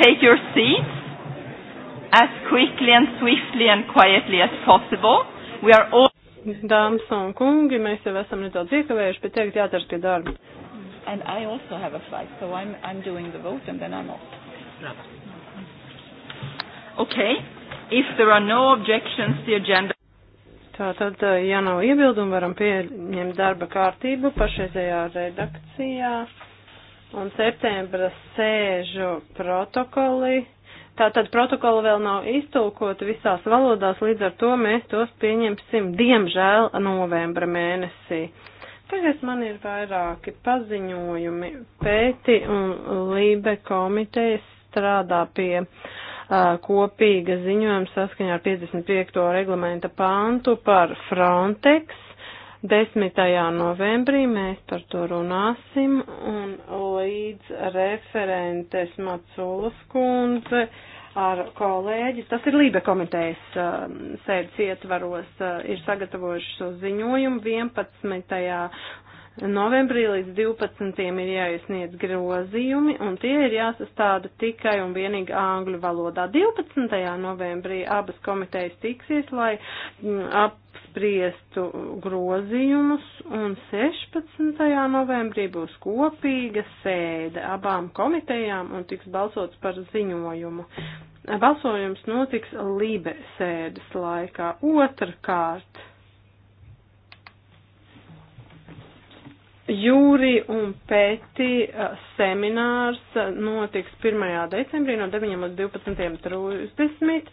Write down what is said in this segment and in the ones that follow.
take your seats as quickly and swiftly and quietly as possible. We are all. Dāmas un kungi, mēs jau esam nedaudz iekavējuši, bet tagad jāatceras pie darba. And I also have a flight, so I'm, I'm doing the vote and then I'm off. Okay. If there are no objections, the agenda. Tātad, ja nav iebildumi, varam pieņemt darba kārtību pašreizējā redakcijā un septembra sēžu protokoli. Tātad protokoli vēl nav iztulkoti visās valodās, līdz ar to mēs tos pieņemsim, diemžēl, novembra mēnesī. Tagad man ir vairāki paziņojumi. Pēti un Lībe komitejas strādā pie uh, kopīga ziņojuma saskaņā ar 55. reglamenta pāntu par Frontex 10. novembrī mēs par to runāsim, un līdz referentes Maculas kundze ar kolēģi, tas ir Lībe komitejas um, sēdes ietvaros, uh, ir sagatavojuši šo ziņojumu 11. Novembrī līdz 12. ir jāiesniedz grozījumi, un tie ir jāsastāda tikai un vienīgi angļu valodā. 12. novembrī abas komitejas tiksies, lai mm, apspriestu grozījumus, un 16. novembrī būs kopīga sēde abām komitejām un tiks balsots par ziņojumu. Balsojums notiks Lībe sēdes laikā. Otrkārt. Jūri un Pēti seminārs notiks 1. decembrī no 9. līdz 12.30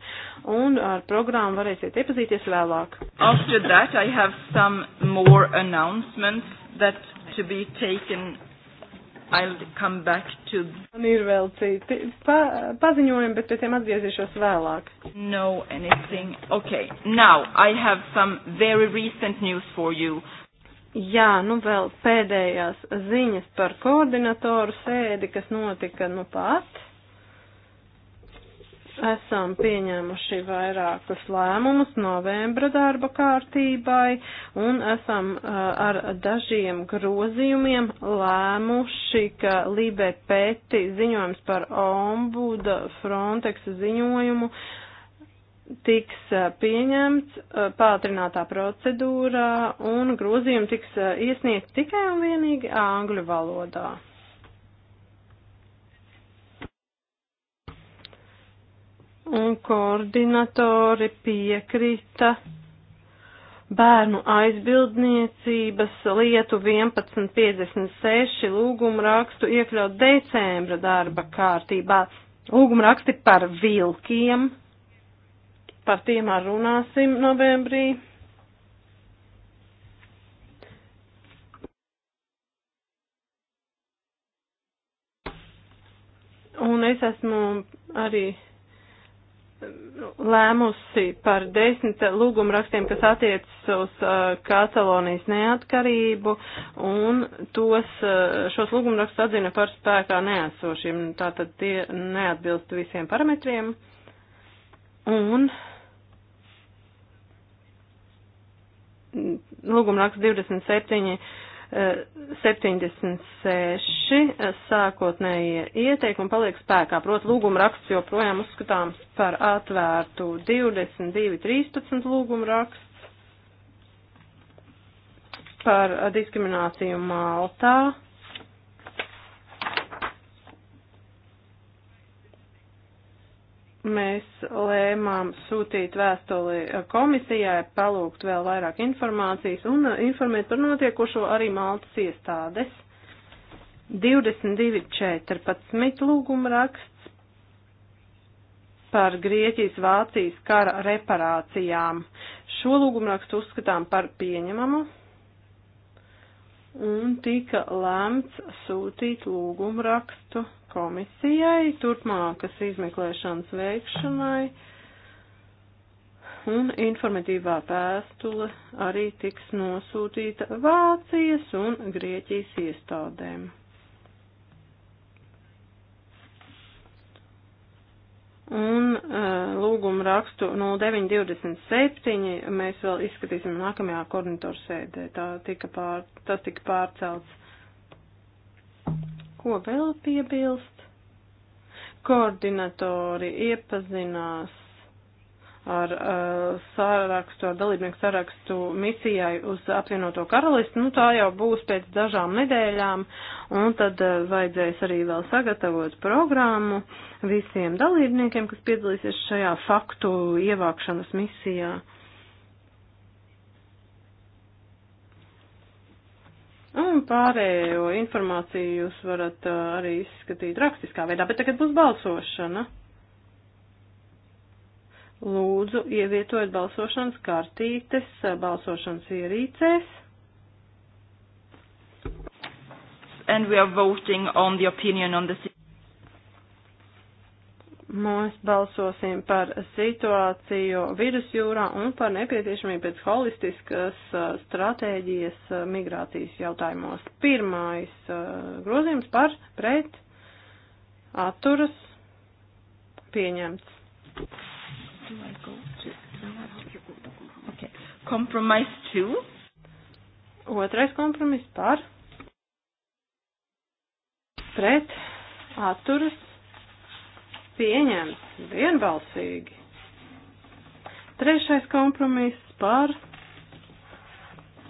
un ar programmu varēsiet iepazīties vēlāk. After that I have some more announcements that to be taken. I'll come back to. Man ir vēl citi pa, paziņojumi, bet pie tiem atgriezīšos vēlāk. No anything. Okay. Now I have some very recent news for you. Jā, nu vēl pēdējās ziņas par koordinatoru sēdi, kas notika nu pat. Esam pieņēmuši vairākus lēmumus novembra darba kārtībai un esam ar dažiem grozījumiem lēmuši, ka Libe Peti ziņojums par ombuda Frontex ziņojumu uh, tiks eh, pieņemts eh, pātrinātā procedūrā un grozījumi tiks eh, iesniegt tikai un vienīgi angļu valodā. Un koordinatori piekrita bērnu aizbildniecības lietu 1156 lūgumu rakstu iekļaut decembra darba kārtībā. Lūgumu raksti par vilkiem, Par tiem ar runāsim novembrī. Un es esmu arī lēmusi par desmit lūgumrakstiem, kas attiecas uz uh, Katalonijas neatkarību, un tos, uh, šos lūgumrakstus atzina par spēkā neesošiem. Tātad tie neatbilst visiem parametriem. Un uh, lūgumraksts 27. 76 eh, eh, sākotnējie ieteikumi paliek spēkā. Proti, lūguma raksts joprojām uzskatāms par atvērtu 22, 13 lūguma raksts par eh, diskrimināciju Maltā. mēs lēmām sūtīt vēstuli komisijai, palūgt vēl vairāk informācijas un uh, informēt par notiekošo arī Maltas iestādes. 22.14. lūguma raksts par Grieķijas Vācijas kara reparācijām. Šo lūgumu rakstu uzskatām par pieņemamu un tika lemts sūtīt lūgumu rakstu komisijai turpmākas izmeklēšanas veikšanai, un informatīvā pēstule arī tiks nosūtīta Vācijas un Grieķijas iestādēm. Un uh, lūgumu rakstu 0927 mēs vēl izskatīsim nākamajā koordinatoru sēdē. Tā tika pār, tas tika pārcelts. Ko vēl piebilst? Koordinatori iepazinās ar uh, sarakstu, ar dalībnieku sarakstu misijai uz apvienoto karalisti. Nu, tā jau būs pēc dažām nedēļām, un tad uh, vajadzēs arī vēl sagatavot programmu visiem dalībniekiem, kas piedalīsies šajā faktu ievākšanas misijā. Un pārējo informāciju jūs varat uh, arī izskatīt rakstiskā veidā, bet tagad būs balsošana. Uh, Lūdzu, ievietojiet balsošanas kartītes balsošanas ierīcēs. And we are voting on the opinion on the Mēs balsosim par situāciju vidusjūrā un par nepieciešamību pēc holistiskas uh, stratēģijas uh, migrācijas jautājumos. Pirmais uh, grozījums par pret atturas pieņemts do I go to? Okay. Compromise 2. Otrais kompromiss par. Pret atturas pieņemts vienbalsīgi. Trešais kompromiss par.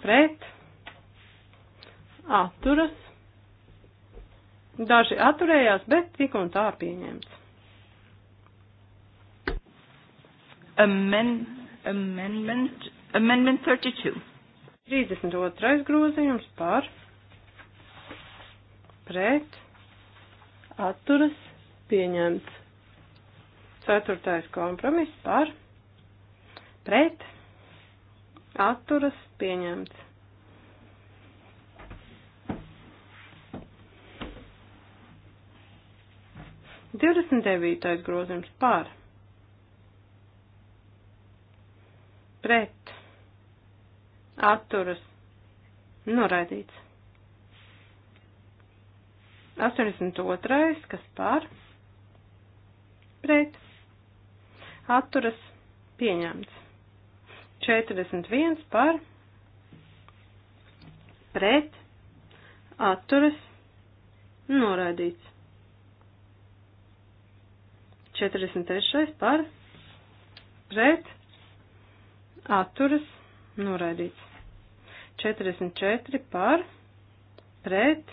Pret atturas. Daži atturējās, bet tik un tā pieņemts. Amend, amendment, amendment 32. 32. grozījums par pret atturas pieņemts. 4. kompromiss par pret atturas pieņemts. Divdesmit devītais grozījums par pret atturas noraidīts. 82. kas par pret atturas pieņemts. 41 par pret atturas noraidīts. 43 par pret atturas noraidīts. 44 par pret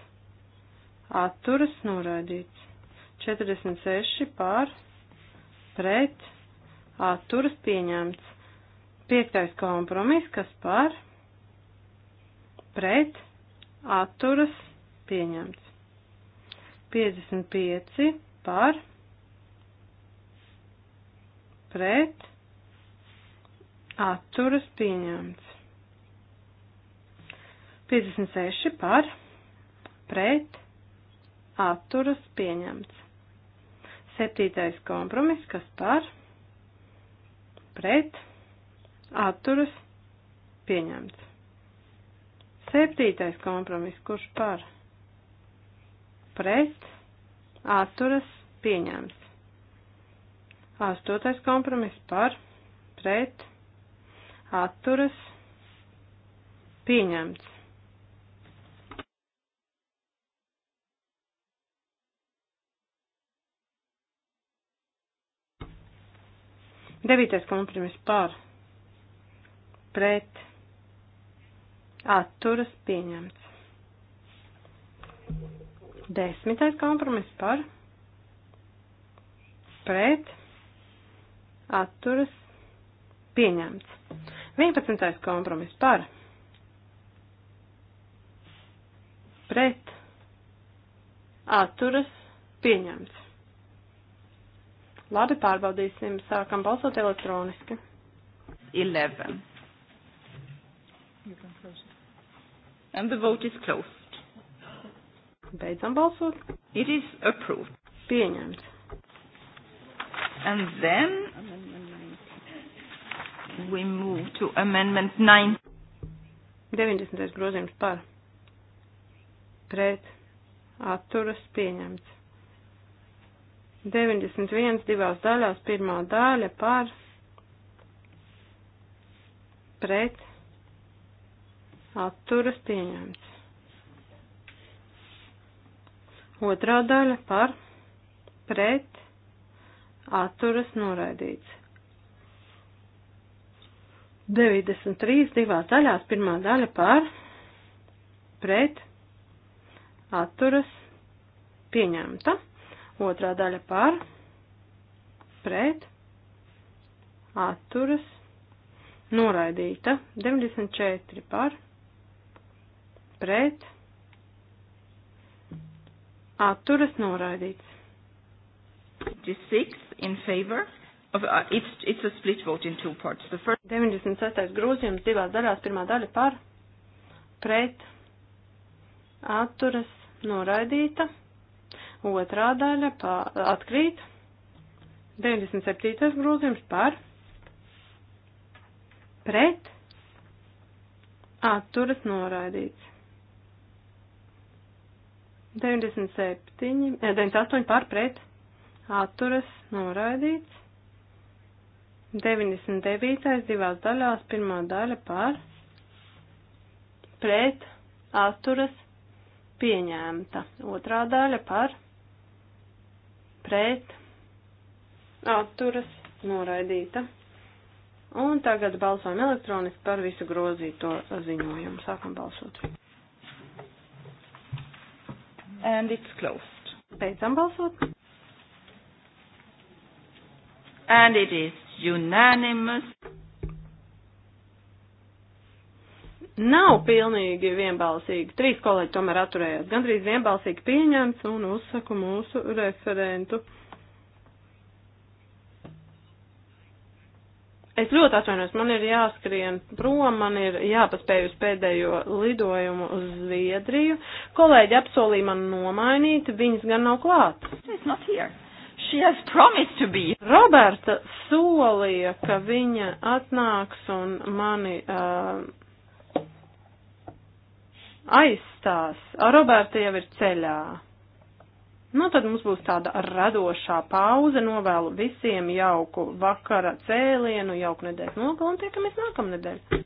atturas noraidīts. 46 par pret atturas pieņemts. 5. kompromiss, kas par pret atturas pieņemts. 55 par pret atturas pieņemts. 56 par, pret, atturas pieņemts. Septītais kompromis, kas par, pret, atturas pieņemts. Septītais kompromis, kurš par, pret, atturas pieņemts. Astotais kompromis par, pret, atturas pieņemts atturas pieņemts. Devītais kompromis par, pret, atturas pieņemts. Desmitais kompromis par, pret, atturas pieņemts. 11. kompromis par pret atturas pieņemts. Labi, pārbaudīsim. Sākam balsot elektroniski. 11. And the vote is closed. Beidzam balsot. It is approved. Pieņemts. And then we move to amendment 9. 90. grozījums par pret atturas pieņemts. 91. divās daļās pirmā daļa par pret atturas pieņemts. Otrā daļa par pret atturas noraidīts. 93 divās daļās, pirmā daļa par, pret, atturas, pieņemta, otrā daļa par, pret, atturas, noraidīta, 94 par, pret, atturas, noraidīts. 56 in favor. Uh, it's, it's a split vote in two parts. The first... 96. grozījums divās daļās. Pirmā daļa par, pret, atturas, noraidīta. Otrā daļa par, atkrīt. 97. grozījums par, pret, atturas, noraidīts. 97, eh, 98 par pret, atturas, noraidīts. 99. divās daļās, pirmā daļa par pret atturas pieņēmta, otrā daļa par pret atturas noraidīta. Un tagad balsojam elektroniski par visu grozīto ziņojumu. Sākam balsot. And it's closed. Beidzam balsot. And it is unanimous. Nav pilnīgi vienbalsīgi. Trīs kolēģi tomēr atturējās. Gandrīz vienbalsīgi pieņemts un uzsaku mūsu referentu. Es ļoti atvainojos, man ir jāskrien prom, man ir jāpaspēj uz pēdējo lidojumu uz Zviedriju. Kolēģi apsolīja man nomainīt, viņas gan nav klāt. It's not here. She has promised to be. Roberta solīja, ka viņa atnāks un mani uh, aizstās. Roberta jau ir ceļā. Nu, tad mums būs tāda radošā pauze. Novēlu visiem jauku vakara cēlienu, jauku nedēļas nogalu un tiekamies nākamnedēļ.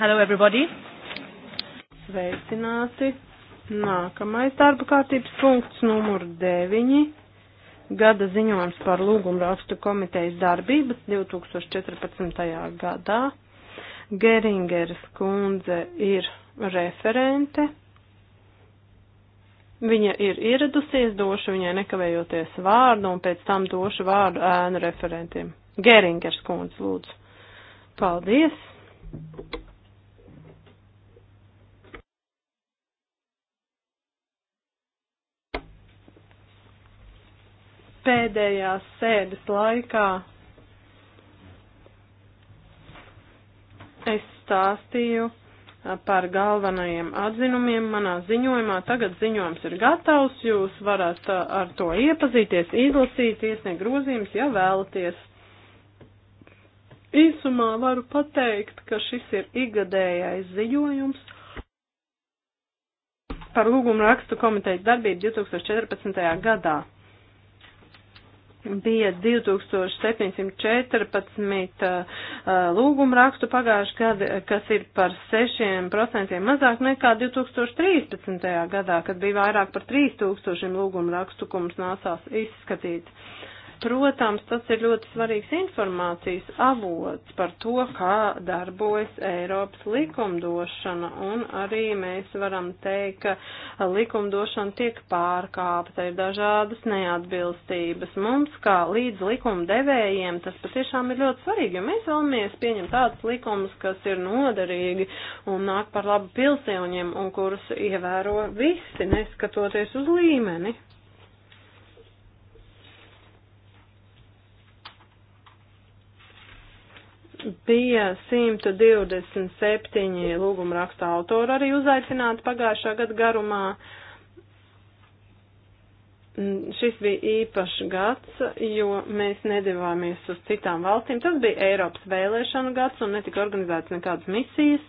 Hello everybody. Sveicināti. Nākamais darba kārtības punkts numur 9. Gada ziņojums par lūgumrakstu komitejas darbības 2014. gadā. Geringeras kundze ir referente. Viņa ir ieradusies, došu viņai nekavējoties vārdu un pēc tam došu vārdu ēnu referentiem. Geringers kundze, lūdzu. Paldies! pēdējās sēdes laikā es stāstīju par galvenajiem atzinumiem manā ziņojumā. Tagad ziņojums ir gatavs, jūs varat ar to iepazīties, izlasīt, iesniegt grozījumus, ja vēlaties. Īsumā varu pateikt, ka šis ir igadējais ziņojums par lūgumu rakstu komitejas darbību 2014. gadā bija 2714 lūguma rakstu pagājuši gadu, kas ir par 6% mazāk nekā 2013. gadā, kad bija vairāk par 3000 lūguma rakstu, ko mums nāsās izskatīt. Uh, Protams, tas ir ļoti svarīgs informācijas avots par to, kā darbojas Eiropas likumdošana, un arī mēs varam teikt, ka likumdošana tiek pārkāpta, ir dažādas neatbilstības. Mums, kā līdz likumdevējiem, tas patiešām ir ļoti svarīgi, jo mēs vēlamies pieņemt tādus likumus, kas ir noderīgi un nāk par labu pilsēņiem, un kurus ievēro visi, neskatoties uz līmeni. bija 127 lūguma raksta autori arī uzaicināti pagājušā gada garumā. Mm, šis bija īpašs gads, jo mēs nedavāmies uz citām valstīm. Tas bija Eiropas vēlēšanu gads un netika organizēts nekādas misijas,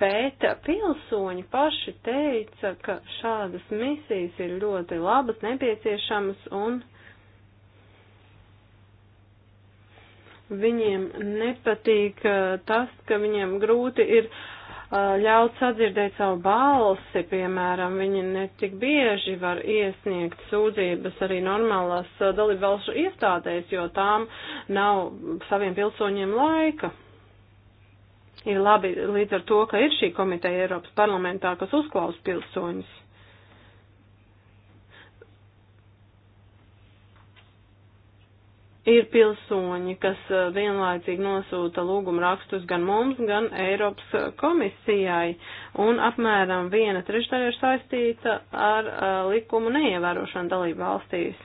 bet pilsoņi paši teica, ka šādas misijas ir ļoti labas, nepieciešamas un uh, Viņiem nepatīk eh, tas, ka viņiem grūti ir eh, ļaut sadzirdēt savu balsi, piemēram, viņi netik bieži var iesniegt sūdzības arī normālās eh, dalībvalstu iestādēs, jo tām nav saviem pilsoņiem laika. Ir labi līdz ar to, ka ir šī komiteja Eiropas parlamentā, kas uzklaus pilsoņus. ir pilsoņi, kas eh, vienlaicīgi nosūta lūgumu rakstus gan mums, gan Eiropas eh, komisijai, un apmēram viena trešdaļa ir saistīta ar eh, likumu neievērošanu dalību valstīs.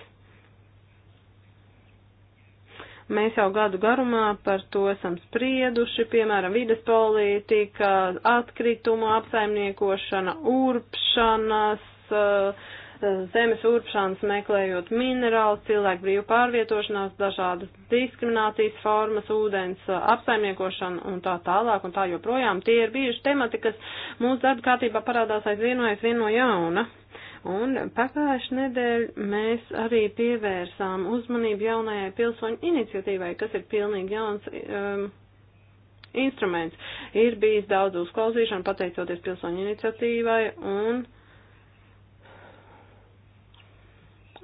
Mēs jau gadu garumā par to esam sprieduši, piemēram, vides politika, atkritumu apsaimniekošana, urpšanas, uh, zemes urpšanas meklējot minerālus, cilvēku brīvu pārvietošanās, dažādas diskriminācijas formas, ūdens uh, apsaimniekošana un tā tālāk un tā joprojām. Tie ir bijuši temati, kas mūsu darba kārtībā parādās aizvien no aizvien no jauna. Un pagājuši nedēļ mēs arī pievērsām uzmanību jaunajai pilsoņu iniciatīvai, kas ir pilnīgi jauns um, instruments. Ir bijis daudz uzklausīšanu pateicoties pilsoņu iniciatīvai un. Uh,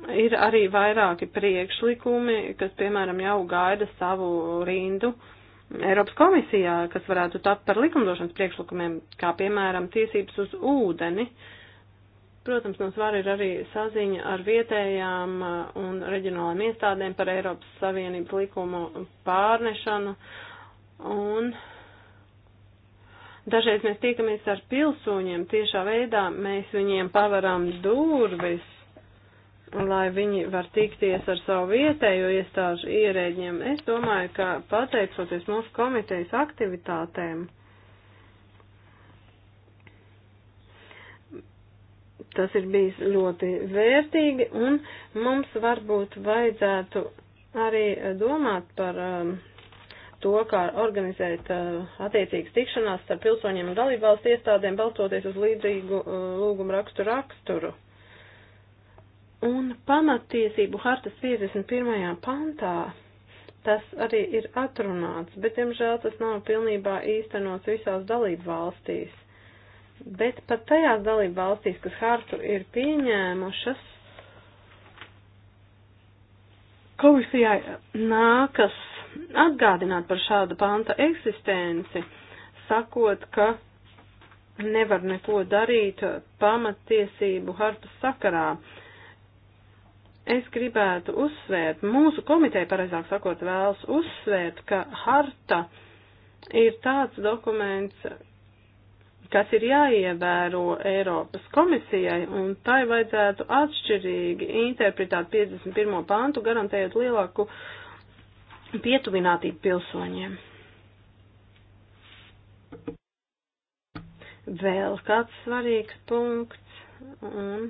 Ir arī vairāki priekšlikumi, kas, piemēram, jau gaida savu rindu Eiropas komisijā, kas varētu tapt par likumdošanas priekšlikumiem, kā, piemēram, tiesības uz ūdeni. Protams, no svara ir arī saziņa ar vietējām un reģionālām iestādēm par Eiropas Savienības likumu pārnešanu. Un dažreiz mēs tiekamies ar pilsoņiem tiešā veidā, mēs viņiem pavaram durvis lai viņi var tikties ar savu vietējo iestāžu ierēģiem. Es domāju, ka pateicoties mūsu komitejas aktivitātēm, tas ir bijis ļoti vērtīgi un mums varbūt vajadzētu arī domāt par um, to, kā organizēt uh, attiecīgas tikšanās starp pilsoņiem un dalībvalstu iestādēm, balstoties uz līdzīgu uh, lūgumu rakstu raksturu. raksturu. Un pamatiesību hartas 51. pantā tas arī ir atrunāts, bet, diemžēl, tas nav pilnībā īstenots visās dalību valstīs. Bet pat tajās dalību valstīs, kas hartu ir pieņēmušas, komisijai nākas atgādināt par šādu panta eksistenci, sakot, ka nevar neko darīt pamatiesību hartas sakarā. Uh, Es gribētu uzsvērt, mūsu komiteja, pareizāk sakot, vēlas uzsvērt, ka harta ir tāds dokuments, kas ir jāievēro Eiropas komisijai, un tai vajadzētu atšķirīgi interpretēt 51. pāntu, garantējot lielāku pietuvinātību pilsoņiem. Vēl kāds svarīgs punkts. Un... Mm.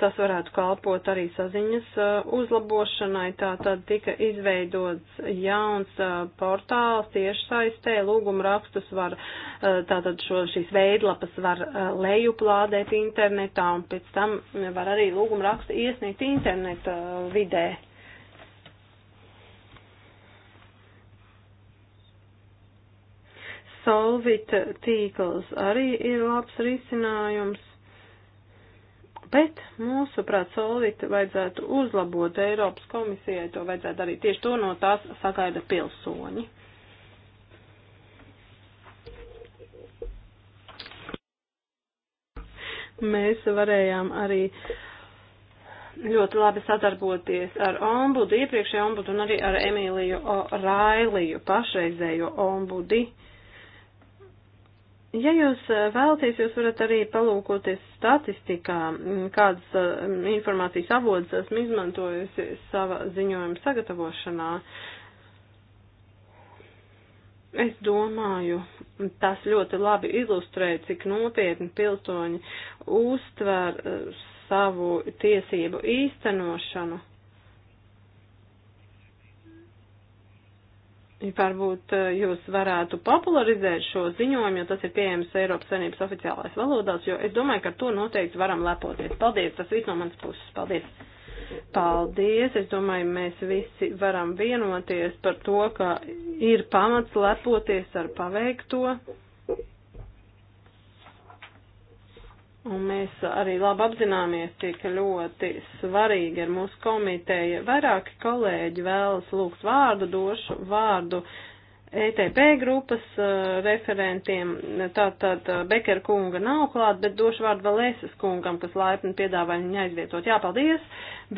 Tas varētu kalpot arī saziņas uzlabošanai. Tā tad tika izveidots jauns portāls tiešsaistē. Lūguma rakstus var, tātad šo, šīs veidlapas var lejuplādēt internetā un pēc tam var arī lūguma rakstu iesniegt interneta vidē. Solvit tīkls arī ir labs risinājums Bet mūsuprāt, solīti vajadzētu uzlabot Eiropas komisijai, to vajadzētu darīt tieši to no tās sagaida pilsoņi. Mēs varējām arī ļoti labi sadarboties ar ombudu, iepriekšējo ombudu un arī ar Emīliju Railiju, pašreizējo ombudu. Ja jūs eh, vēlaties, jūs varat arī palūkoties statistikā, mm, kādas eh, informācijas avotas esmu izmantojusi sava ziņojuma sagatavošanā. Es domāju, tas ļoti labi ilustrē, cik nopietni pilsoņi uztver eh, savu tiesību īstenošanu. Varbūt eh, jūs varētu popularizēt šo ziņojumu, jo tas ir pieejams Eiropas Savienības oficiālais valodās, jo es domāju, ka ar to noteikti varam lepoties. Paldies, tas viss no manas puses. Paldies. Paldies, es domāju, mēs visi varam vienoties par to, ka ir pamats lepoties ar paveikto. Un mēs arī labi apzināmies, cik ļoti svarīgi ir mūsu komiteja. Vairāki kolēģi vēlas lūgt vārdu, došu vārdu ETP grupas uh, referentiem. Tātad eh, Bekera kunga nav klāt, bet došu vārdu vēl Eses kungam, kas laipni piedāvāja viņu aizvietot. Jā, paldies!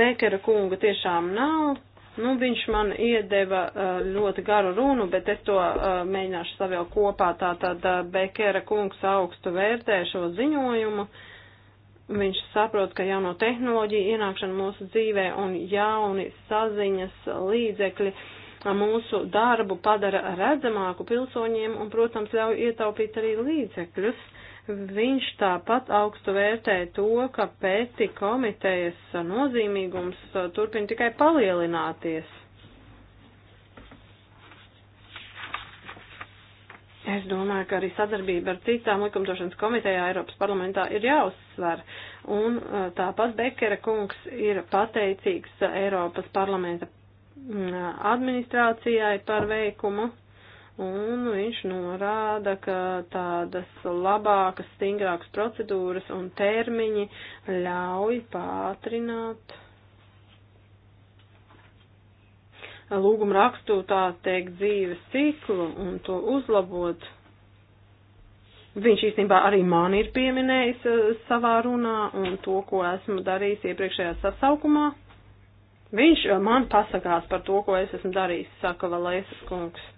Bekera kunga tiešām nav, Nu, viņš man iedeva uh, ļoti garu runu, bet es to uh, mēģināšu savēl kopā. Tātad uh, Bekera kungs augstu vērtē šo ziņojumu. Viņš saprot, ka jauno tehnoloģiju ienākšana mūsu dzīvē un jauni saziņas līdzekļi mūsu darbu padara redzamāku pilsoņiem un, protams, ļauj ietaupīt arī līdzekļus. Viņš tāpat augstu vērtē to, ka pēti komitejas nozīmīgums uh, turpina tikai palielināties. Es domāju, ka arī sadarbība ar citām likumdošanas komitejā Eiropas parlamentā ir jāuzsver. Un uh, tāpat Bekera kungs ir pateicīgs Eiropas parlamenta mm, administrācijai par veikumu un viņš norāda, ka tādas labākas, stingrākas procedūras un termiņi ļauj pātrināt lūgumu rakstu, tā teikt, dzīves ciklu un to uzlabot. Viņš īstenībā arī man ir pieminējis eh, savā runā un to, ko esmu darījis iepriekšējā sasaukumā. Viņš eh, man pasakās par to, ko es esmu darījis, saka Valēsas kungs.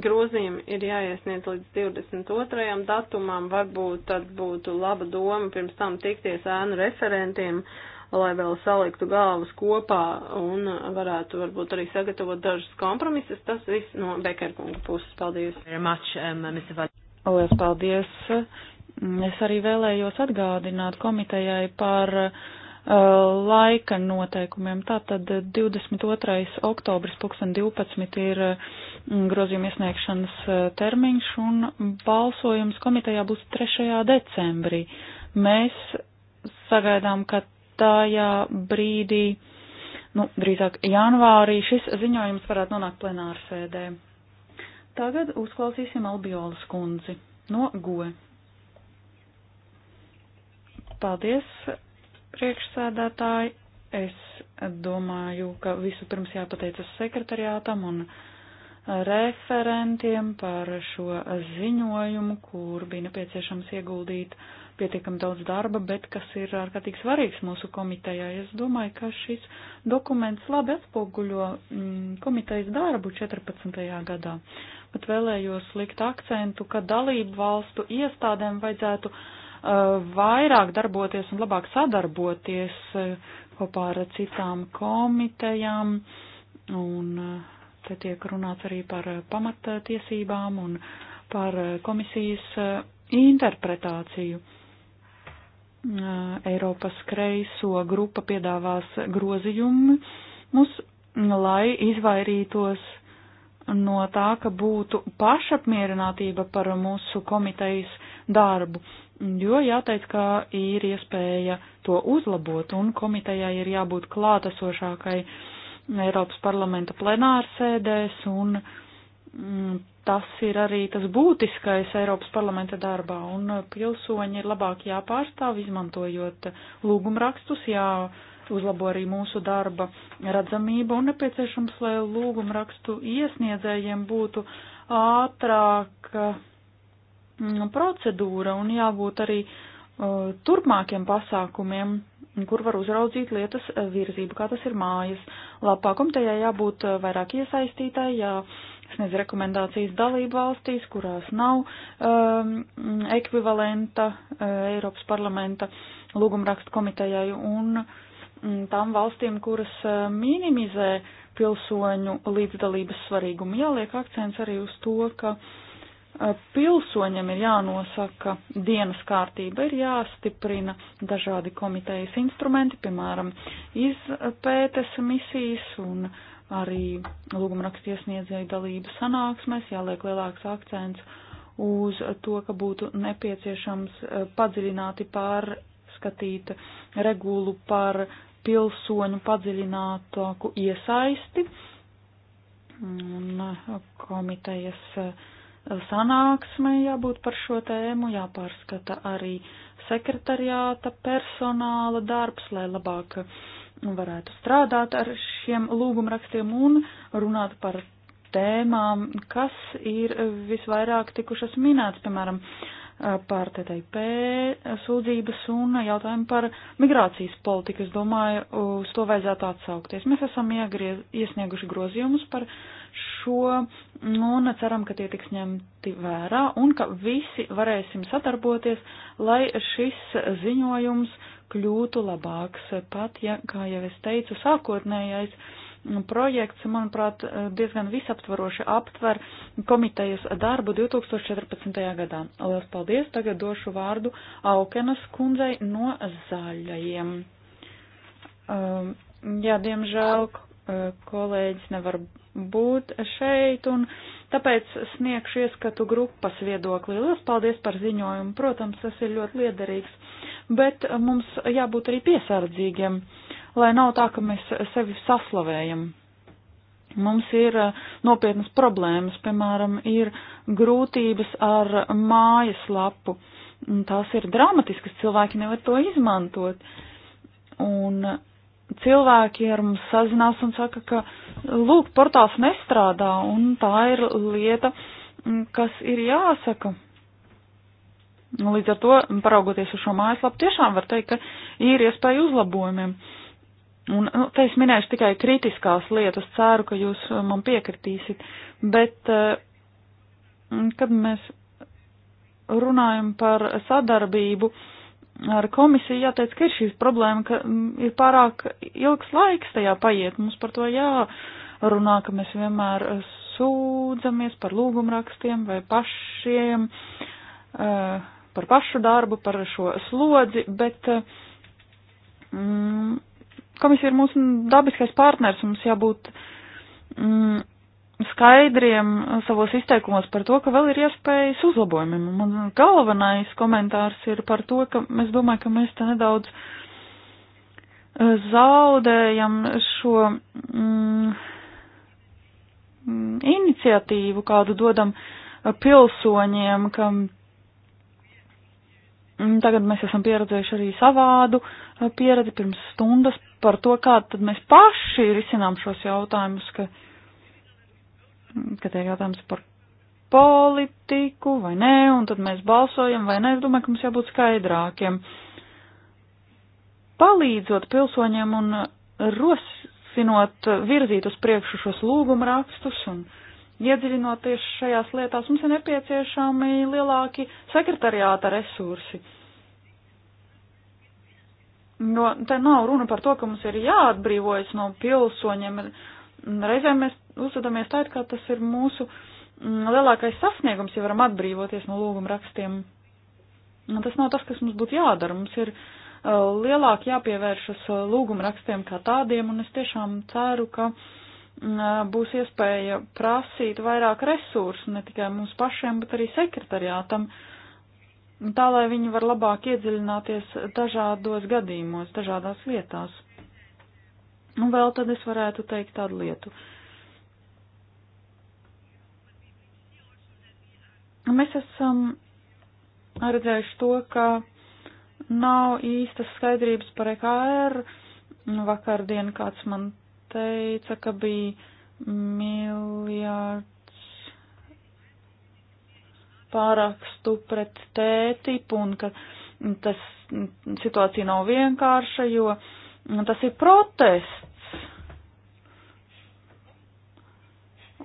grozījumi ir jāiesniedz līdz 22. datumam, varbūt tad būtu laba doma pirms tam tikties ēnu referentiem, lai vēl saliktu galvas kopā un varētu varbūt arī sagatavot dažas kompromises. Tas viss no Bekerkunga puses. Paldies. Um, Lielas paldies. Es arī vēlējos atgādināt komitejai par uh, laika noteikumiem. Tātad 22. oktobris 2012 ir uh, grozījuma iesniegšanas e, termiņš un balsojums komitejā būs 3. decembrī. Mēs sagaidām, ka tajā brīdī, nu, drīzāk janvārī, šis ziņojums varētu nonākt plenārsēdē. Tagad uzklausīsim Albiolas kundzi no GOE. Paldies, priekšsēdētāji. Es domāju, ka visu pirms jāpateicas sekretariātam un uh, referentiem par šo ziņojumu, kur bija nepieciešams ieguldīt pietiekam daudz darba, bet kas ir ārkārtīgi svarīgs mūsu komitejā. Es domāju, ka šis dokuments labi atspoguļo mm, komitejas darbu 14. gadā, bet vēlējos likt akcentu, ka dalību valstu iestādēm vajadzētu uh, vairāk darboties un labāk sadarboties uh, kopā ar citām komitejām. Un, uh, Te tiek runāts arī par pamattiesībām un par komisijas interpretāciju. Eiropas kreiso grupa piedāvās grozījumus, lai izvairītos no tā, ka būtu pašapmierinātība par mūsu komitejas darbu, jo jāteic, ka ir iespēja to uzlabot un komitejai ir jābūt klātesošākai uh, Eiropas parlamenta plenārsēdēs, un mm, tas ir arī tas būtiskais Eiropas parlamenta darbā, un pilsoņi ir labāk jāpārstāv, izmantojot lūgumrakstus, jāuzlabo arī mūsu darba redzamība, un nepieciešams, lai lūgumrakstu iesniedzējiem būtu ātrāk mm, procedūra un jābūt arī uh, turpmākiem pasākumiem kur var uzraudzīt lietas eh, virzību, kā tas ir mājas lapā. Komitejai jābūt eh, vairāk iesaistītai, jāsniedz rekomendācijas dalību valstīs, kurās nav um, ekvivalenta uh, Eiropas parlamenta lūgumrakstu komitejai un um, tām valstīm, kuras uh, minimizē pilsoņu līdzdalības svarīgumu. Jāliek akcents arī uz to, ka uh, pilsoņam ir jānosaka dienas kārtība, ir jāstiprina dažādi komitejas instrumenti, piemēram, izpētes misijas un arī lūgumrakstu iesniedzēju dalību sanāksmēs, jāliek lielāks akcents uz to, ka būtu nepieciešams padziļināti pārskatīt regulu par pilsoņu padziļinātāku iesaisti un komitejas uh, sanāksme jābūt par šo tēmu, jāpārskata arī sekretariāta personāla darbs, lai labāk varētu strādāt ar šiem lūgumrakstiem un runāt par tēmām, kas ir visvairāk tikušas minētas, piemēram, par TTIP sūdzības un jautājumu par migrācijas politiku. Es domāju, uz to vajadzētu atsaukties. Mēs esam iegriez, iesnieguši grozījumus par šo, un ceram, ka tie tiks ņemti vērā, un ka visi varēsim sadarboties, lai šis ziņojums kļūtu labāks. Pat, ja, kā jau es teicu, sākotnējais projekts, manuprāt, diezgan visaptvaroši aptver komitejas darbu 2014. gadā. Lielas paldies! Tagad došu vārdu Aukenas kundzei no zaļajiem. Um, jā, diemžēl uh, kolēģis nevar būt šeit, un tāpēc sniegšu ieskatu grupas viedoklī. Lielas paldies par ziņojumu, protams, tas ir ļoti liederīgs, bet mums jābūt arī piesardzīgiem, lai nav tā, ka mēs sevi saslavējam. Mums ir eh, nopietnas problēmas, piemēram, ir grūtības ar mājas lapu. Tās ir dramatiskas, cilvēki nevar to izmantot. Un cilvēki ar mums sazinās un saka, ka, lūk, portāls nestrādā, un tā ir lieta, mm, kas ir jāsaka. Līdz ar to, paraugoties uz šo mājaslapu, tiešām var teikt, ka ir iespēja uzlabojumiem. Un, nu, te es minēšu tikai kritiskās lietas, ceru, ka jūs eh, man piekritīsit, bet, eh, kad mēs runājam par sadarbību, uh, ar komisiju jāteic, ka ir šīs problēma, ka mm, ir pārāk ilgs laiks tajā paiet. Mums par to jārunā, ka mēs vienmēr eh, sūdzamies par lūgumrakstiem vai pašiem, eh, par pašu darbu, par šo slodzi, bet eh, mm, komisija ir mūsu dabiskais partners, mums jābūt mm, skaidriem savos izteikumos par to, ka vēl ir iespējas uzlabojumiem. Man galvenais komentārs ir par to, ka es domāju, ka mēs te nedaudz eh, zaudējam šo mm, mm, iniciatīvu, kādu dodam eh, pilsoņiem, ka mm, tagad mēs esam pieredzējuši arī savādu eh, pieredzi pirms stundas par to, kā tad mēs paši risinām šos jautājumus, ka uh, ka te ir jautājums par politiku vai nē, un tad mēs balsojam vai nē, es domāju, ka mums jābūt skaidrākiem. Palīdzot pilsoņiem un rosinot virzīt uz priekšu šos lūguma rakstus un iedziļinoties šajās lietās, mums ir nepieciešami lielāki sekretariāta resursi. Jo te nav runa par to, ka mums ir jāatbrīvojas no pilsoņiem, reizēm mēs uzvedamies tā, kā tas ir mūsu mm, lielākais sasniegums, ja varam atbrīvoties no lūguma rakstiem. Tas nav tas, kas mums būtu jādara. Mums ir uh, lielāk jāpievēršas uh, lūguma rakstiem kā tādiem, un es tiešām ceru, ka mm, uh, būs iespēja prasīt vairāk resursu ne tikai mums pašiem, bet arī sekretariātam, tā lai viņi var labāk iedziļināties dažādos gadījumos, dažādās vietās. Un nu, vēl tad es varētu teikt tādu lietu. Mēs esam redzējuši to, ka nav īstas skaidrības par EKR. Nu, vakardien kāds man teica, ka bija miljārds pārakstu pret tētipu un ka tas situācija nav vienkārša, jo uh, Tas ir protests.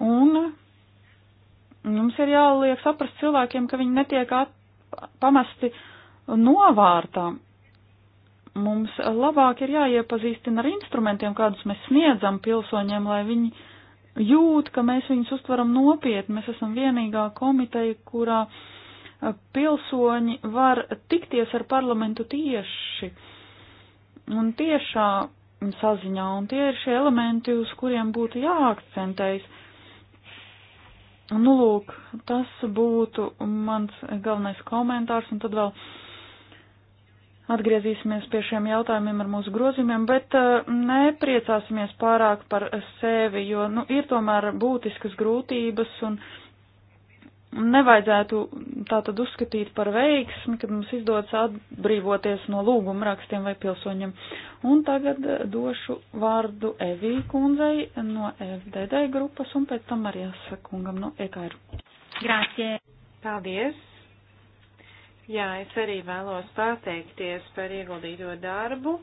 Un mums ir jāliek saprast cilvēkiem, ka viņi netiek at, pamesti novārtā. Mums labāk ir jāiepazīstina ar instrumentiem, kādus mēs sniedzam pilsoņiem, lai viņi jūt, ka mēs viņus uztveram nopietni. Mēs esam vienīgā komiteja, kurā pilsoņi var tikties ar parlamentu tieši. Uh, un tiešā saziņā, un tie ir šie elementi, uz kuriem būtu jāakcentējas. Nu, lūk, tas būtu mans galvenais komentārs, un tad vēl atgriezīsimies pie šiem jautājumiem ar mūsu grozījumiem, bet uh, nepriecāsimies pārāk par sevi, jo, nu, ir tomēr būtiskas grūtības, un uh, nevajadzētu tā tad uzskatīt par veiksmi, kad mums izdodas atbrīvoties no lūguma rakstiem vai pilsoņiem. Un tagad eh, došu vārdu Evī kundzei no FDD grupas un pēc tam Marijas kungam no EKR. Grācie. Paldies. Jā, es arī vēlos pateikties par ieguldīto darbu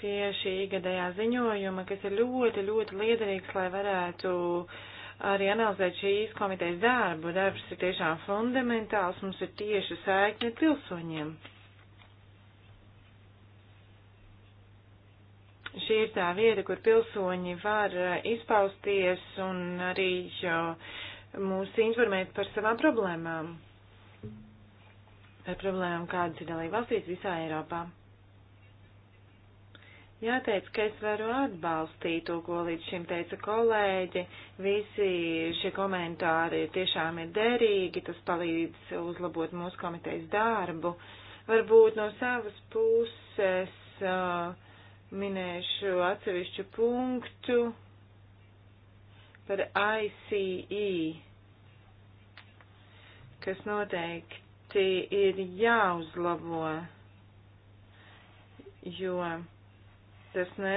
pie šī gadējā ziņojuma, kas ir ļoti, ļoti liederīgs, lai varētu uh, arī analizēt šīs komitejas darbu. Darbs ir tiešām fundamentāls, mums ir tieši saikne pilsoņiem. Šī ir tā vieta, kur pilsoņi var eh, izpausties un arī mūs informēt par savām problēmām. Par problēmām, kādas ir dalībvalstīs visā Eiropā. Jāteic, ka es varu atbalstīt to, ko līdz šim teica kolēģi. Visi šie komentāri tiešām ir derīgi, tas palīdz uzlabot mūsu komitejas darbu. Varbūt no savas puses uh, minēšu atsevišķu punktu par ICE, kas noteikti ir jāuzlabo, jo tas ne.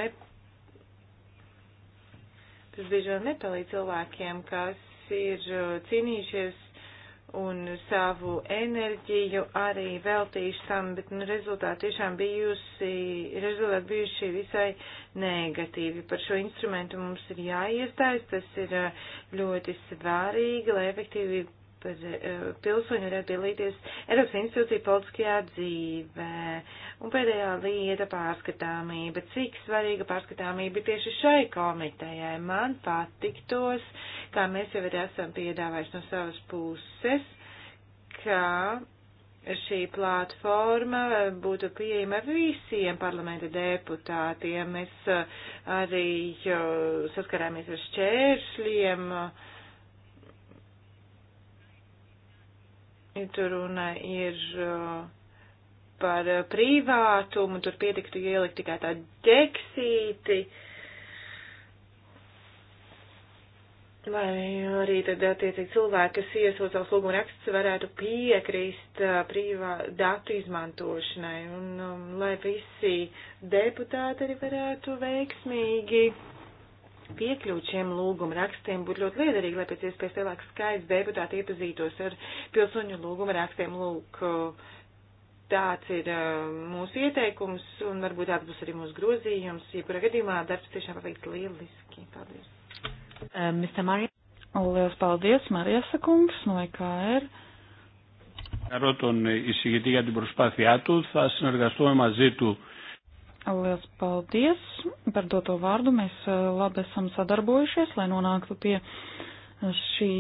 Tas bieži vien nepalīdz cilvēkiem, kas ir uh, cīnījušies un savu enerģiju arī veltījuši tam, bet nu, rezultāti tiešām bijusi, rezultāti bijuši visai negatīvi. Par šo instrumentu mums ir jāiestājas, tas ir uh, ļoti svarīgi, lai efektīvi par eh, pilsoņu varētu pielīties Eiropas institūcija politiskajā dzīvē. Un pēdējā lieta - pārskatāmība. Cik svarīga pārskatāmība tieši šai komitejai? Man patiktos, kā mēs jau arī esam piedāvājuši no savas puses, ka šī platforma būtu pieejama visiem parlamenta deputātiem. Mēs eh, arī eh, saskarāmies ar šķēršļiem. Uh, Tur runa ir uh, par uh, privātumu, tur pietiktu ielikt tikai tādu deksīti. Vai arī tad attiecīgi cilvēki, kas iesūdz savus lūgumu rakstus, varētu piekrist uh, privā datu izmantošanai, un um, lai visi deputāti arī varētu veiksmīgi piekļūt šiem lūguma rakstiem būtu ļoti liederīgi, lai pēc iespējas lielāks skaits deputāti iepazītos ar pilsoņu lūguma rakstiem. Lūk, tāds ir mūsu ieteikums, un varbūt tāds būs arī mūsu grozījums. Jebkurā gadījumā darbs tiešām paveikt lieliski. Paldies. Uh, Mr. Marija. Lielas paldies, Marijas kungs no EKR. Ευχαριστώ τον εισηγητή για την προσπάθειά του. Θα συνεργαστούμε μαζί του Lielas paldies par doto vārdu. Mēs eh, labi esam sadarbojušies, lai nonāktu pie eh, šī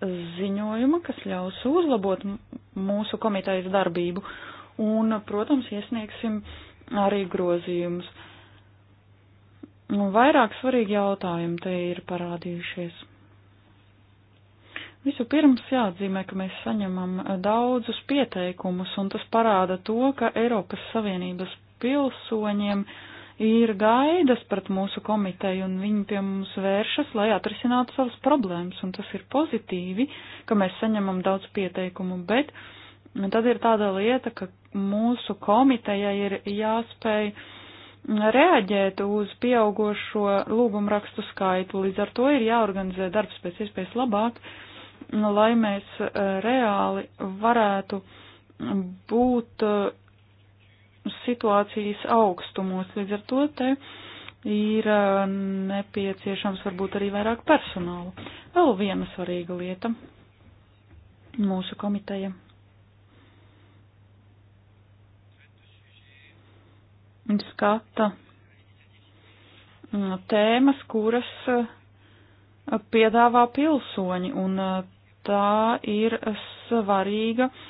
ziņojuma, kas ļaus uzlabot mūsu komitejas darbību. Un, protams, iesniegsim arī grozījumus. Nu, vairāk svarīgi jautājumi te ir parādījušies. Visu pirms jāatzīmē, ka mēs saņemam eh, daudzus pieteikumus, un tas parāda to, ka Eiropas Savienības pilsoņiem ir gaidas pret mūsu komiteju, un viņi pie mums vēršas, lai atrisinātu savas problēmas, un tas ir pozitīvi, ka mēs saņemam daudz pieteikumu, bet tad ir tāda lieta, ka mūsu komitejai ir jāspēj reaģēt uz pieaugošo lūgumrakstu skaitu, līdz ar to ir jāorganizē darbs pēc iespējas labāk, lai mēs eh, reāli varētu būt situācijas augstumos. Līdz ar to te ir nepieciešams varbūt arī vairāk personāla. Vēl viena svarīga lieta mūsu komiteja. Skata tēmas, kuras piedāvā pilsoņi, un tā ir svarīga uh,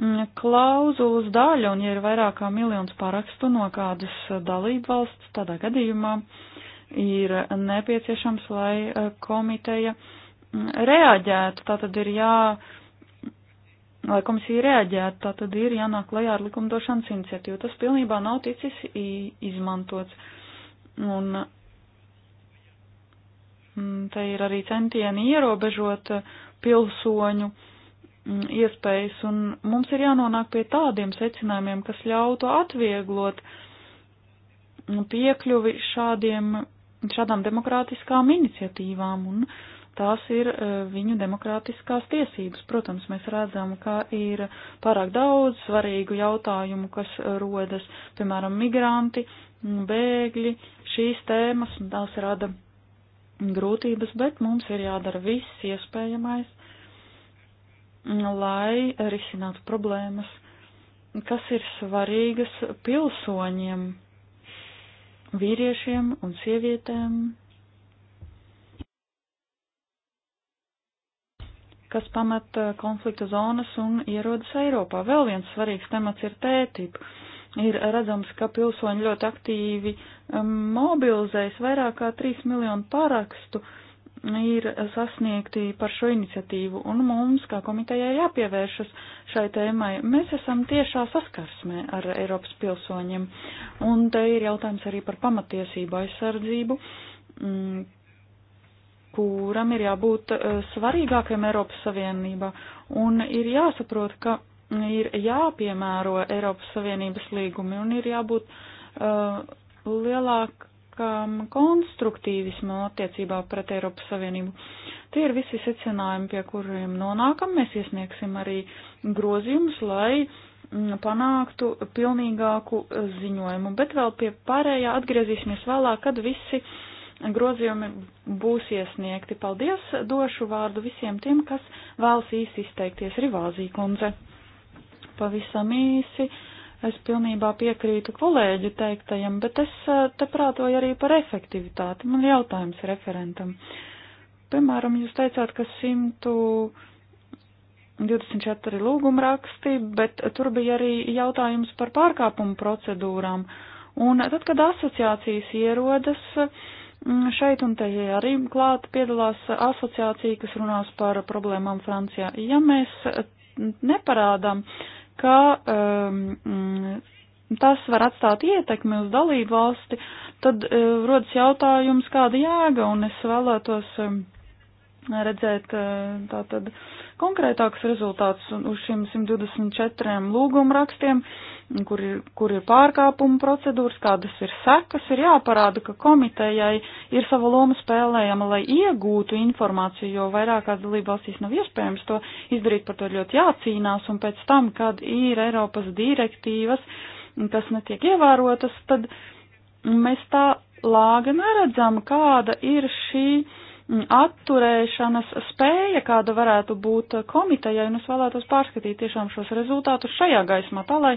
Mm, klauzulas daļa, un ja ir vairāk kā miljons parakstu no kādas dalību valsts, tādā gadījumā ir nepieciešams, lai eh, komiteja mm, reaģētu. Tātad ir jā, lai komisija reaģētu, tātad ir jānāk lejā ar likumdošanas iniciatīvu. Tas pilnībā nav ticis izmantots. Un mm, te ir arī centieni ierobežot eh, pilsoņu Mm, iespējas, un mums ir jānonāk pie tādiem secinājumiem, kas ļautu atvieglot piekļuvi šādiem, šādām demokrātiskām iniciatīvām, un tās ir e, viņu demokrātiskās tiesības. Protams, mēs redzam, ka ir pārāk daudz svarīgu jautājumu, kas rodas, piemēram, migranti, mm, bēgļi, šīs tēmas, un tās rada grūtības, bet mums ir jādara viss iespējamais, lai risinātu problēmas, kas ir svarīgas pilsoņiem, vīriešiem un sievietēm, kas pamet eh, konflikta zonas un ierodas Eiropā. Vēl viens svarīgs temats ir tētība. Ir redzams, ka pilsoņi ļoti aktīvi eh, mobilizējas vairāk kā 3 miljonu parakstu uh, ir sasniegti par šo iniciatīvu, un mums, kā komitejai, jāpievēršas šai tēmai. Mēs esam tiešā saskarsmē ar Eiropas pilsoņiem, un te ir jautājums arī par pamatiesību aizsardzību, mm, kuram ir jābūt e, svarīgākiem Eiropas Savienībā, un ir jāsaprot, ka ir jāpiemēro Eiropas Savienības līgumi, un ir jābūt uh, lielāk paliekam konstruktīvismu attiecībā pret Eiropas Savienību. Tie ir visi secinājumi, pie kuriem nonākam. Mēs iesniegsim arī grozījumus, lai mm, panāktu pilnīgāku e, ziņojumu, bet vēl pie pārējā atgriezīsimies vēlāk, kad visi grozījumi būs iesniegti. Paldies, došu vārdu visiem tiem, kas vēlas īsti izteikties. Rivāzī kundze. Pavisam īsi. Uh, Es pilnībā piekrītu kolēģi teiktajam, bet es eh, te prātoju arī par efektivitāti. Man jautājums referentam. Piemēram, jūs teicāt, ka 124 lūguma raksti, bet tur bija arī jautājums par pārkāpumu procedūrām. Un tad, kad asociācijas ierodas, mm, šeit un te arī klāt piedalās asociācija, kas runās par problēmām Francijā. Ja mēs neparādām ka um, mm, tas var atstāt ietekmi uz dalību valsti, tad uh, rodas jautājums, kāda jēga, un es vēlētos um, redzēt uh, tātad konkrētākus rezultātus uz šiem 124 lūgumrakstiem. rakstiem kur ir, kur ir pārkāpuma procedūras, kādas ir sekas, ir jāparāda, ka komitejai ir sava loma spēlējama, lai iegūtu informāciju, jo vairākās dalībvalstīs nav iespējams to izdarīt, par to ļoti jācīnās, un pēc tam, kad ir Eiropas direktīvas, kas netiek ievērotas, tad mēs tā lāga neredzam, kāda ir šī atturēšanas spēja, kāda varētu būt komitejai, un es vēlētos pārskatīt tiešām šos rezultātus šajā gaismā, tā lai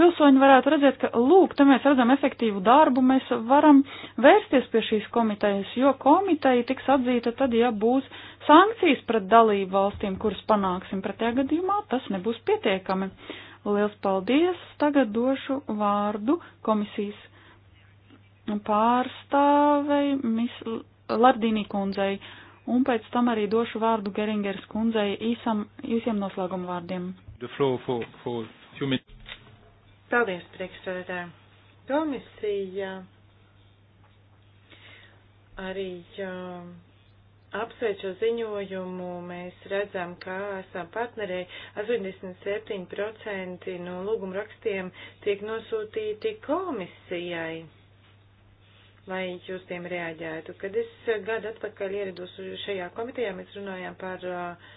pilsoņi varētu redzēt, ka, lūk, te mēs redzam efektīvu darbu, mēs varam vērsties pie šīs komitejas, jo komiteja tiks atzīta tad, ja būs sankcijas pret dalību valstīm, kuras panāksim pretējā gadījumā, tas nebūs pietiekami. Liels paldies! Tagad došu vārdu komisijas pārstāvei, mis Lardīnī kundzei, un pēc tam arī došu vārdu Geringeras kundzei īsam, īsiem noslēgumu vārdiem. The floor for, for few minutes. Paldies, priekšsēdētāji. Komisija arī um, apsveic šo ziņojumu, mēs redzam, ka esam partnerēji 87% no lūguma rakstiem tiek nosūtīti komisijai. Lai jūs tiem reaģētu. Kad es gadu atpakaļ ierados šajā komitejā, mēs runājām par uh,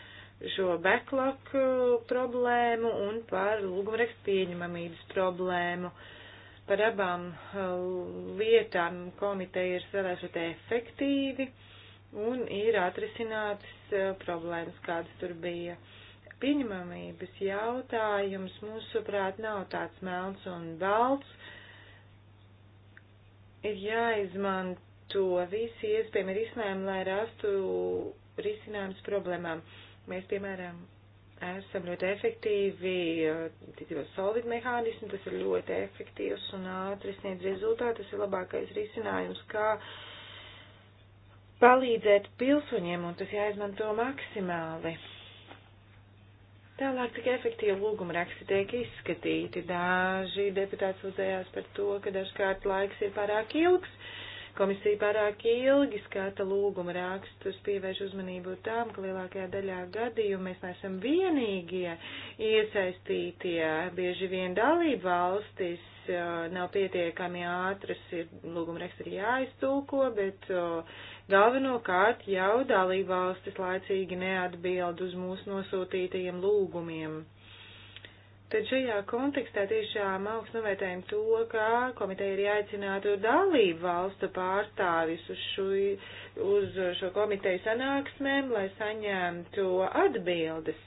šo backlog uh, problēmu un par lūgumrakstu pieņemamības problēmu. Par abām uh, lietām komiteja ir strādājušot efektīvi un ir atrisinātas uh, problēmas, kādas tur bija. Pieņemamības jautājums, mūsuprāt, nav tāds melns un balts. Ir jāizmanto visi iespējami risinājumi, lai rastu risinājums problēmām. Uh, Mēs, piemēram, esam ļoti efektīvi, ticībā solid mehānismi, tas ir ļoti efektīvs un ātri sniedz rezultātu, tas ir labākais risinājums, kā palīdzēt pilsoņiem, un tas jāizmanto maksimāli. Tālāk tik efektīvi lūguma raksti tiek izskatīti. Daži deputāti sūdzējās par to, ka dažkārt laiks ir pārāk ilgs Komisija pārāk ilgi skata lūguma rakstus, pievērš uzmanību tām, ka lielākajā daļā gadījumu mēs neesam vienīgie iesaistītie. Bieži vien dalība valstis nav pietiekami ātras, ir lūguma raksts ir jāiztulko, bet galvenokārt jau dalība valstis laicīgi neatbild uz mūsu nosūtītajiem lūgumiem. Tad šajā kontekstā tiešām augstu novērtējam to, ka komiteja ir jāicinātu dalību valstu pārstāvis uz, šu, uz šo komiteju sanāksmēm, lai saņemtu atbildes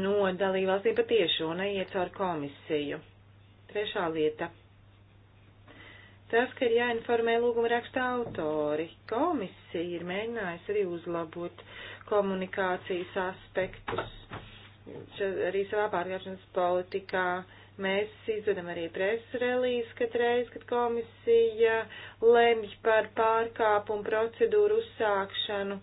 no dalību valstīm patiešo un neiet caur komisiju. Trešā lieta. Tas, ka ir jāinformē lūguma raksta autori. Komisija ir mēģinājusi arī uzlabot komunikācijas aspektus arī savā pārkāpšanas politikā. Mēs izvedam arī presrelīzi katreiz, kad komisija lemj par pārkāpumu procedūru uzsākšanu.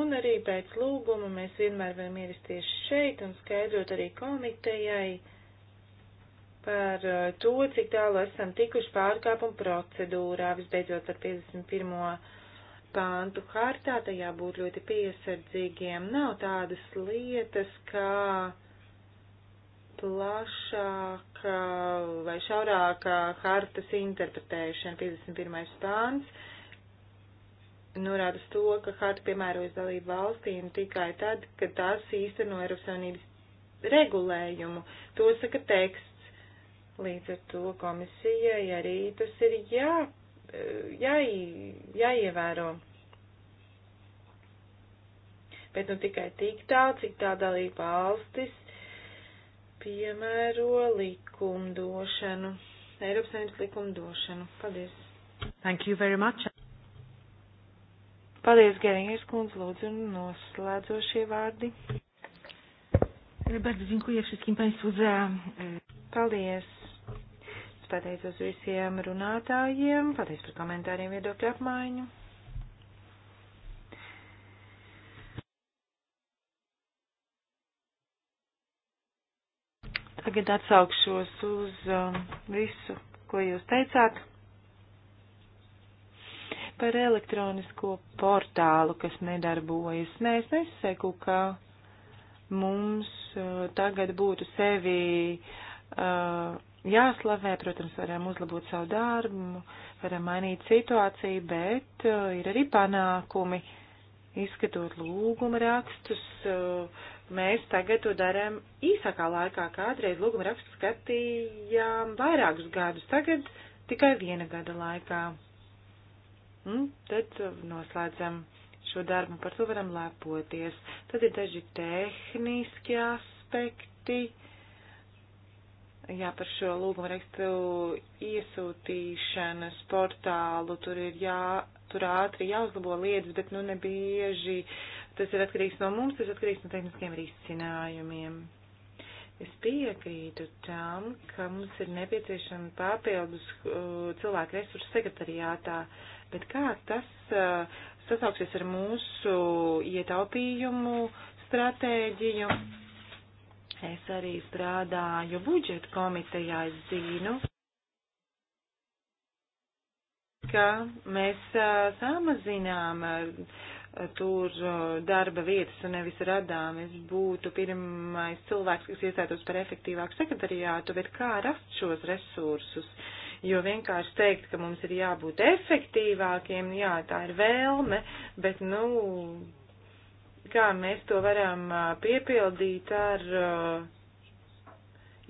Un arī pēc lūguma mēs vienmēr varam ierasties šeit un skaidrot arī komitejai par uh, to, cik tālu esam tikuši pārkāpumu procedūrā, visbeidzot par 51 pāntu hartā, tajā būt ļoti piesardzīgiem. Nav tādas lietas, kā plašāka vai šaurāka hartas interpretēšana. 51. pāns norāda uz to, ka harta piemērojas dalību valstīm tikai tad, kad tās īsteno Eiropas Savienības regulējumu. To saka teksts. Līdz ar to komisijai arī tas ir jā jāi, jāievēro. Bet nu tikai tik tā, cik tā dalība valstis piemēro likumdošanu, Eiropas Savienības likumdošanu. Paldies! Thank you very much. Paldies, Geringers kundze, lūdzu, noslēdzošie vārdi. Bardzo dziękuję wszystkim Państwu za... E, Paldies pateicos visiem runātājiem, pateicos par komentāriem viedokļu apmaiņu. Tagad atsaukšos uz um, visu, ko jūs teicāt par elektronisko portālu, kas nedarbojas. Nē, es nesaku, ka mums uh, tagad būtu sevi uh, jāslavē, protams, varam uzlabot savu darbu, varam mainīt situāciju, bet uh, ir arī panākumi. Izskatot lūguma rakstus, uh, mēs tagad to darām īsākā laikā. Kādreiz lūguma rakstus skatījām vairākus gadus, tagad tikai viena gada laikā. Un tad uh, noslēdzam šo darbu, par to varam lepoties. Tad ir daži tehniski aspekti Jā, par šo lūgumu rakstu iesūtīšanas portālu tur ir jā, tur ātri jāuzlabo lietas, bet nu nebieži tas ir atkarīgs no mums, tas ir atkarīgs no tehniskiem risinājumiem. Es piekrītu tam, ka mums ir nepieciešama papildus uh, cilvēku resursu sekretariātā, bet kā tas uh, sasauksies ar mūsu ietaupījumu stratēģiju? Es arī strādāju budžeta komitejā, es zinu, ka mēs samazinām tur darba vietas un nevis radām. Es būtu pirmais cilvēks, kas iestātos par efektīvāku sekretariātu, bet kā rast šos resursus? Jo vienkārši teikt, ka mums ir jābūt efektīvākiem, jā, tā ir vēlme, bet, nu, kā mēs to varam piepildīt ar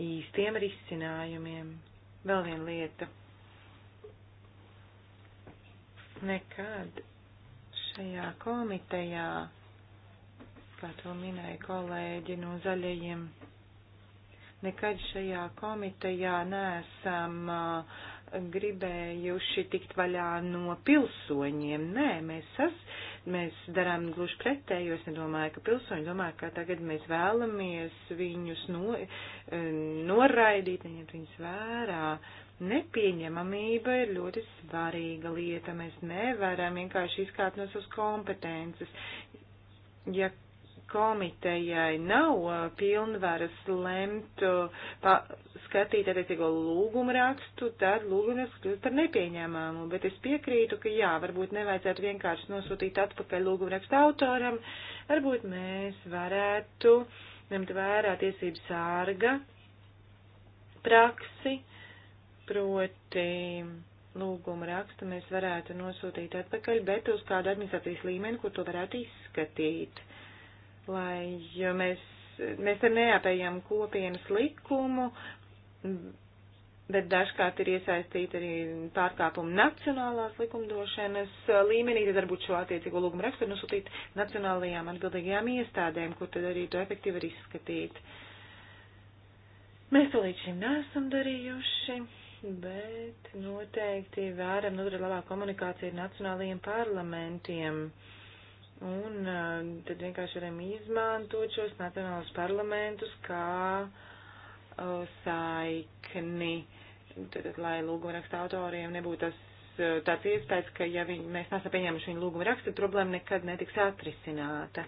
īstiem risinājumiem. Vēl viena lieta. Nekad šajā komitejā, kā to minēja kolēģi no zaļajiem, nekad šajā komitejā neesam gribējuši tikt vaļā no pilsoņiem. Nē, mēs esam mēs darām gluži pretēju. Es nedomāju, ka pilsoņi domā, ka tagad mēs vēlamies viņus no, e, noraidīt, neņemt viņus vērā. Nepieņemamība ir ļoti svarīga lieta. Mēs nevaram vienkārši izkāpt no savas kompetences. Ja komitejai nav pilnvaras lemt pa, skatīt attiecīgo lūgumu rakstu, tad lūgums kļūst par nepieņēmāmu. Bet es piekrītu, ka jā, varbūt nevajadzētu vienkārši nosūtīt atpakaļ lūgumu rakstu autoram, varbūt mēs varētu ņemt vērā tiesību sārga praksi, proti lūgumu rakstu mēs varētu nosūtīt atpakaļ, bet uz kādu administrācijas līmeni, kur to varētu izskatīt. Lai mēs, mēs te neapējam kopienas likumu, bet dažkārt ir iesaistīta arī pārkāpuma nacionālās likumdošanas līmenī, tad varbūt šo attiecīgo lūgumu raksturu nosūtīt nacionālajām atbildīgajām iestādēm, kur tad arī to efektīvi var izskatīt. Mēs to līdz šim neesam darījuši, bet noteikti varam nodarīt labāku komunikāciju ar nacionālajiem parlamentiem. Un eh, tad vienkārši varam izmantot šos nacionālos parlamentus kā uh, saikni, tad, lai lūguma raksta autoriem nebūtu tas eh, tāds iespējas, ka ja viņi, mēs nesam pieņēmuši viņu lūgumu rakstu, problēma nekad netiks atrisināta.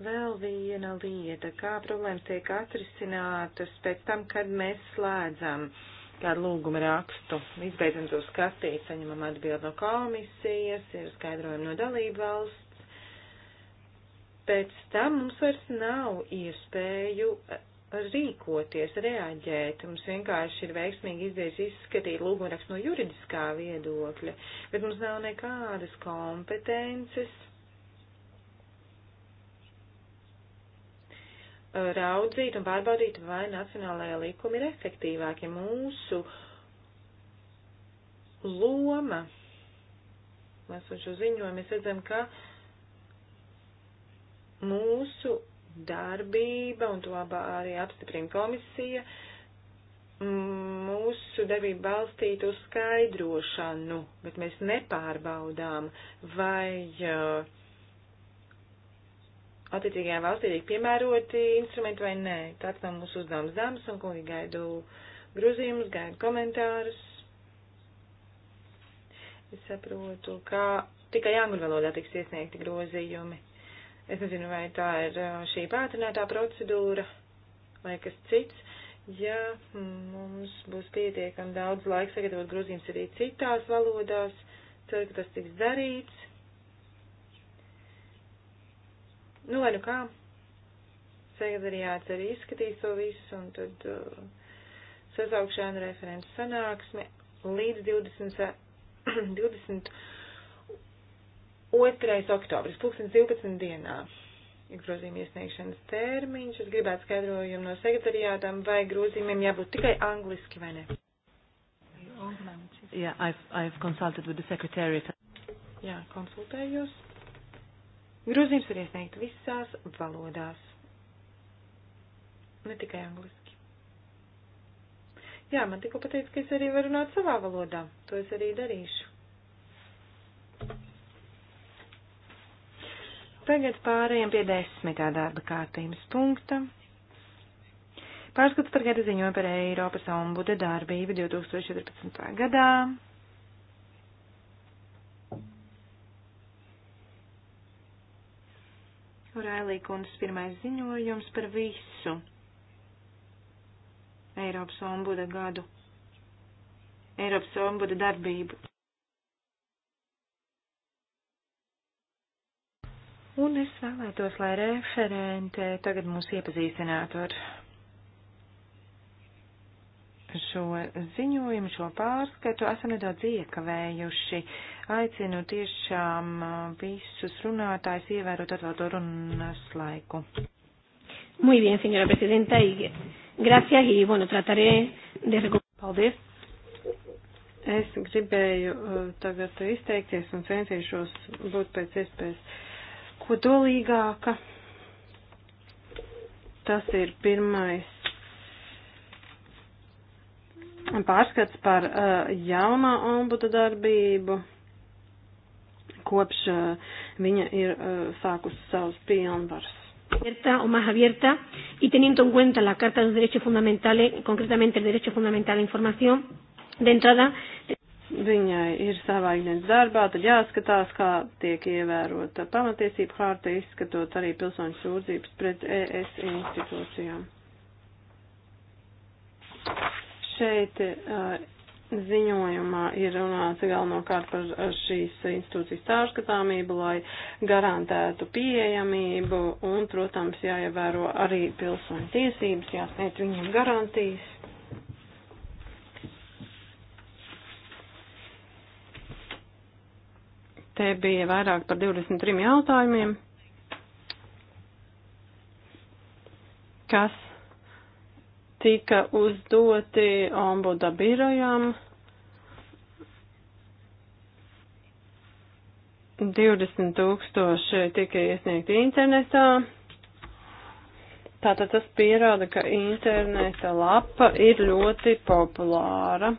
Vēl viena lieta, kā problēmas tiek atrisinātas pēc tam, kad mēs slēdzam kādu lūgumu rakstu, izbeidzam to skatīt, saņemam atbildi no komisijas, ir skaidrojumi no dalību valsts. Pēc tam mums vairs nav iespēju rīkoties, reaģēt. Mums vienkārši ir veiksmīgi izdevies izskatīt lūgumrakstu no juridiskā viedokļa, bet mums nav nekādas kompetences raudzīt un pārbaudīt, vai nacionālajā likuma ir efektīvākie mūsu loma. Mēs un šo ziņojumu mēs redzam, ka mūsu darbība, un to arī apstiprina komisija, mūsu devība balstītu uz skaidrošanu, bet mēs nepārbaudām, vai attiecīgajā valstī tiek piemēroti instrumenti vai nē. Tāds nav mūsu uzdevums dāmas, un ko gaidu grozījumus, gaidu komentārus. Es saprotu, ka tikai angļu valodā tiks iesniegti grozījumi. Es nezinu, vai tā ir šī pātrinātā procedūra vai kas cits. Ja mums būs pietiekami daudz laika sagatavot grozījums arī citās valodās, ceru, ka tas tiks darīts. Nu, vai nu kā, sekretariāts arī izskatīs to visu un tad uh, sasaukšana referents sanāksme līdz 20. 20 2. oktobris, 2012. dienā. Grozījuma iesniegšanas termiņš. Es gribētu skaidrojumu no sekretariātām, vai grozījumiem jābūt tikai angliski vai ne. Yeah, I've, I've consulted with the secretariat. Jā, konsultējos. Grozījums var iesniegt visās valodās. Ne tikai angliski. Jā, man tikko pateica, ka es arī varu runāt savā valodā. To es arī darīšu. Tagad pārējiem pie desmitā darba kārtības punkta. Pārskats par gada ziņojumu par Eiropas ombuda darbību 2014. gadā. Railī kundas pirmais ziņojums par visu Eiropas ombuda gadu, Eiropas ombuda darbību. Un es vēlētos, lai referente tagad mūs iepazīstinātu ar šo ziņojumu, šo pārskatu. Esam nedaudz iekavējuši. Aicinu tiešām uh, visus runātājus ievērot atvēlto runas laiku. Muy bien, señora presidenta, y gracias, y bueno, trataré de... Paldies. Es gribēju uh, tagad izteikties un centīšos būt pēc iespējas kodolīgāka. Tas ir pirmais pārskats par uh, jaunā ombuda darbību, kopš uh, viņa ir uh, sākusi savus pilnvaras. abierta o más abierta y teniendo en cuenta la Carta de los Derechos Fundamentales, concretamente el derecho fundamental a la información, de entrada viņai ir savā ikdienas darbā, tad jāskatās, kā tiek ievērota pamatiesība hārta, izskatot arī pilsoņu sūdzības pret ES institūcijām. Šeit uh, ziņojumā ir runāts galvenokārt par uh, šīs institūcijas tāškatāmību, lai garantētu pieejamību un, protams, jāievēro arī pilsoņu tiesības, jāsniedz viņiem garantijas. Te bija vairāk par 23 jautājumiem, kas tika uzdoti ombuda birojām. 20 tūkstoši tika iesniegti internetā. Tātad tas pierāda, ka interneta lapa ir ļoti populāra.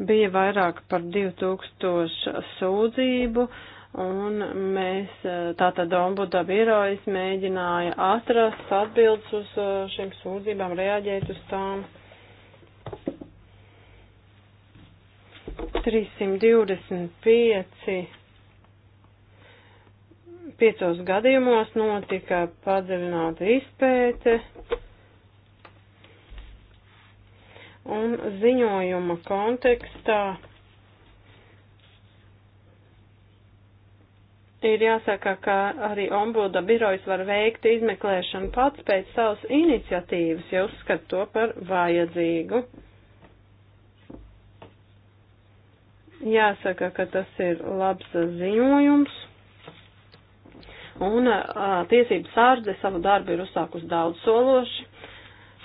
Bija vairāk par 2000 sūdzību, un mēs, eh, tātad ombuda birojas, mēģināja atrast atbildes uz eh, šīm sūdzībām, reaģēt uz tām. 325 piecos gadījumos notika padziļināta izpēte un ziņojuma kontekstā ir jāsaka, ka arī ombuda birojs var veikt izmeklēšanu pats pēc savas iniciatīvas, ja uzskat to par vajadzīgu. Jāsaka, ka tas ir labs ziņojums, un a, tiesības sārdzes savu darbu ir uzsākus daudz sološi.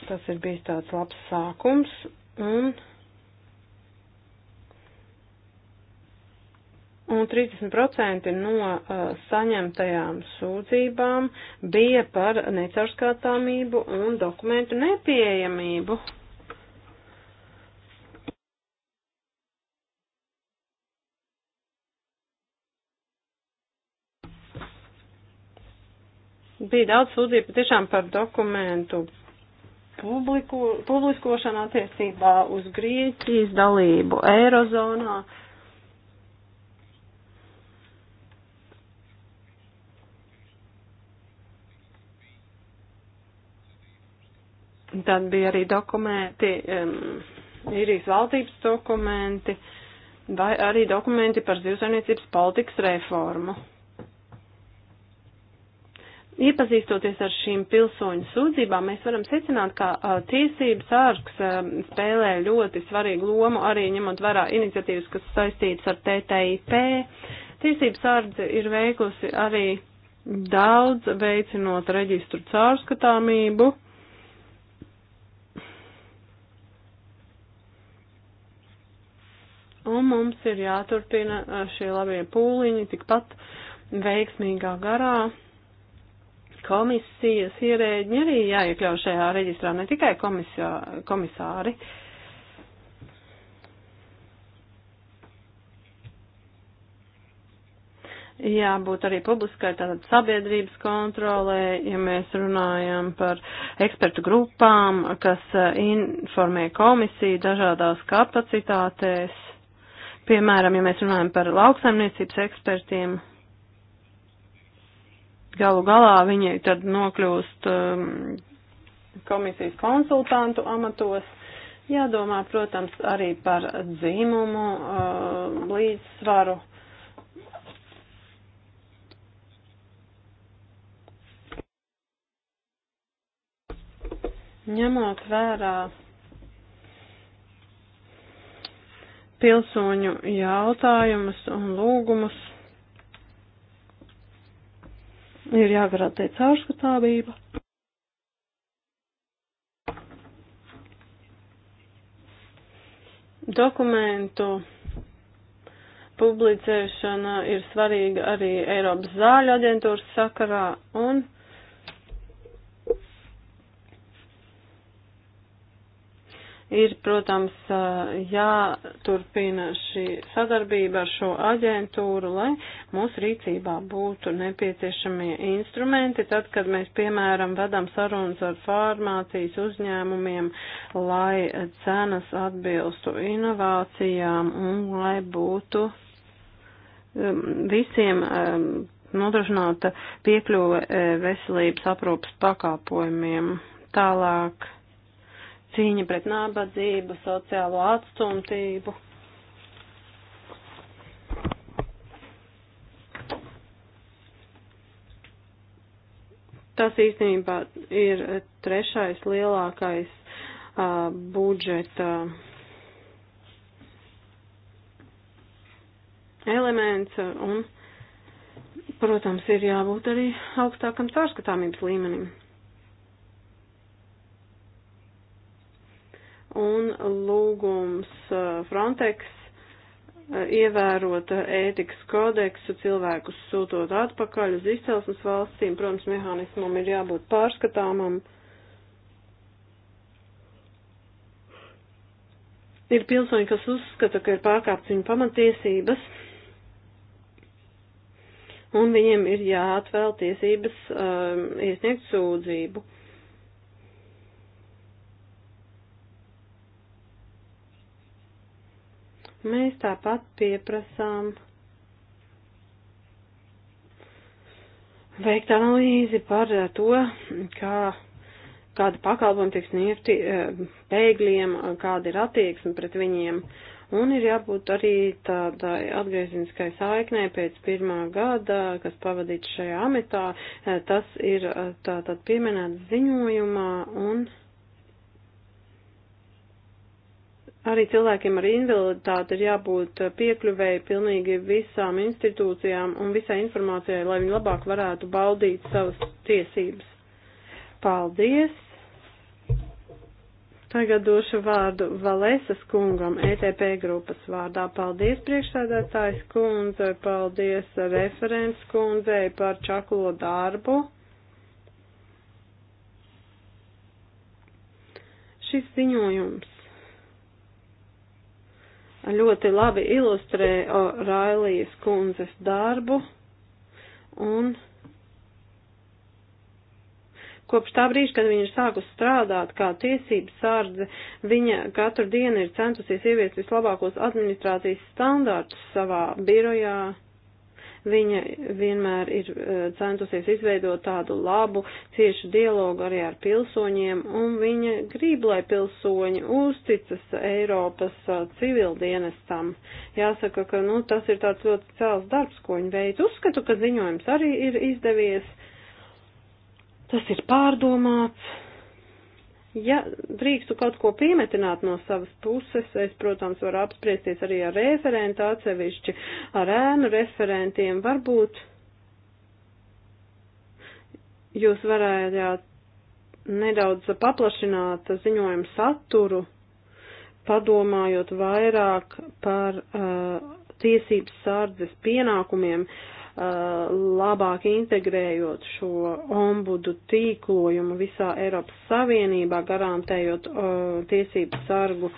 Tas ir bijis tāds labs sākums un, un 30% no uh, saņemtajām sūdzībām bija par necaurskatāmību un dokumentu nepieejamību. bija daudz sūdzību patiešām par dokumentu publiko, publiskošana attiecībā uz Grieķijas dalību Eirozonā. Tad bija arī dokumenti, um, īrijas valdības dokumenti, vai arī dokumenti par zivsainiecības politikas reformu. Iepazīstoties ar šīm pilsoņu sūdzībām, mēs varam secināt, ka a, tiesības sārgs spēlē ļoti svarīgu lomu, arī ņemot vērā iniciatīvas, kas saistītas ar TTIP. Tiesības sārdze ir veikusi arī daudz veicinot reģistru caurskatāmību. Un mums ir jāturpina šie labie pūliņi tikpat veiksmīgā garā komisijas ierēģi arī jāiekļauj šajā reģistrā, ne tikai komisā, komisāri. jābūt arī publiskai tātad sabiedrības kontrolē, ja mēs runājam par ekspertu grupām, kas eh, informē komisiju dažādās kapacitātēs. Piemēram, ja mēs runājam par lauksaimniecības ekspertiem, galu galā viņi tad nokļūst um, komisijas konsultantu amatos. Jādomā, protams, arī par dzīmumu uh, līdzsvaru. Ņemot vērā pilsoņu jautājumus un lūgumus ir jāgarantē caurskatāvība. Dokumentu publicēšana ir svarīga arī Eiropas zāļu aģentūras sakarā un Ir, protams, jāturpina šī sadarbība ar šo aģentūru, lai mūsu rīcībā būtu nepieciešamie instrumenti, tad, kad mēs, piemēram, vedam sarunas ar farmācijas uzņēmumiem, lai cenas atbilstu inovācijām un lai būtu visiem nodrošināta piekļuve veselības aprūpas pakāpojumiem. Tālāk cīņa pret nabadzību, sociālo atstumtību. Tas īstenībā ir trešais lielākais uh, budžeta elements un, protams, ir jābūt arī augstākam caurskatāmības līmenim. un lūgums eh, Frontex eh, ievērot ētikas kodeksu, cilvēkus sūtot atpakaļ uz izcelsmes valstīm. Protams, mehānismam ir jābūt pārskatāmam. Ir pilsoņi, kas uzskata, ka ir pārkāpts viņu pamatiesības, un viņiem ir jāatvēl tiesības um, iesniegt sūdzību. Mēs tāpat pieprasām veikt analīzi par eh, to, kā, kāda pakalpojuma tiek sniegti eh, bēgļiem, kāda ir attieksme pret viņiem. Un ir jābūt arī tādai atgrieziniskai saiknē pēc pirmā gada, kas pavadīts šajā ametā. Eh, tas ir tātad pieminēts ziņojumā un. Arī cilvēkiem ar invaliditāti ir jābūt eh, piekļuvēji pilnīgi visām institūcijām un visai informācijai, lai viņi labāk varētu baudīt savas tiesības. Paldies! Tagad došu vārdu Valēsas kungam, ETP grupas vārdā. Paldies priekšsēdētājs kundzei, paldies referents kundzei par čaklo darbu. Šis ziņojums ļoti labi ilustrē Railijas kundzes darbu un kopš tā brīža, kad viņa ir sākus strādāt kā tiesības sārdze, viņa katru dienu ir centusies ieviest vislabākos administrācijas standārtus savā birojā. Viņa vienmēr ir eh, centusies izveidot tādu labu, ciešu dialogu arī ar pilsoņiem, un viņa grib, lai pilsoņi uzticas Eiropas eh, civildienestam. Jāsaka, ka nu, tas ir tāds ļoti cēls darbs, ko viņa veic. Uzskatu, ka ziņojums arī ir izdevies. Tas ir pārdomāts, Ja drīkstu kaut ko piemetināt no savas puses, es, protams, varu apspriesties arī ar referentu atsevišķi, ar ēnu referentiem. Varbūt jūs varējāt nedaudz paplašināt ziņojumu saturu, padomājot vairāk par uh, tiesības sārdzes pienākumiem. Uh, Uh, labāk integrējot šo ombudu tīklojumu visā Eiropas Savienībā, garantējot uh, tiesību sargu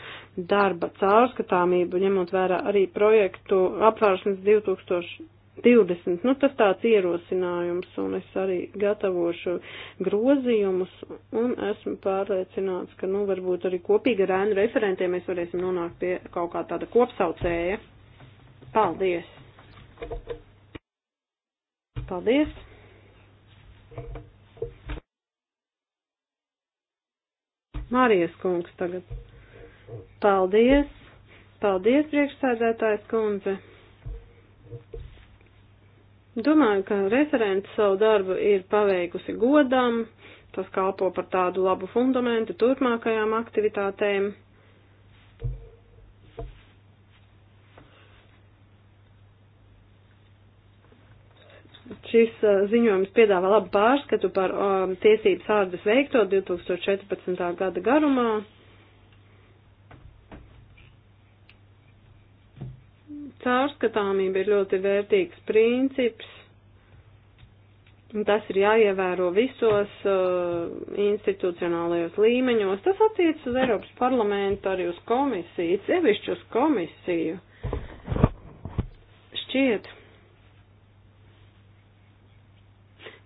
darba caurskatāmību, ņemot vērā arī projektu apvāršanas 2000. 20. Nu, tas tāds ierosinājums, un es arī gatavošu grozījumus, un esmu pārliecināts, ka, nu, varbūt arī kopīgi ar ēnu referentiem mēs varēsim nonākt pie kaut kā tāda kopsaucēja. Paldies! Paldies! Mārijas kungs tagad. Paldies! Paldies, priekšsēdētājs kundze! Domāju, ka referents savu darbu ir paveikusi godam, tas kalpo par tādu labu fundamentu turpmākajām aktivitātēm. Šis uh, ziņojums piedāvā labu pārskatu par um, tiesības ārdas veikto 2014. gada garumā. Cārskatāmība ir ļoti vērtīgs princips, un tas ir jāievēro visos uh, institucionālajos līmeņos. Tas attiec uz Eiropas parlamentu, arī uz komisiju, sevišķi uz komisiju. Šķiet,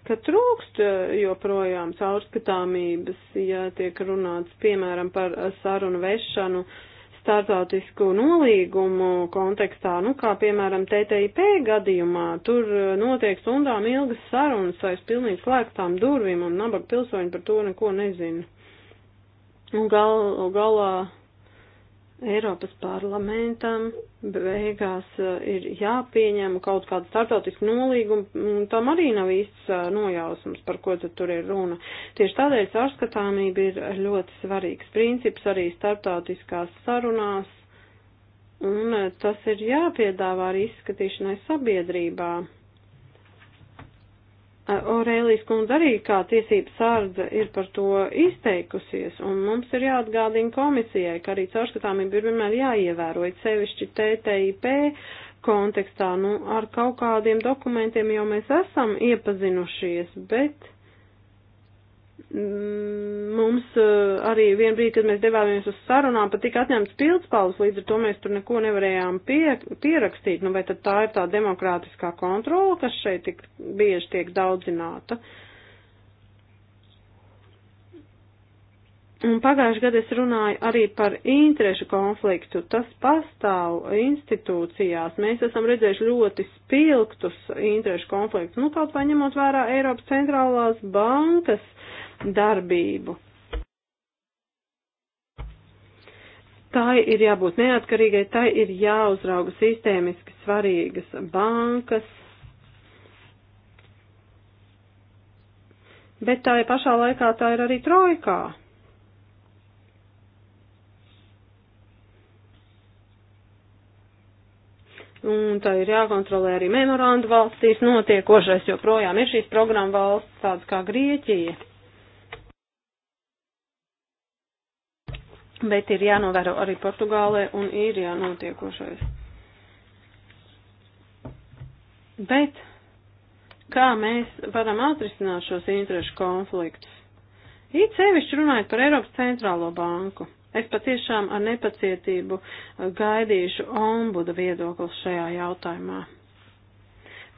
ka trūkst eh, joprojām caurskatāmības, ja tiek runāts, piemēram, par eh, sarunu vešanu startautisku nolīgumu kontekstā, nu, kā, piemēram, TTIP gadījumā, tur eh, notiek stundām ilgas sarunas aiz pilnīgi slēgtām durvīm, un nabaga pilsoņi par to neko nezina. Un gal, galā Eiropas parlamentam beigās eh, ir jāpieņem kaut kāda startautiska nolīguma, tam arī nav īsts eh, nojausmas, par ko tad tur ir runa. Tieši tādēļ sārskatāmība ir ļoti svarīgs princips arī startautiskās sarunās, un eh, tas ir jāpiedāvā arī izskatīšanai sabiedrībā. Aurēlijas kundze arī kā tiesības sārdze ir par to izteikusies, un mums ir jāatgādina komisijai, ka arī caurskatāmība ir vienmēr jāievēro, it sevišķi TTIP kontekstā, nu, ar kaut kādiem dokumentiem jau mēs esam iepazinušies, bet Mm, mums eh, arī vien brīdi, kad mēs devāmies uz sarunām, pat tika atņemts pildspalvas, līdz ar to mēs tur neko nevarējām pie, pierakstīt. Nu, vai tad tā ir tā demokrātiskā kontrola, kas šeit tik bieži tiek daudzināta? Un pagājuši gadu es runāju arī par interešu konfliktu. Tas pastāv institūcijās. Mēs esam redzējuši ļoti spilgtus interešu konfliktus. Nu, kaut vai ņemot vērā Eiropas centrālās bankas, uh, darbību. Tai ir jābūt neatkarīgai, tai ir jāuzrauga sistēmiski svarīgas bankas, bet tā ir pašā laikā tā ir arī trojkā. Un tā ir jākontrolē arī memorandu valstīs notiekošais, jo projām ir šīs programma valsts tādas kā Grieķija. bet ir jānovēro arī Portugālē un īrijā notiekošais. Bet kā mēs varam atrisināt šos interešu konfliktus? It sevišķi runājot par Eiropas centrālo banku. Es patiešām ar nepacietību uh, gaidīšu ombuda viedoklis šajā jautājumā.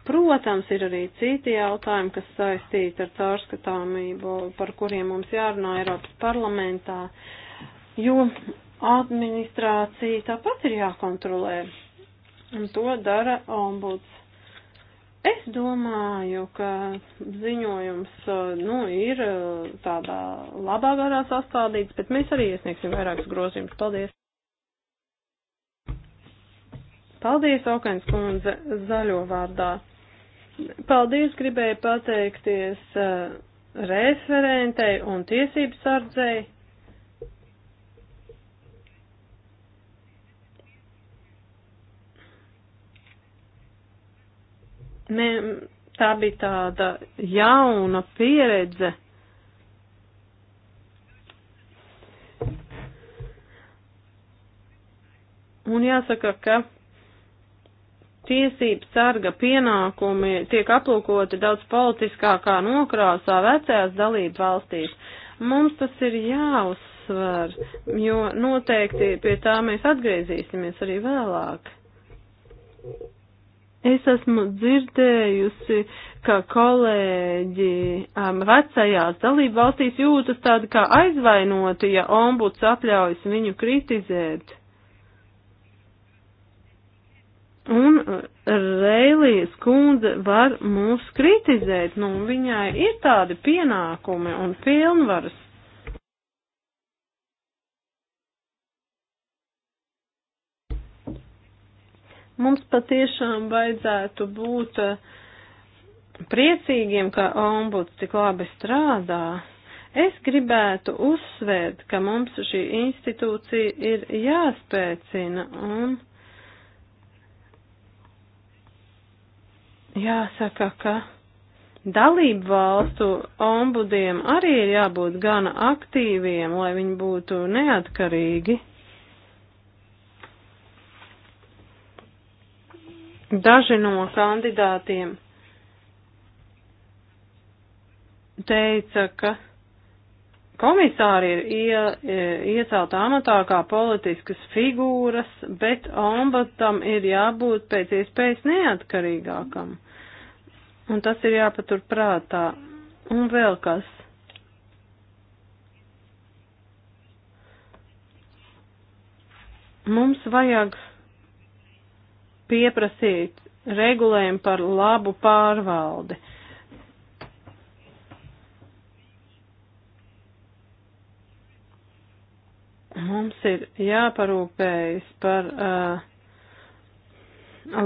Protams, ir arī citi jautājumi, kas saistīti ar caurskatāmību, par kuriem mums jārunā Eiropas parlamentā. Uh, jo administrācija tāpat ir jākontrolē, un to dara ombuds. Es domāju, ka ziņojums uh, nu, ir uh, tādā labā garā sastādīts, bet mēs arī iesniegsim vairākus grozījumus. Paldies! Paldies, Aukens kundze, zaļo vārdā. Paldies, gribēju pateikties uh, referentei un tiesības sardzei. Mē, tā bija tāda jauna pieredze. Un jāsaka, ka tiesības sarga pienākumi tiek aplūkoti daudz politiskākā nokrāsā vecajās dalību valstīs. Mums tas ir jāuzsver, jo noteikti pie tā mēs atgriezīsimies arī vēlāk. Es esmu dzirdējusi, ka kolēģi um, vecajās dalību valstīs jūtas tādi kā aizvainoti, ja ombuds atļaujas viņu kritizēt. Un uh, Reilijas kundze var mūs kritizēt, nu viņai ir tādi pienākumi un pilnvaras. Mums patiešām vajadzētu būt eh, priecīgiem, ka ombuds tik labi strādā. Es gribētu uzsvērt, ka mums šī institūcija ir jāspēcina un jāsaka, ka dalību valstu ombudiem arī ir jābūt gana aktīviem, lai viņi būtu neatkarīgi. Daži no kandidātiem teica, ka komisāri ir ie, iecelta amatā kā politiskas figūras, bet ombudam ir jābūt pēc iespējas neatkarīgākam. Un tas ir jāpatur prātā. Un vēl kas. Mums vajag pieprasīt regulējumu par labu pārvaldi. Mums ir jāparūpējas par uh,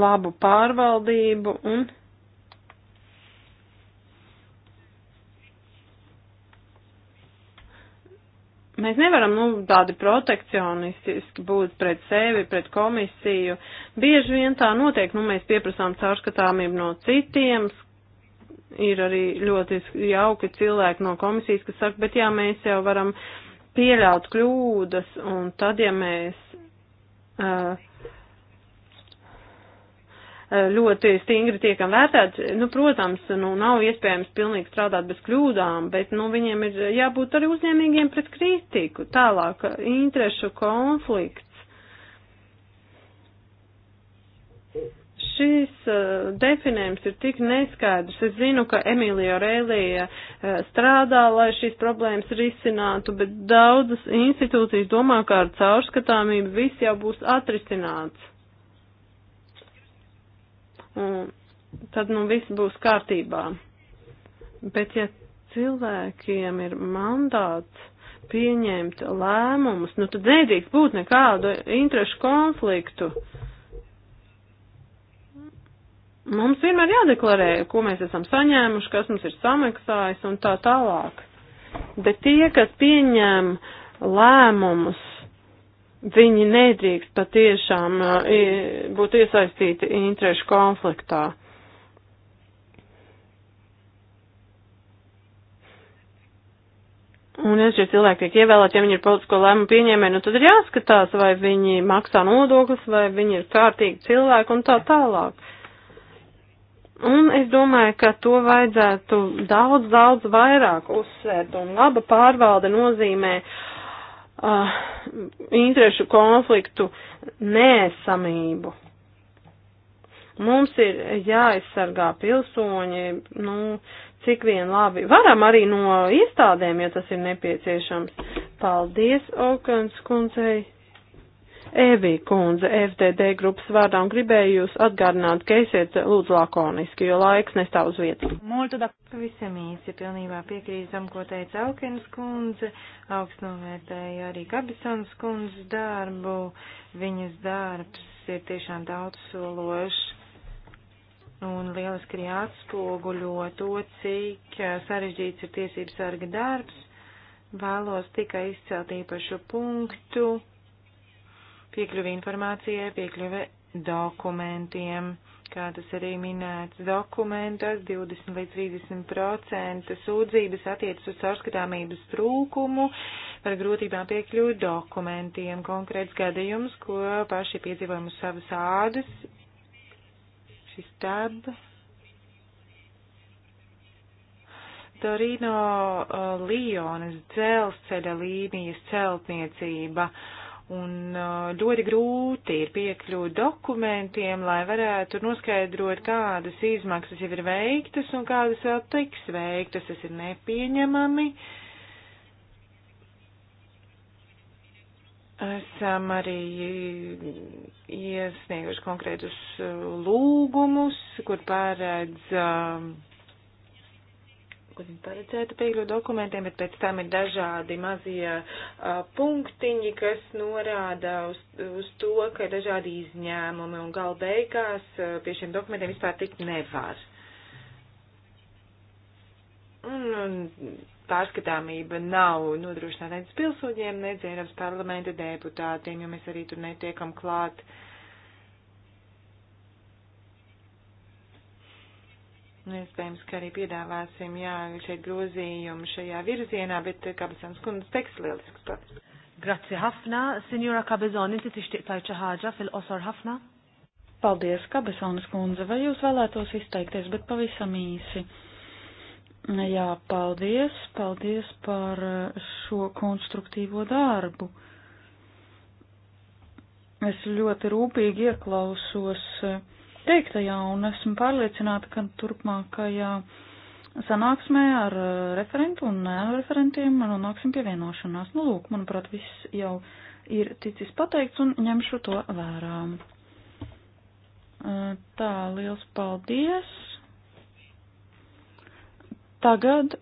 labu pārvaldību un mēs nevaram nu, tādi protekcionistiski būt pret sevi, pret komisiju. Bieži vien tā notiek, nu, mēs pieprasām caurskatāmību no citiem. Ir arī ļoti jauki cilvēki no komisijas, kas saka, bet jā, mēs jau varam pieļaut kļūdas, un tad, ja mēs uh, ļoti stingri tiekam vērtēti. Nu, protams, nu, nav iespējams pilnīgi strādāt bez kļūdām, bet, nu, viņiem ir jābūt arī uzņēmīgiem pret kritiku. Tālāk, interešu konflikts. Šis uh, definējums ir tik neskaidrs. Es zinu, ka Emīlija Aurēlija uh, strādā, lai šīs problēmas risinātu, bet daudzas institūcijas domā, ka ar caurskatāmību viss jau būs atrisināts. Un eh, tad, nu, viss būs kārtībā. Bet, ja cilvēkiem ir mandāts pieņemt lēmumus, nu, tad nedrīkst būt nekādu interešu konfliktu. Mums vienmēr jādeklarē, ko mēs esam saņēmuši, kas mums ir samaksājis un tā tālāk. Bet tie, kas pieņem lēmumus Viņi nedrīkst patiešām uh, būt iesaistīti interešu konfliktā. Un, ja šie cilvēki tiek ievēlēti, ja viņi ir politisko lēmumu pieņēmēji, nu tad ir jāskatās, vai viņi maksā nodokļus, vai viņi ir kārtīgi cilvēki un tā tālāk. Un es domāju, ka to vajadzētu daudz, daudz vairāk uzsvērt, un laba pārvalde nozīmē uh, interešu konfliktu nēsamību. Mums ir jāaizsargā pilsoņi, nu, cik vien labi. Varam arī no iestādēm, ja tas ir nepieciešams. Paldies, Okans kundzei. Evī kundze, FDD grupas vārdā, un gribēju jūs atgādināt, ka esiet lūdzu lakoniski, jo laiks nestāv uz vietas. Multuda visam īsi pilnībā piekrīzam, ko teica Aukens kundze, augst novērtēja arī Kabisons kundzes darbu, viņas darbs ir tiešām daudz sološs. Un lieliski arī atspoguļo to, cik eh, sarežģīts ir tiesības sarga darbs. Vēlos tikai izcelt īpašu punktu Piekļuve informācijai, piekļuve dokumentiem, kā tas arī minēts dokumentos, 20 līdz 30% sūdzības attiecas uz caurskatāmības trūkumu par grūtībām piekļūt dokumentiem, konkrēts gadījums, ko paši piedzīvojam uz savas ādas, šis tab. Torino uh, Lionas dzelzceļa līnijas celtniecība. Uh, un uh, ļoti grūti ir piekļūt dokumentiem, lai varētu noskaidrot, kādas izmaksas jau ir veiktas un kādas vēl tiks veiktas. Tas ir nepieņemami. Esam arī iesnieguši konkrētus uh, lūgumus, kur pārēdz um, kur ir paredzēta piekļuva dokumentiem, bet pēc tam ir dažādi mazie uh, punktiņi, kas norāda uz, uz to, ka ir dažādi izņēmumi un gal beigās uh, pie šiem dokumentiem vispār tikt nevar. Un, un pārskatāmība nav nodrošināta nec pilsoņiem, nec Eiropas parlamenta deputātiem, jo mēs arī tur netiekam klāt. Uh, Nu, iespējams, ka arī piedāvāsim, jā, šeit grozījumu šajā virzienā, bet eh, Kabezons kundas teksts lielisks pat. Grazie ħafna, Signora Kabezon, inti tixtieq tajt xi ħaġa fil-qosor ħafna? Paldies, Kabesonas kundze, vai jūs vēlētos izteikties, bet pavisam īsi. Jā, paldies, paldies par eh, šo konstruktīvo darbu. Es ļoti rūpīgi ieklausos uh, teiktajā, un esmu pārliecināta, ka turpmākajā sanāksmē ar uh, referentu un referentiem nonāksim pie vienošanās. Nu, lūk, manuprāt, viss jau ir ticis pateikts un ņemšu to vērā. Uh, tā, liels paldies! Tagad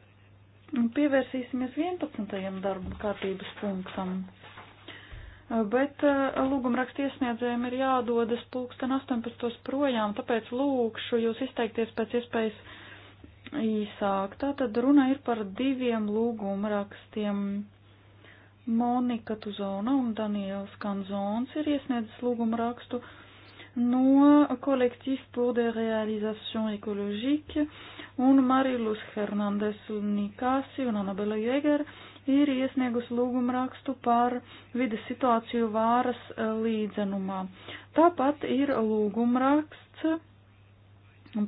pievērsīsimies 11. darba kārtības punktam bet eh, lūgumraksta iesniedzējiem ir jādodas pulksten 18. projām, tāpēc lūkšu jūs izteikties pēc iespējas īsāk. Tātad runa ir par diviem lūgumrakstiem. Monika Tuzona un Daniels Kanzons ir iesniedzis lūgumrakstu no Collectif pour des réalisations écologiques un Marilus Hernandez Nikasi un Anabela Jēger ir iesniegus lūgumu rakstu par vides situāciju vāras eh, līdzenumā. Tāpat ir lūgumu raksts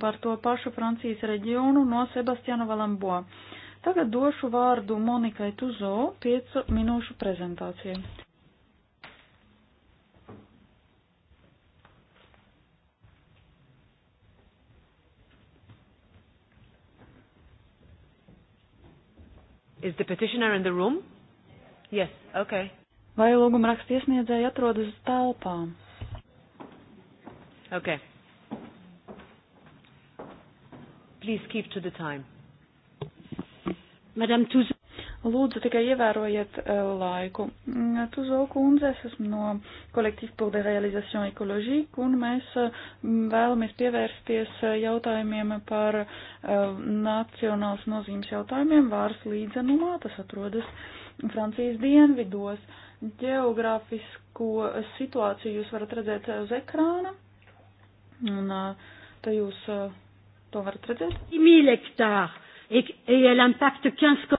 par to pašu Francijas reģionu no Sebastiana Valambo. Tagad došu vārdu Monikai Tuzo piecu minūšu prezentācijai. Is the petitioner in the room? Yes, okay. Vai lūguma raksta iesniedzēja atrodas telpā? Okay. Please keep to the time. Madame Tuz. Lūdzu, tikai ievērojiet e, laiku. Mm, Tuzo kundze, es esmu no kolektīva pour de realization écologique, un mēs e, vēlamies pievērsties e, jautājumiem par nacionāls nozīmes jautājumiem vārs līdzenumā, tas atrodas Francijas dienvidos. Geogrāfisko situāciju jūs varat redzēt uz ekrāna, un te jūs to varat redzēt. 10 000 hektāru, et, et elle impacte 15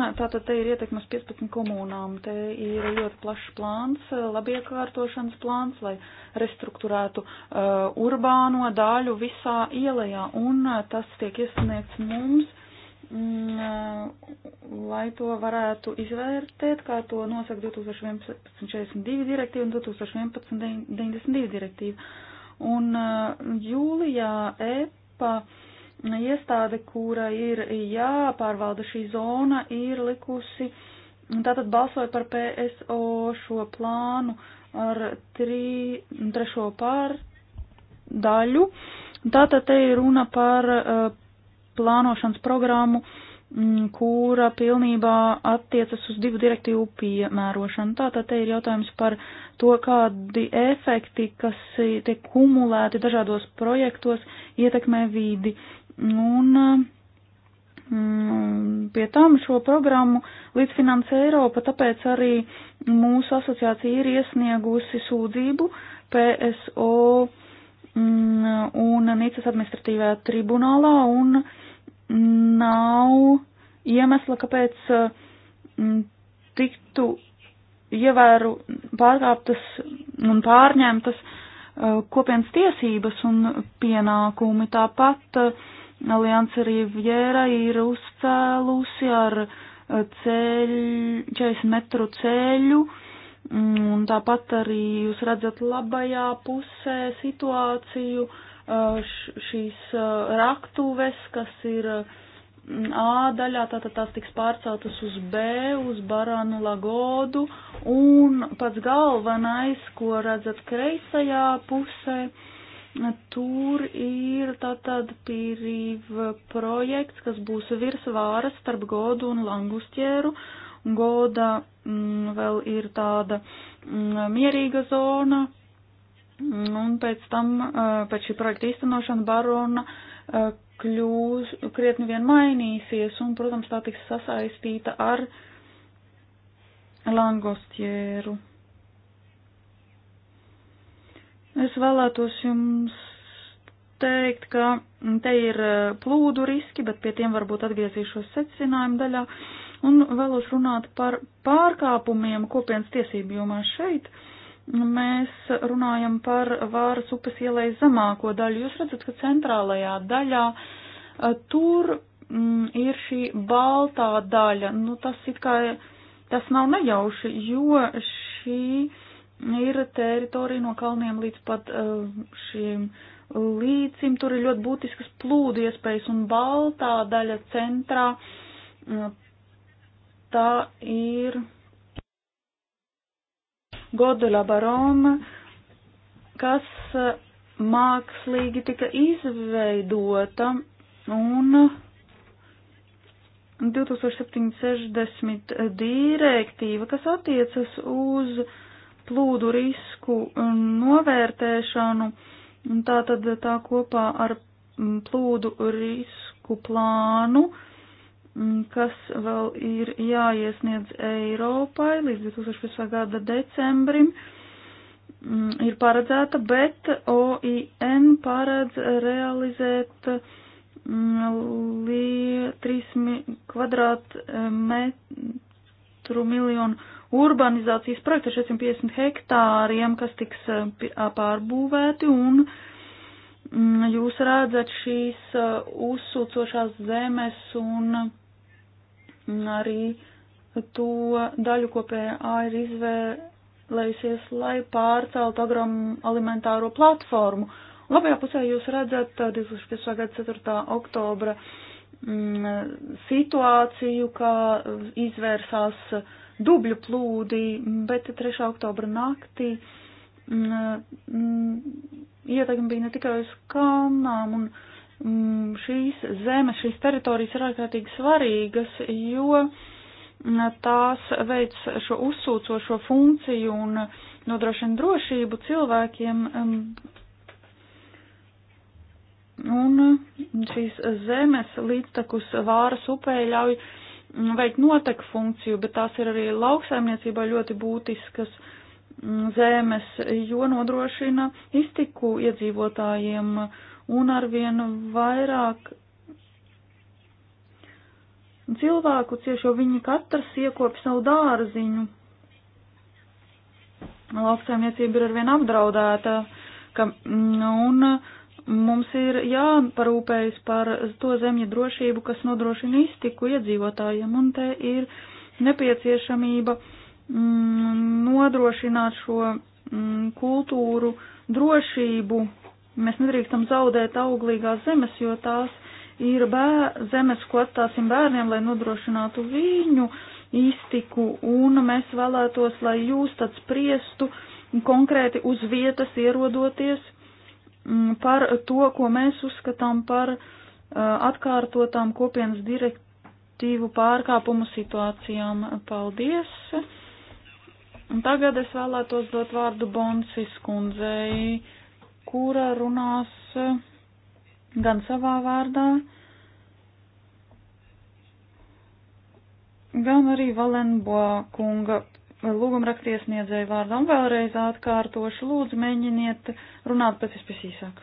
Un tātad te ir ietekmes 15 komunām, te ir ļoti plašs plāns, eh, labiekārtošanas plāns, lai restruktūrētu uh, urbāno daļu visā ielajā, un uh, tas tiek iesniegts mums, mm, lai to varētu izvērtēt, kā to nosaka 2011.42 direktīva un 2011.92 direktīva. Un uh, jūlijā EPA. Uh, iestāde, kura ir jāpārvalda šī zona, ir likusi, tātad balsoja par PSO šo plānu ar trī, trešo pār daļu. Tātad te ir runa par uh, plānošanas programmu, m, mm, kura pilnībā attiecas uz divu direktīvu piemērošanu. Tātad te ir jautājums par to, kādi efekti, kas tiek kumulēti dažādos projektos, ietekmē vīdi. Uh, Un mm, pie tam šo programmu līdzfinansē Eiropa, tāpēc arī mūsu asociācija ir iesniegusi sūdzību PSO mm, un Nīcas administratīvajā tribunālā un nav iemesla, kāpēc mm, tiktu ievēru pārkāptas un pārņemtas eh, kopienas tiesības un pienākumi. Tāpat uh, Alianse Riviera ir uzcēlusi ar eh, ceļu, 40 metru ceļu, mm, un tāpat arī jūs redzat labajā pusē situāciju eh, šīs eh, raktuves, kas ir mm, A daļā, tātad tās tiks pārceltas uz B, uz Baranu Lagodu, un pats galvenais, ko redzat kreisajā pusē, uh, Tur ir tātad pīrīva projekts, kas būs virsvāras starp godu un langustieru. Goda m, mm, vēl ir tāda m, mm, mierīga zona, mm, un pēc tam, pēc šī projekta īstenošana barona kļūs, krietni vien mainīsies, un, protams, tā tiks sasaistīta ar langostieru. Es vēlētos jums teikt, ka te ir e, plūdu riski, bet pie tiem varbūt atgriezīšos secinājumu daļā. Un vēlos runāt par pārkāpumiem kopienas tiesību jomā šeit. Mēs runājam par vāras upes ielai zemāko daļu. Jūs redzat, ka centrālajā daļā e, tur mm, ir šī baltā daļa. Nu, tas it kā, tas nav nejauši, jo šī ir teritorija no kalniem līdz pat eh, šīm līcim. Tur ir ļoti būtiskas plūdu iespējas un baltā daļa centrā. Eh, tā ir Godola Baroma, kas eh, mākslīgi tika izveidota un 2760 direktīva, kas attiecas uz uh, plūdu risku novērtēšanu, un tā tad tā kopā ar mm, plūdu risku plānu, mm, kas vēl ir jāiesniedz Eiropai līdz 2015. gada decembrim, mm, ir paredzēta, bet OIN paredz realizēt li, 3 kvadrātmetru eh, miljonu urbanizācijas projektu ar 650 hektāriem, kas tiks eh, pārbūvēti, un mm, jūs redzat šīs eh, uzsūcošās zemes un mm, arī to daļu, ko PA ir izvēlējusies, lai pārceltu agroalimentāro platformu. Labajā pusē jūs redzat 2015. Eh, gada 4. oktobra mm, situāciju, kā izvērsās uh, dubļu plūdi, bet 3. oktobra naktī mm, mm, ietekme bija ne tikai uz kalnām un mm, šīs zemes, šīs teritorijas ir ārkārtīgi svarīgas, jo tās veic šo uzsūcošo funkciju un nodrošina drošību cilvēkiem. Un šīs zemes līdztekus vāras upē ļauj uh, Mm, veikt noteku funkciju, bet tās ir arī lauksaimniecībā ļoti būtiskas mm, zemes, jo nodrošina iztiku iedzīvotājiem un arvien vairāk cilvēku cieši, jo viņi katrs iekop savu dārziņu. Lauksaimniecība ir arvien apdraudēta, ka, mm, un Mums ir jāparūpējas par to zemju drošību, kas nodrošina iztiku iedzīvotājiem, un te ir nepieciešamība mm, nodrošināt šo mm, kultūru drošību. Mēs nedrīkstam zaudēt auglīgās zemes, jo tās ir bēr, zemes, ko atstāsim bērniem, lai nodrošinātu viņu iztiku, un mēs vēlētos, lai jūs tad spriestu konkrēti uz vietas ierodoties Mm, par to, ko mēs uzskatām par eh, atkārtotām kopienas direktīvu pārkāpumu situācijām. Paldies! Un tagad es vēlētos dot vārdu Bonsis kundzei, kura runās eh, gan savā vārdā, gan arī Valenboa kunga lūgumrakstiesniedzēju vārdām vēlreiz atkārtošu. Lūdzu, mēģiniet runāt pēc iespējas īsāk.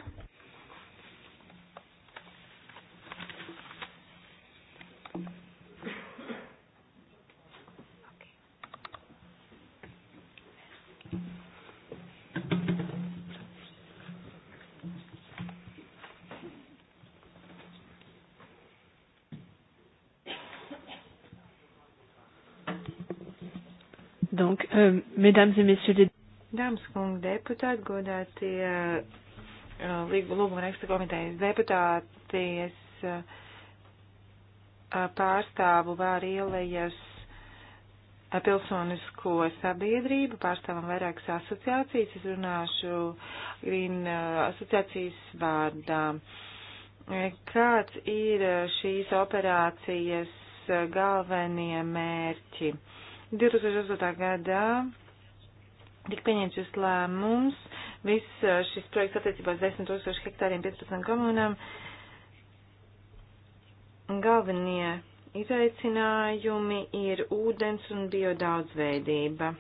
Donc, euh, mesdames et messieurs les Dāmas kungi deputāti, godātie uh, Lūguma raksta komitejas deputāti, es uh, pārstāvu Vārīlejas uh, pilsonisko sabiedrību, pārstāvam vairākas asociācijas, es runāšu Green uh, asociācijas vārdā. Kāds ir uh, šīs operācijas galvenie mērķi? Uh, 2008. gadā tika pieņemts šis lēmums, viss uh, šis projekts attiecībā uz 10 tūkstoši hektāriem 15 komunām. Galvenie izaicinājumi ir ūdens un biodaudzveidība.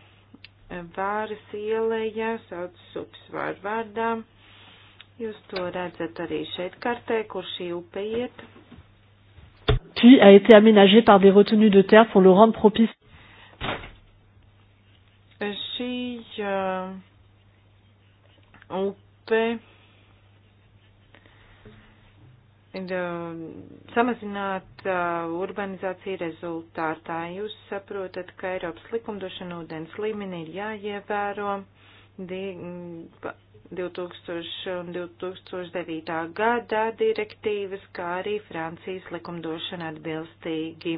Vāras ielēja sauc upsvāru vārdā. Jūs to redzat arī šeit kartē, kur šī upe iet. Puits a été aménagé par des retenues de terre pour le rendre propice. Šī uh, upe ir uh, samazināta uh, urbanizācija rezultātā. Jūs saprotat, ka Eiropas likumdošana ūdens līmenī ir jāievēro. Di, 2000 un 2009. gadā direktīvas, kā arī Francijas likumdošana atbilstīgi,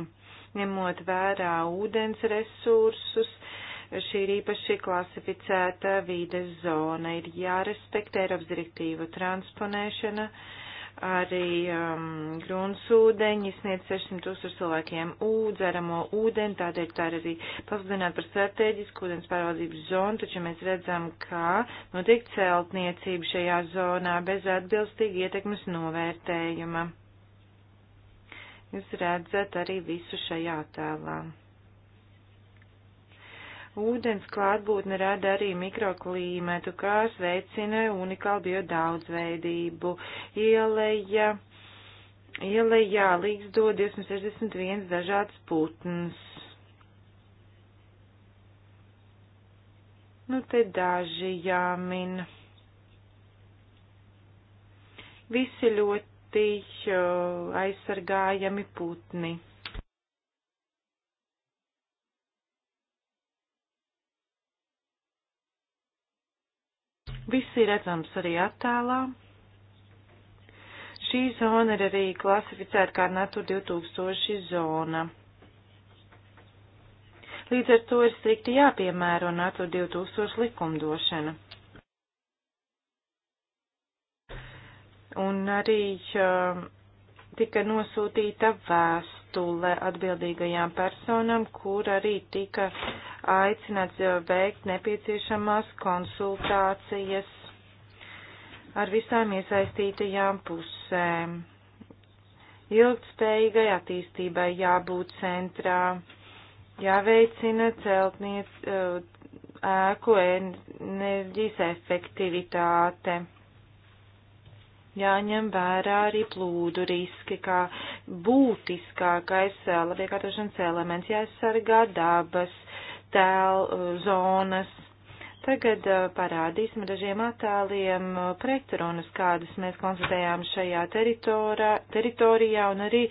ņemot vērā ūdens resursus, šī ir īpaši klasificēta vīdes zona. Ir jārespektē Eiropas direktīvu transponēšana, arī um, gruntsūdeņi sniedz 600 tūkstoši cilvēkiem ūdzeramo ūdeni, tādēļ tā ir arī pasludināta par strateģisku ūdens pārvaldības zonu, taču mēs redzam, kā notiek celtniecība šajā zonā bez atbilstīgi ietekmes novērtējuma. Jūs redzat arī visu šajā tēlā. Ūdens klātbūtne rada arī mikroklīmētu, kas veicina unikālu biodaudzveidību. Ieleja, ielejā līdzdo 261 dažāds putns. Nu, te daži jāmin. Visi ļoti uh, aizsargājami putni. Viss ir redzams arī attēlā. Šī zona ir arī klasificēta kā Natura 2000 zona. Līdz ar to ir strikti jāpiemēro Natura 2000 likumdošana. Un arī uh, tika nosūtīta vēstule vēstule atbildīgajām personām, kur arī tika aicināts eh, veikt nepieciešamās konsultācijas ar visām iesaistītajām pusēm. Ilgtspējīgai attīstībai jābūt centrā, jāveicina celtniec eh, ēku enerģijas efektivitāte jāņem vērā arī plūdu riski, kā būtiskākais eh, labiekārtošanas elements, jāaizsargā dabas, tēl, eh, zonas. Tagad eh, parādīsim dažiem attēliem pretrunas, kādas mēs konstatējām šajā teritorijā un arī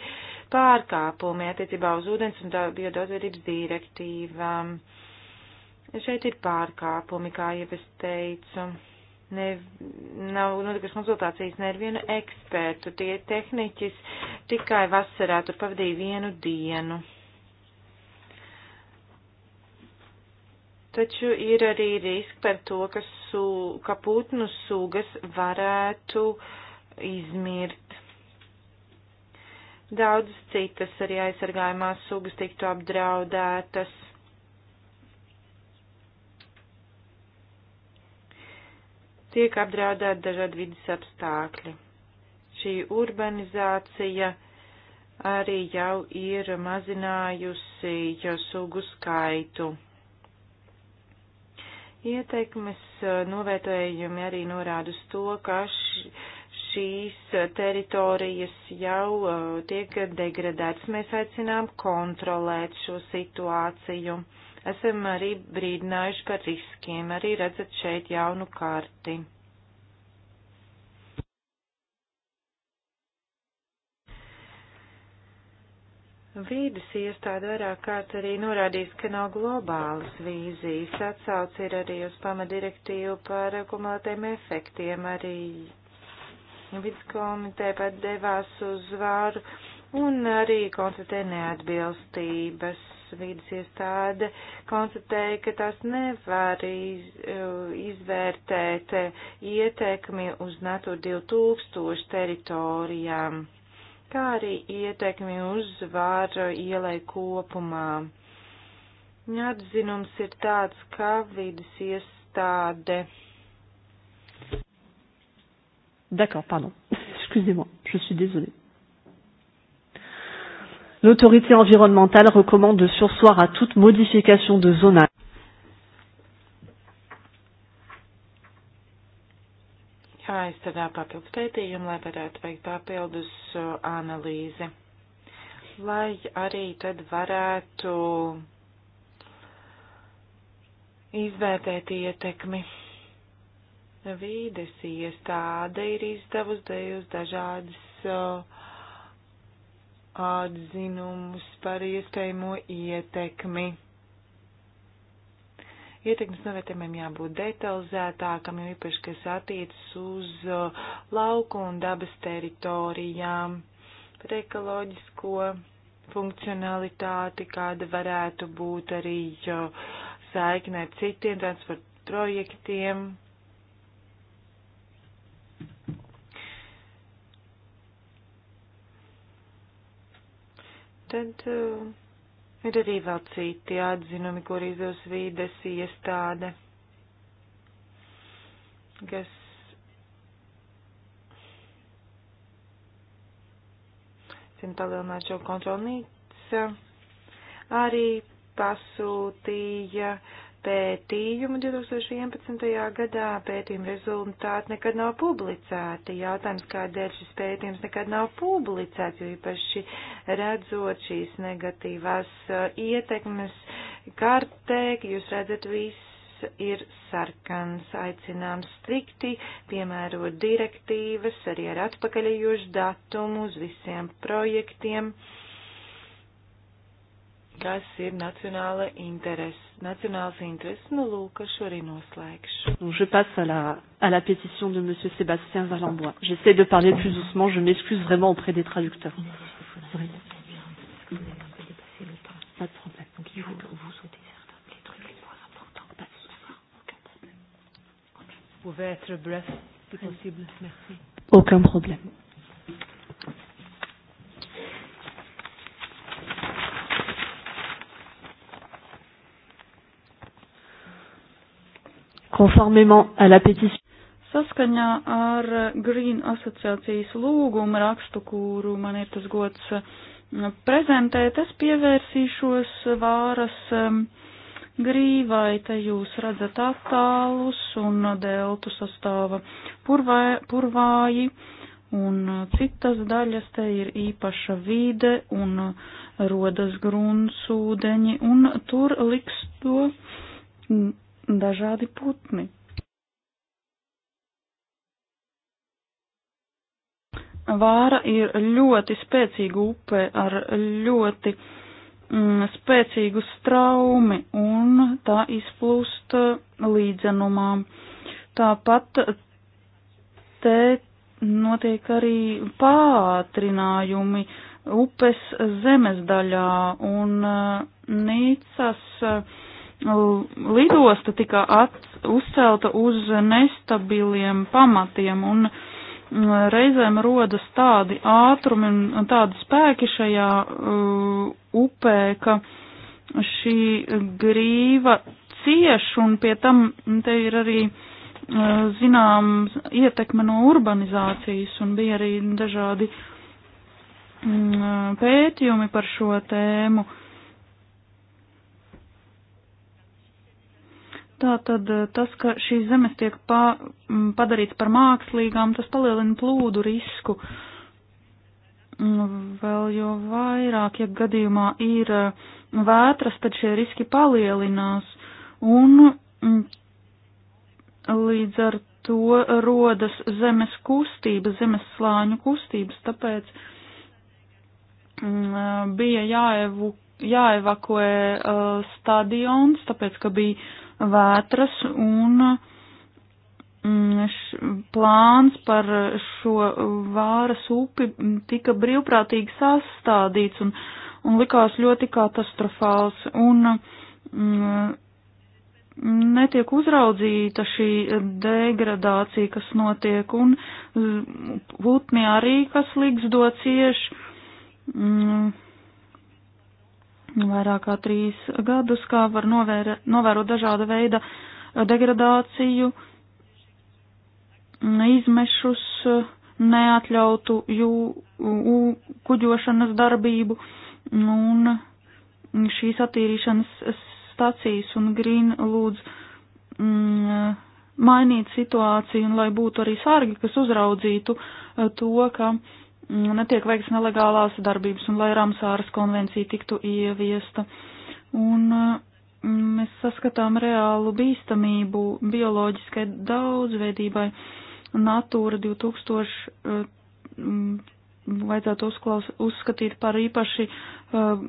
pārkāpumi attiecībā uz ūdens un biodozvedības direktīvām. Šeit ir pārkāpumi, kā jau es teicu ne, nav notikušas konsultācijas ne ar vienu ekspertu. Tie tehniķis tikai vasarā tur pavadīja vienu dienu. Taču ir arī riski par to, ka, su, ka putnu sugas varētu izmirt. Daudzas citas arī aizsargājumās sugas tiktu apdraudētas tiek apdraudēti dažādi vidas apstākļi. Šī urbanizācija arī jau ir mazinājusi jau sugu skaitu. Ieteikmes eh, novērtējumi arī norāda uz to, ka š, šīs teritorijas jau eh, tiek degradētas. Mēs aicinām kontrolēt šo situāciju. Uh, Esam arī brīdinājuši par riskiem, arī redzat šeit jaunu karti. Vīdas iestāde vairāk kārt arī norādījis, ka nav globālas vīzijas. Atsauc ir arī uz pamadirektīvu par kumulētiem efektiem. Arī vidas komiteja pat devās uz vāru un arī konstatē neatbilstības vīdas iestāde konstatēja, ka tās nevar iz, izvērtēt ietekmi uz NATO 2000 teritorijām, kā arī ietekmi uz vāru ielai kopumā. Atzinums ir tāds, ka vīdas iestāde. D'accord, pardon. Excusez-moi, je suis désolée. L'autorité environnementale recommande de sursoir à toute modification de zonage. Jāizstrādā papildus pētījumi, lai varētu veikt papildus uh, analīzi, lai arī tad varētu izvērtēt ietekmi. Vīdes iestāde ir izdevusi dažādas uh, atzinumus par iespējamo ietekmi. Ietekmes novērtējumiem jābūt detalizētākam, jo īpaši, kas attiecas uz uh, lauku un dabas teritorijām, par ekoloģisko funkcionalitāti, kāda varētu būt arī uh, saikne ar citiem transporta projektiem, Tad uh, ir arī vēl citi atzinumi, kur izdos vīdes iestāde, kas cim palielināt šo kontrolnīcu, arī pasūtīja uh, pētījumu 2011. gadā. Pētījuma rezultāti nekad nav publicēti. Jautājums, kādēļ šis pētījums nekad nav publicēts, jo īpaši redzot šīs negatīvās uh, ietekmes kartē, jūs redzat visu ir sarkans, aicinām strikti piemērot direktīvas arī ar atpakaļējošu datumu uz visiem projektiem. Uh, kas ir nacionāla interese. Nacionāls interese, nu lūk, ar šo arī noslēgšu. Donc, je passe à la, à la pétition de monsieur Sébastien Valenbois. J'essaie de parler plus doucement, je m'excuse vraiment auprès des traducteurs. Oui. Pas de problème. Donc, il faut vous sauter certains les trucs les moins importants. Pas de souci. Aucun problème. Vous pouvez être bref, si possible. Merci. Aucun problème. Konformément à la pétition. Saskaņā ar Green asociācijas lūgumu rakstu, kuru man ir tas gods mm, prezentēt, es pievērsīšos vāras mm, grīvai, te jūs redzat attālus un deltu sastāva purvē, purvāji un citas daļas, te ir īpaša vide un rodas gruntsūdeņi un tur liks to mm, dažādi putni. Vāra ir ļoti spēcīga upe ar ļoti mm, spēcīgu straumi un tā izplūst līdzenumā. Tāpat te notiek arī pātrinājumi upes zemes daļā un mm, Nīcas uh, lidosta tika at, uzcelta uz nestabiliem pamatiem un reizēm rodas tādi ātrumi un tādi spēki šajā uh, upē, ka šī grīva cieš un pie tam te ir arī uh, zinām ietekme no urbanizācijas un bija arī dažādi uh, pētījumi par šo tēmu. Uh, Tātad eh, tas, ka šīs zemes tiek pa, padarīts par mākslīgām, tas palielina plūdu risku. Nu, vēl jo vairāk, ja gadījumā ir eh, vētras, tad šie riski palielinās. Un līdz ar to rodas zemes kustības, zemes slāņu kustības, tāpēc eh, bija jāevu, jāevakuē uh, stadions, tāpēc, ka bija vētras un mm, plāns par šo vāras upi tika brīvprātīgi sastādīts un, un likās ļoti katastrofāls un mm, netiek uzraudzīta šī degradācija, kas notiek un putni arī, kas liks do cieši. Mm, vairāk kā trīs gadus, kā var novēra, novērot dažāda veida degradāciju, izmešus, neatļautu jū, u, kuģošanas darbību un šīs attīrīšanas stacijas un grīn lūdz mm, mainīt situāciju un lai būtu arī sārgi, kas uzraudzītu eh, to, ka uh, Mm, netiek veikts nelegālās darbības un lai Ramsāras konvencija tiktu ieviesta. Un mm, mēs saskatām reālu bīstamību bioloģiskai daudzveidībai. Natūra 2000 eh, mm, vajadzētu uzklaus, uzskatīt par īpaši eh,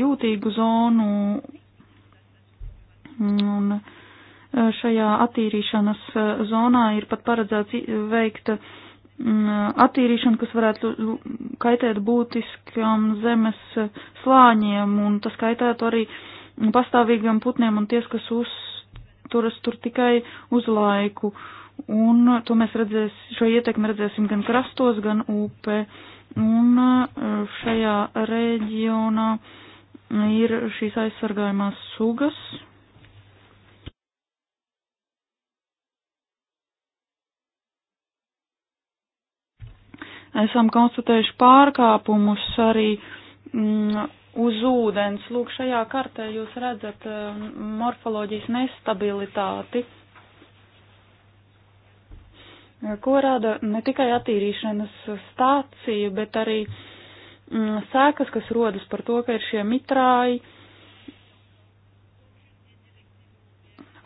jūtīgu zonu un eh, šajā attīrīšanas zonā ir pat paredzēts veikt uh, Uh, attīrīšana, kas varētu uh, kaitēt būtiskam zemes uh, slāņiem, un tas kaitētu arī pastāvīgiem putniem un ties, kas uzturas tur tikai uz laiku. Un to mēs redzēs, šo ietekmi redzēsim gan krastos, gan upē. Un šajā reģionā ir šīs aizsargājumās sugas, esam konstatējuši pārkāpumus arī mm, uz ūdens. Lūk, šajā kartē jūs redzat eh, morfoloģijas nestabilitāti, ko rada ne tikai attīrīšanas stācija, bet arī mm, sēkas, kas rodas par to, ka ir šie mitrāji.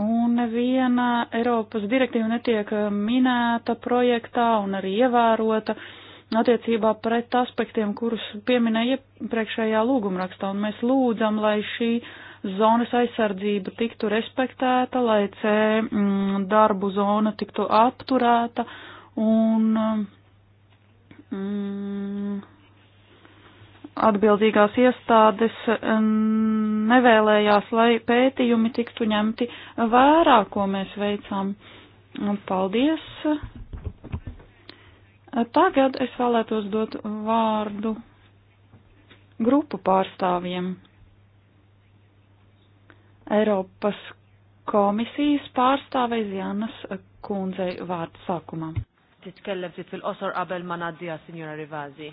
Un neviena Eiropas direktīva netiek minēta projektā un arī ievērota. Uh, attiecībā pret aspektiem, kurus pieminēja iepriekšējā lūgumrakstā, un mēs lūdzam, lai šī zonas aizsardzība tiktu respektēta, lai C mm, darbu zona tiktu apturēta un mm, atbildīgās iestādes mm, nevēlējās, lai pētījumi tiktu ņemti vērā, ko mēs veicām. Paldies! Tagad es vēlētos dot vārdu grupu pārstāvjiem. Eiropas komisijas pārstāvei Jānas kundzei vārdu sākumā. Titkellem sit fil qosor qabel ma nadija Signora Rivazi.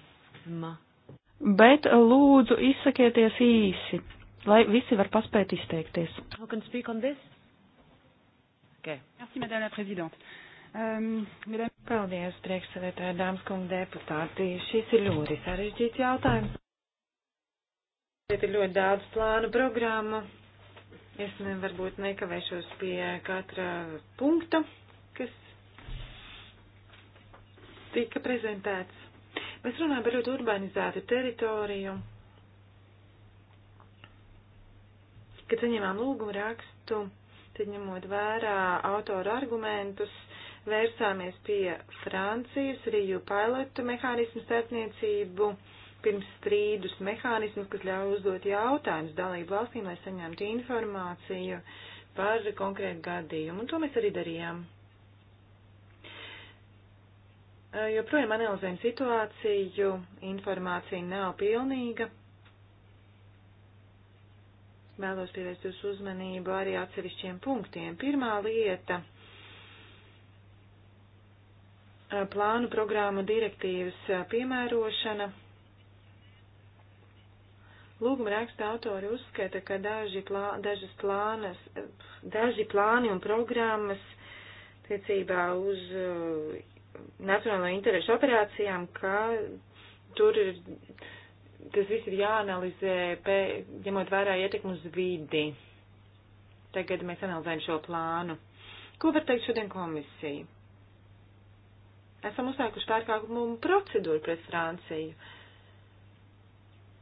Bet lūdzu izsakieties īsi, lai visi var paspēt izteikties. Okay. Merci, Madame la Présidente. Ehm, Paldies, priekšsēdētāji, dāmas kungi deputāti. Šis ir ļoti sarežģīts jautājums. Šeit ir ļoti daudz plānu programmu. Es varbūt nekavēšos pie katra punkta, kas tika prezentēts. Mēs runājam par ļoti urbanizētu teritoriju. Kad saņemām lūgumu rakstu, tad ņemot vērā autoru argumentus, vērsāmies pie Francijas Riju pilotu mehānismu starpniecību pirms strīdus mehānismus, kas ļauj uzdot jautājumus dalību valstīm, lai saņemtu informāciju par konkrētu gadījumu. Un to mēs arī darījām. Joprojām analizējam situāciju, informācija nav pilnīga. Vēlos pievērst jūsu uzmanību arī atsevišķiem punktiem. Pirmā lieta Eh, plānu programmu direktīvas eh, piemērošana. Lūguma raksta autori uzskata, ka daži, plā, dažas plānas, eh, daži plāni un programmas tiecībā uz nacionālo interešu operācijām, ka tur ir, tas viss ir jāanalizē, pē, ņemot vērā ietekmu uz vidi. Tagad mēs analizējam šo plānu. Ko var teikt šodien komisija? esam uzsākuši pārkāpumu procedūru pret Franciju.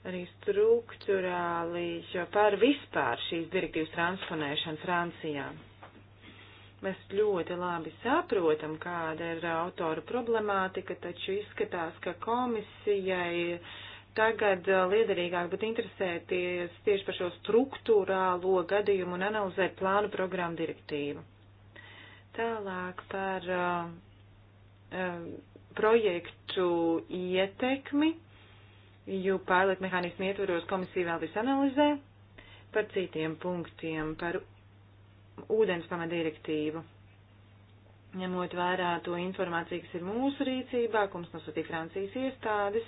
Arī struktūrāli par vispār šīs direktīvas transponēšanu Francijā. Mēs ļoti labi saprotam, kāda ir autora problemātika, taču izskatās, ka komisijai tagad eh, liederīgāk būtu interesēties tieši par šo struktūrālo gadījumu un analizēt plānu programmu direktīvu. Tālāk par uh, Um, projektu ietekmi, jo pārliet mehānismu ietvaros komisija vēl vis analizē par citiem punktiem, par ūdens pamatdirektīvu. Ņemot vērā to informāciju, kas ir mūsu rīcībā, ko mums nosūtīja Francijas iestādes,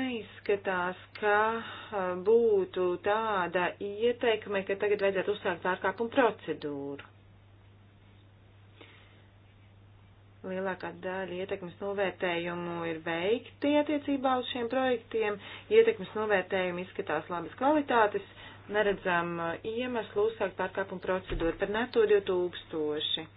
neizskatās, ka uh, būtu tāda ieteikme, ka tagad vajadzētu uzsākt pārkāpumu procedūru. lielākā daļa ietekmes novērtējumu ir veikti attiecībā uz šiem projektiem. Ietekmes novērtējumi izskatās labas kvalitātes, neredzam uh, iemeslu uzsākt pārkāpumu procedūru par NATO 2000.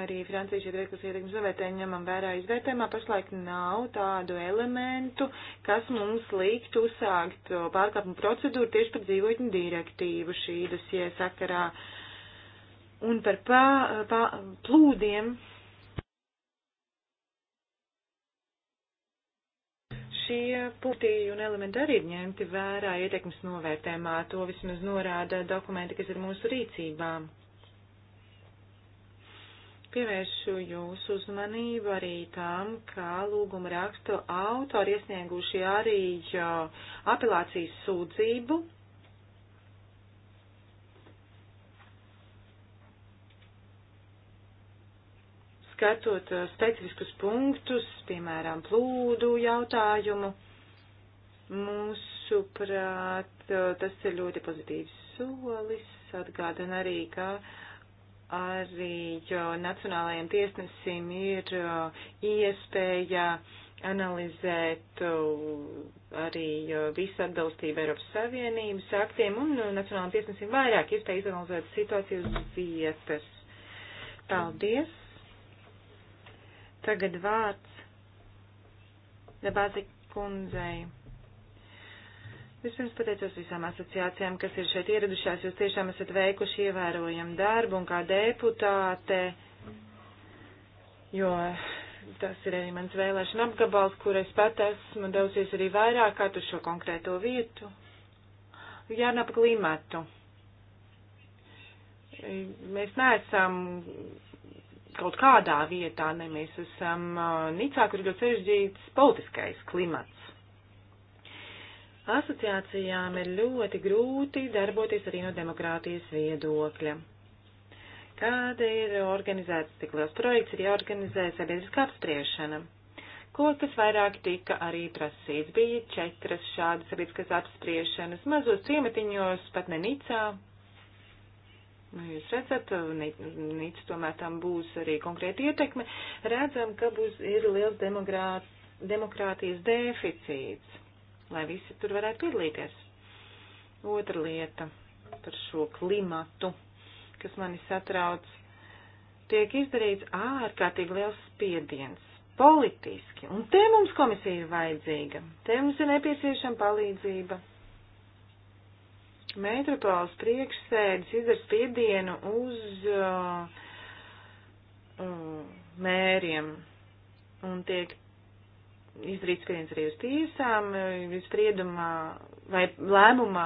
arī Francijas ietekmes ietekmes novērtējumu ņemam vērā izvērtējumā, pašlaik nav tādu elementu, kas mums liktu uzsākt pārkāpumu procedūru tieši par dzīvotņu direktīvu šī dosie sakarā. Un par pā, pā, plūdiem. Šie putīji un elementi arī ir ņemti vērā ietekmes novērtējumā, to vismaz norāda dokumenti, kas ir mūsu rīcībām. Pievēršu jūsu uzmanību arī tam, ka lūguma rakstu autori iesnieguši arī apelācijas sūdzību. Skatot specifiskus punktus, piemēram, plūdu jautājumu, mūsuprāt, tas ir ļoti pozitīvs solis. Atgādina arī, ka uh, arī Nacionālajiem tiesnesim ir uh, iespēja analizēt uh, arī uh, visu atbilstību Eiropas Savienības aktiem un Nacionālajiem tiesnesim vairāk iespēja izanalizēt situāciju uz vietas. Paldies! Tagad vārds Debāzi kundzei. Vispirms pateicos visām asociācijām, kas ir šeit ieradušās. Jūs tiešām esat veikuši ievērojamu darbu un kā deputāte, jo tas ir arī mans vēlēšana apgabals, kur es pat esmu devusies arī vairāk kā uz šo konkrēto vietu. Jārunā par klimatu. Mēs neesam kaut kādā vietā, ne mēs esam Nicā, kur ir ļoti sarežģīts politiskais klimats asociācijām ir ļoti grūti darboties arī no demokrātijas viedokļa. Kad ir organizēts tik liels projekts, ir jāorganizē sabiedriska apspriešana. Ko, kas vairāk tika arī prasīts, bija četras šādas sabiedriskas apspriešanas mazos ciemetiņos, pat ne Nicā. Nu, jūs redzat, Nica tomēr tam būs arī konkrēta ietekme. Redzam, ka būs ir liels demokrātijas deficīts lai visi tur varētu piedalīties. Otra lieta par šo klimatu, kas mani satrauc, tiek izdarīts ārkārtīgi liels spiediens politiski, un te mums komisija ir vajadzīga, te mums ir nepieciešama palīdzība. Metropols priekšsēdis izdara spiedienu uz uh, uh, mēriem un tiek izdarīts spiediens arī uz tiesām, spriedumā vai lēmumā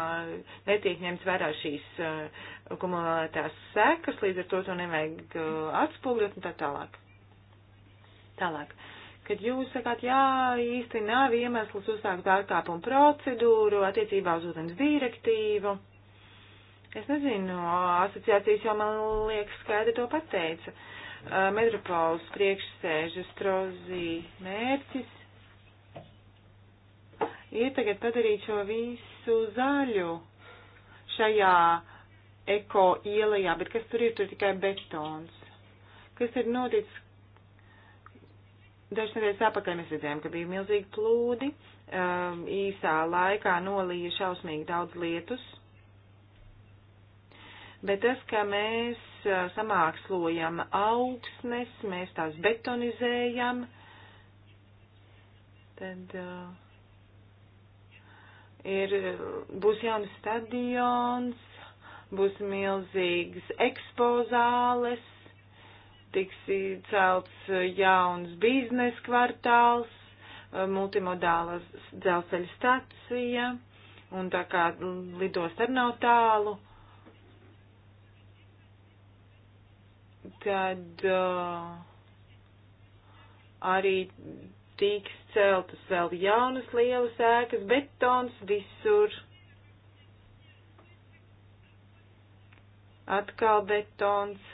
netiek ņemts vērā šīs uh, kumulētās sekas, līdz ar to to nevajag uh, atspūgļot un tā tālāk. Tālāk. Kad jūs sakāt, jā, īsti nav iemesls uzsākt pārkāpumu procedūru attiecībā uz ūdens direktīvu, es nezinu, asociācijas jau man liekas skaidri to pateica. Uh, Metropols priekšsēžas trozī mērķis ir tagad padarīt šo visu zaļu šajā eko ielajā, bet kas tur ir, tur ir tikai betons. Kas ir noticis? Dažas nedēļas apakaļ mēs redzējām, ka bija milzīgi plūdi, um, īsā laikā nolīja šausmīgi daudz lietus, bet tas, ka mēs uh, samākslojam augsnes, mēs tās betonizējam, tad. Uh, ir, būs jauns stadions, būs milzīgas ekspozāles, tiks celts jauns biznes kvartāls, multimodālas dzelzceļa stacija, un tā kā lidost ar nav tālu, tad uh, arī tiks celtas vēl jaunas lielas ēkas, betons visur. Atkal betons.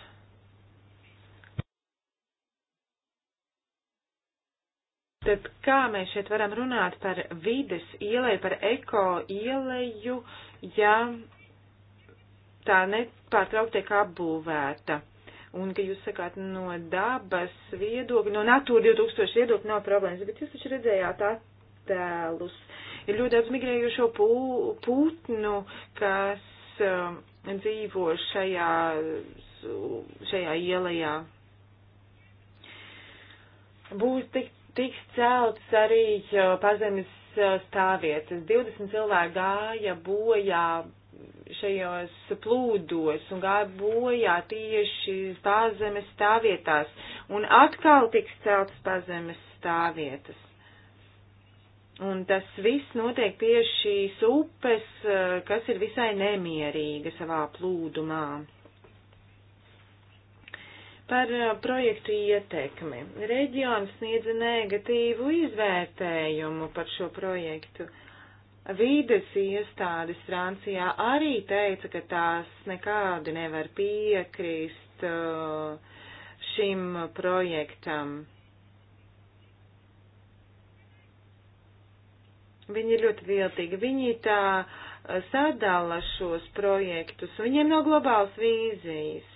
Tad kā mēs šeit varam runāt par vides ielēju, par eko ielēju, ja tā nepārtraukti tiek apbūvēta? Un, ka jūs sakāt, no dabas viedokļa, no Natūra 2000 viedokļa nav problēmas, bet jūs taču redzējāt attēlus. Ir ļoti daudz migrējušo pū, putnu, kas um, dzīvo šajā, šajā ielajā. Būs tik, tiks celts arī uh, pazemes uh, stāvvietas. 20 cilvēki gāja bojā šajos plūdos un gāja bojā tieši pazemes stāvvietās un atkal tiks celtas pazemes stāvvietas. Un tas viss notiek tieši šīs upes, eh, kas ir visai nemierīga savā plūdumā. Par eh, projektu ietekmi. Reģions sniedza negatīvu izvērtējumu par šo projektu. Uh, Vīdes iestādes Francijā arī teica, ka tās nekādi nevar piekrist uh, šim projektam. Viņi ir ļoti viltīgi. Viņi tā uh, sadala šos projektus. Viņiem nav globālas vīzijas.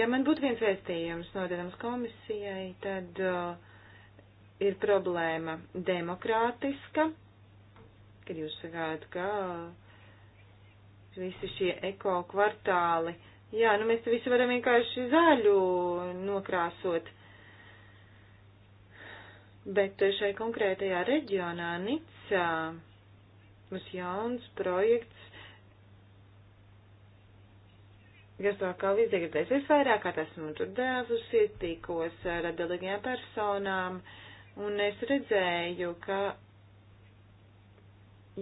Ja man būtu viens vēstījums nodevams komisijai, tad uh, ir problēma demokrātiska kad jūs sakāt, ka visi šie eko kvartāli, jā, nu mēs te visu varam vienkārši zaļu nokrāsot. Bet šai konkrētajā reģionā, Nicā, mums jauns projekts, kas atkal izdegrādēs visvairāk, kā esmu tur devusies, tikos ar atbildīgajām personām, un es redzēju, ka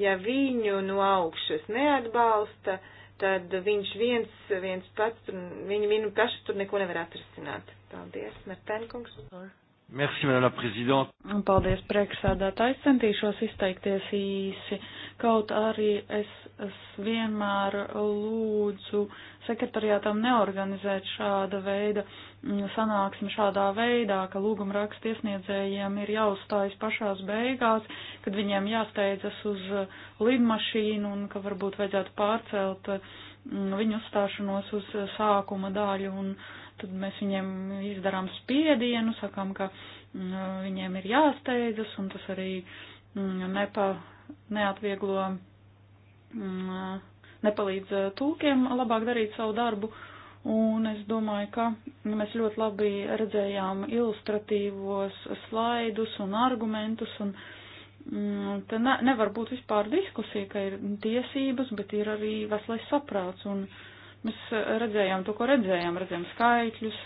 Ja viņu no augšas neatbalsta, tad viņš viens, viens pats, viņu, viņu pašu tur neko nevar atrisināt. Paldies, Martenkungs. Sure. Merci, madame la prezidente. Paldies, priekšsēdētāji. Centīšos izteikties īsi. Kaut arī es, es vienmēr lūdzu sekretariātam neorganizēt šāda veida mm, sanāksmi šādā veidā, ka lūguma raksta iesniedzējiem ir jāuzstājas pašās beigās, kad viņiem jāsteidzas uz uh, lidmašīnu un ka varbūt vajadzētu pārcelt uh, mm, viņu uzstāšanos uz uh, sākuma daļu. Un, uh, Tad mēs viņiem izdarām spiedienu, sakām, ka mm, viņiem ir jāsteidzas, un tas arī mm, nepa, neatvieglo, mm, nepalīdz eh, tūkiem labāk darīt savu darbu. Un es domāju, ka mēs ļoti labi redzējām ilustratīvos slaidus un argumentus, un te ne, nevar būt vispār diskusija, ka ir tiesības, bet ir arī veselais saprāts. Un, uh, Mēs uh, redzējām to, ko redzējām, redzējām skaitļus,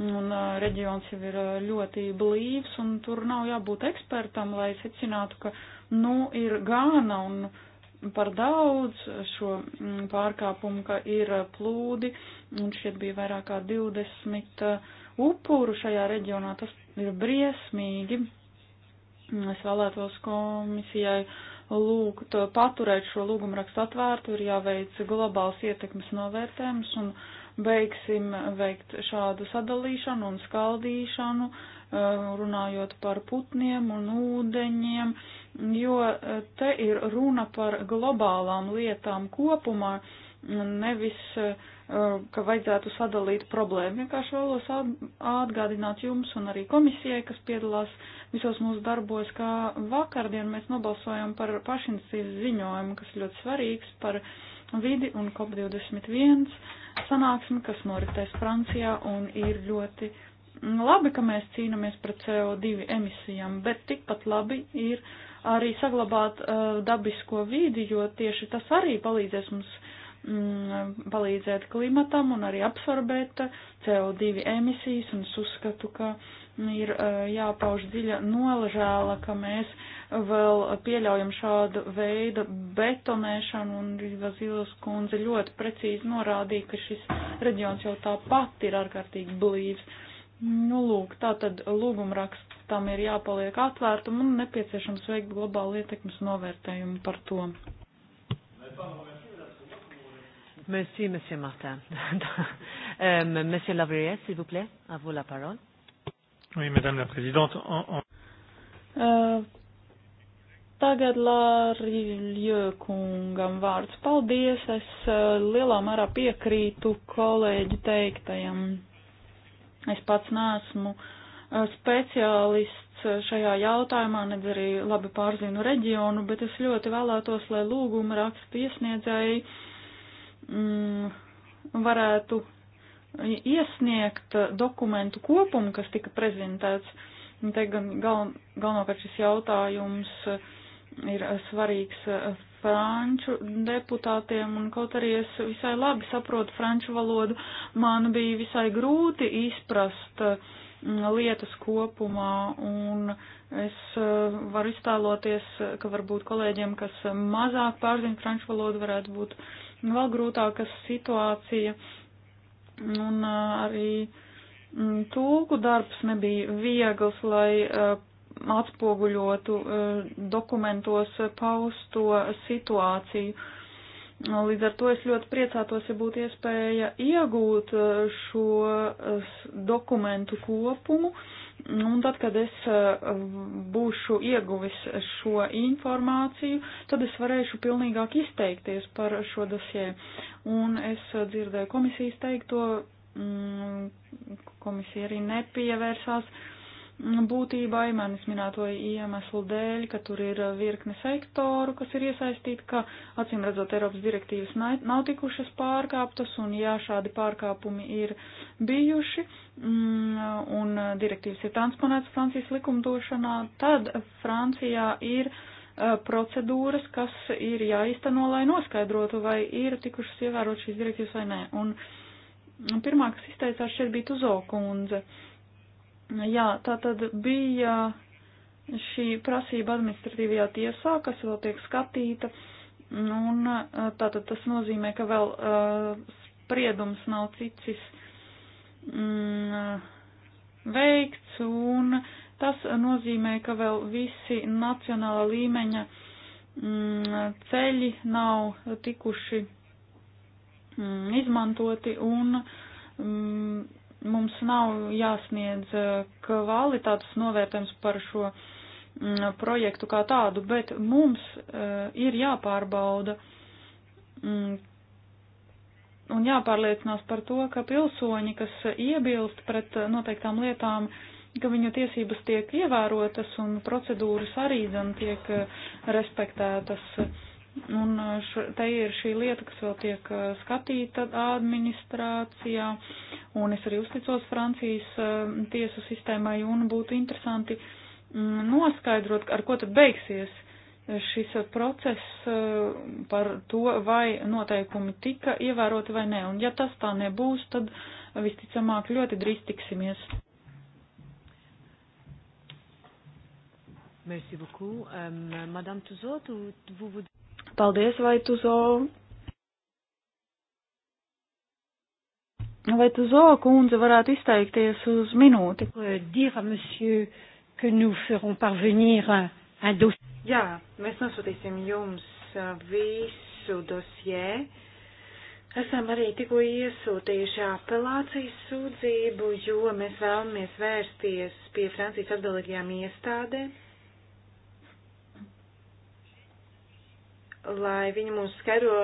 un uh, reģions jau ir uh, ļoti blīvs, un tur nav jābūt ekspertam, lai secinātu, ka, nu, ir gāna un par daudz šo mm, pārkāpumu, ka ir plūdi, un šeit bija vairāk kā 20 upuru šajā reģionā, tas ir briesmīgi. Mm, es vēlētos komisijai uh, lūgt paturēt šo lūgumu rakstu atvērtu, ir jāveic globāls ietekmes novērtējums un beigsim veikt šādu sadalīšanu un skaldīšanu, eh, runājot par putniem un ūdeņiem, jo eh, te ir runa par globālām lietām kopumā nevis, eh, ka vajadzētu sadalīt problēmu. Vienkārši vēlos atgādināt jums un arī komisijai, kas piedalās visos mūsu darbos, ka vakardien mēs nobalsojam par pašinstīvu ziņojumu, kas ļoti svarīgs par vidi un COP21 sanāksmi, kas noritēs Francijā un ir ļoti labi, ka mēs cīnāmies pret CO2 emisijām, bet tikpat labi ir arī saglabāt uh, dabisko vidi, jo tieši tas arī palīdzēs mums Mm, palīdzēt klimatam un arī absorbēt CO2 emisijas, un es uzskatu, ka ir e, jāpauž dziļa nolažēla, ka mēs vēl pieļaujam šādu veidu betonēšanu, un Vazilas kundze ļoti precīzi norādīja, ka šis reģions jau tāpat ir ārkārtīgi blīvs. Nu, lūk, tā tad lūgumrakstam ir jāpaliek atvērtam un nepieciešams veikt globālu ietekmes novērtējumu par to. Nepamēr. Merci, Monsieur Martin. euh, Monsieur Lavrier, s'il vous plaît, à vous la parole. Oui, Madame la Présidente. En, en... Uh, tagad Lārija kungam vārds. Paldies, es uh, lielā mērā piekrītu kolēģi teiktajam. Es pats neesmu uh, speciālists šajā jautājumā, nedz arī labi pārzinu reģionu, bet es ļoti vēlētos, lai lūguma raksta iesniedzēji uh, mm, varētu iesniegt dokumentu kopumu, kas tika prezentēts. Te gan gal, galvenokārt šis jautājums ir svarīgs franču deputātiem, un kaut arī es visai labi saprotu franču valodu, man bija visai grūti izprast mm, lietas kopumā, un es eh, varu iztēloties, ka varbūt kolēģiem, kas mazāk pārzina franču valodu, varētu būt uh, vēl grūtāka situācija, un arī mm, tūku darbs nebija viegls, lai atspoguļotu dokumentos pausto situāciju. Līdz ar to es ļoti priecātos, ja būtu iespēja iegūt šo dokumentu kopumu, uh, Un tad, kad es eh, būšu ieguvis šo informāciju, tad es varēšu pilnīgāk izteikties par šo dosie. Un es dzirdēju komisijas teikto, mm, komisija arī nepievērsās uh, būtībai, manis minēto iemeslu dēļ, ka tur ir uh, virkne sektoru, kas ir iesaistīti, ka acīm redzot Eiropas direktīvas nav tikušas pārkāptas, un ja šādi pārkāpumi ir bijuši, mm, un uh, direktīvas ir transponētas Francijas likumdošanā, tad Francijā ir uh, procedūras, kas ir jāizteno, lai noskaidrotu, vai ir tikušas ievērot šīs direktīvas vai nē. Un pirmā, kas izteicās šeit bija Tuzo kundze. Un Jā, tā tad bija šī prasība administratīvajā tiesā, kas vēl tiek skatīta, un e, tātad tas nozīmē, ka vēl uh, spriedums nav cicis mm, veikts, un tas nozīmē, ka vēl visi nacionāla līmeņa mm, ceļi nav tikuši mm, izmantoti, un mm, Mums nav jāsniedz uh, kvalitātes novērtējums par šo mm, projektu kā tādu, bet mums uh, ir jāpārbauda mm, un jāpārliecinās par to, ka pilsoņi, kas iebilst pret uh, noteiktām lietām, ka viņu tiesības tiek ievērotas un procedūras arī zem tiek respektētas. Uh, Un uh, š, te ir šī lieta, kas vēl tiek uh, skatīta administrācijā, un es arī uzticos Francijas um, tiesu sistēmai, un būtu interesanti mm, noskaidrot, ar ko tad beigsies uh, šis process par to, vai noteikumi tika ievēroti vai nē. Un ja tas tā nebūs, tad visticamāk ļoti drīz tiksimies. Merci beaucoup. Euh, Madame Tuzot, vous voulez... Paldies, vai tu zo? Vai tu zo, kundze, varētu izteikties uz minūti? Jā, mēs nosūtīsim jums uh, visu dosjē. Esam arī tikko iesūtījuši apelācijas sūdzību, jo mēs vēlamies vērsties pie Francijas atbildīgajām iestādēm lai viņi mums skaidro,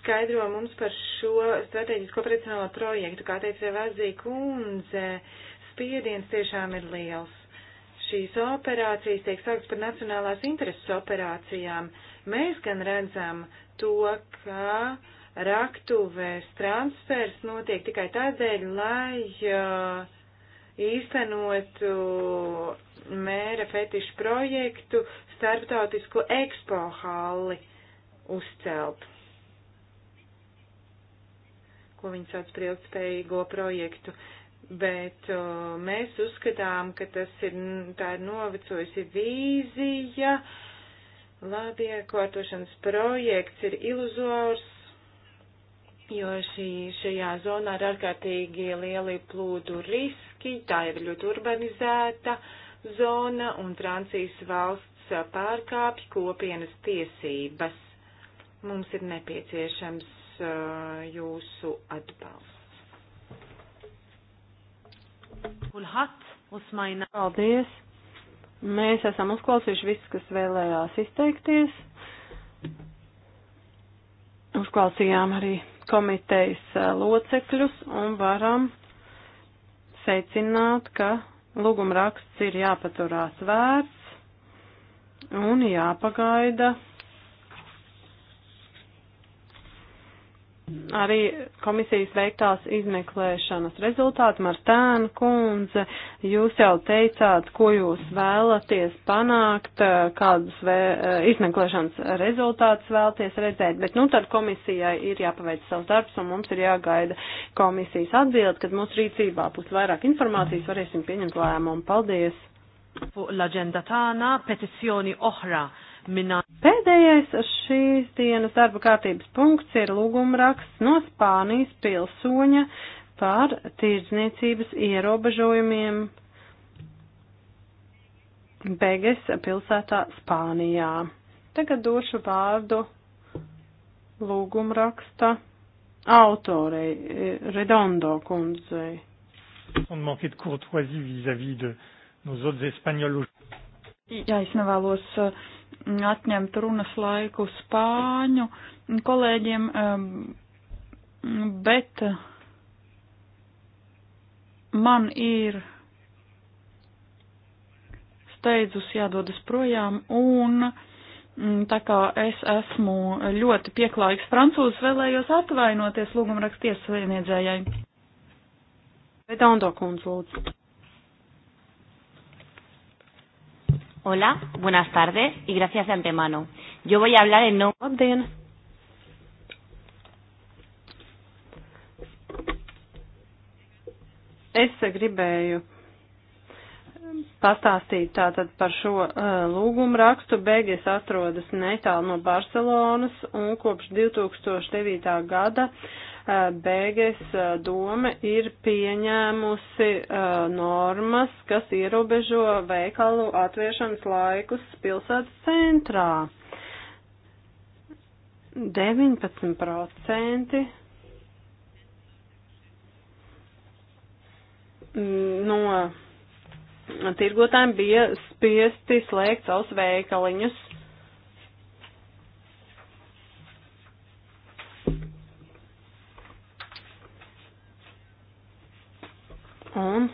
skaidro mums par šo strateģisko operacionālo projektu. Kā teica Vazija kundze, spiediens tiešām ir liels. Šīs operācijas tiek saukts par nacionālās intereses operācijām. Mēs gan redzam to, ka raktuvēs transfers notiek tikai tādēļ, lai uh, īstenotu mēra fetišu projektu starptautisku ekspo halli uzcelt, ko viņi sauc par ilgspējīgo projektu. Bet uh, mēs uzskatām, ka tas ir, tā ir novecojusi vīzija, labi iekārtošanas projekts ir iluzors, jo šī, šajā zonā ir ārkārtīgi lieli plūdu riski, tā ir ļoti urbanizēta zona un Francijas valsts pārkāpj kopienas tiesības. Mums ir nepieciešams uh, jūsu atbalsts. Paldies! Mēs esam uzklausījuši visus, kas vēlējās izteikties. Uzklausījām arī komitejas uh, locekļus un varam secināt, ka lūgumraksts ir jāpaturās vērts un jāpagaida arī komisijas veiktās izmeklēšanas rezultāti. Martēna kundze, jūs jau teicāt, ko jūs vēlaties panākt, kādus vē, izmeklēšanas rezultātus vēlaties redzēt, bet nu tad komisijai ir jāpaveic savs darbs un mums ir jāgaida komisijas atbild, kad mūsu rīcībā būs vairāk informācijas, varēsim pieņemt lēmumu. Paldies! Fuq l-agenda tagħna petizzjoni oħra minēt. Pēdējais šīs dienas darba kārtības punkts ir lūgumraksts no Spānijas pilsoņa par tirdzniecības ierobežojumiem Beges pilsētā Spānijā. Tagad došu vārdu lūgumraksta autorei eh, Redondo kundzei. Un manquer de courtoisie vis-à-vis de nos autres espagnols. Jā, es nevēlos uh, atņemt runas laiku spāņu kolēģiem, um, bet man ir steidzus jādodas projām un mm, tā kā es esmu ļoti pieklājīgs francūzs, vēlējos atvainoties lūgumrakstiesaiedzējai. Vedondo kundz lūdzu. Hola, buenas tardes y gracias de antemano. Yo voy a hablar en nombre. Labdien! Es gribēju pastāstīt tātad par šo uh, lūgumu rakstu. Bēgļas atrodas netālu no Barcelonas un kopš 2009. gada uh, Eh, Bēgēs eh, doma ir pieņēmusi eh, normas, kas ierobežo veikalu atvēršanas laikus pilsētas centrā. 19% mm, no tirgotājiem bija spiesti slēgt savus veikaliņus. Un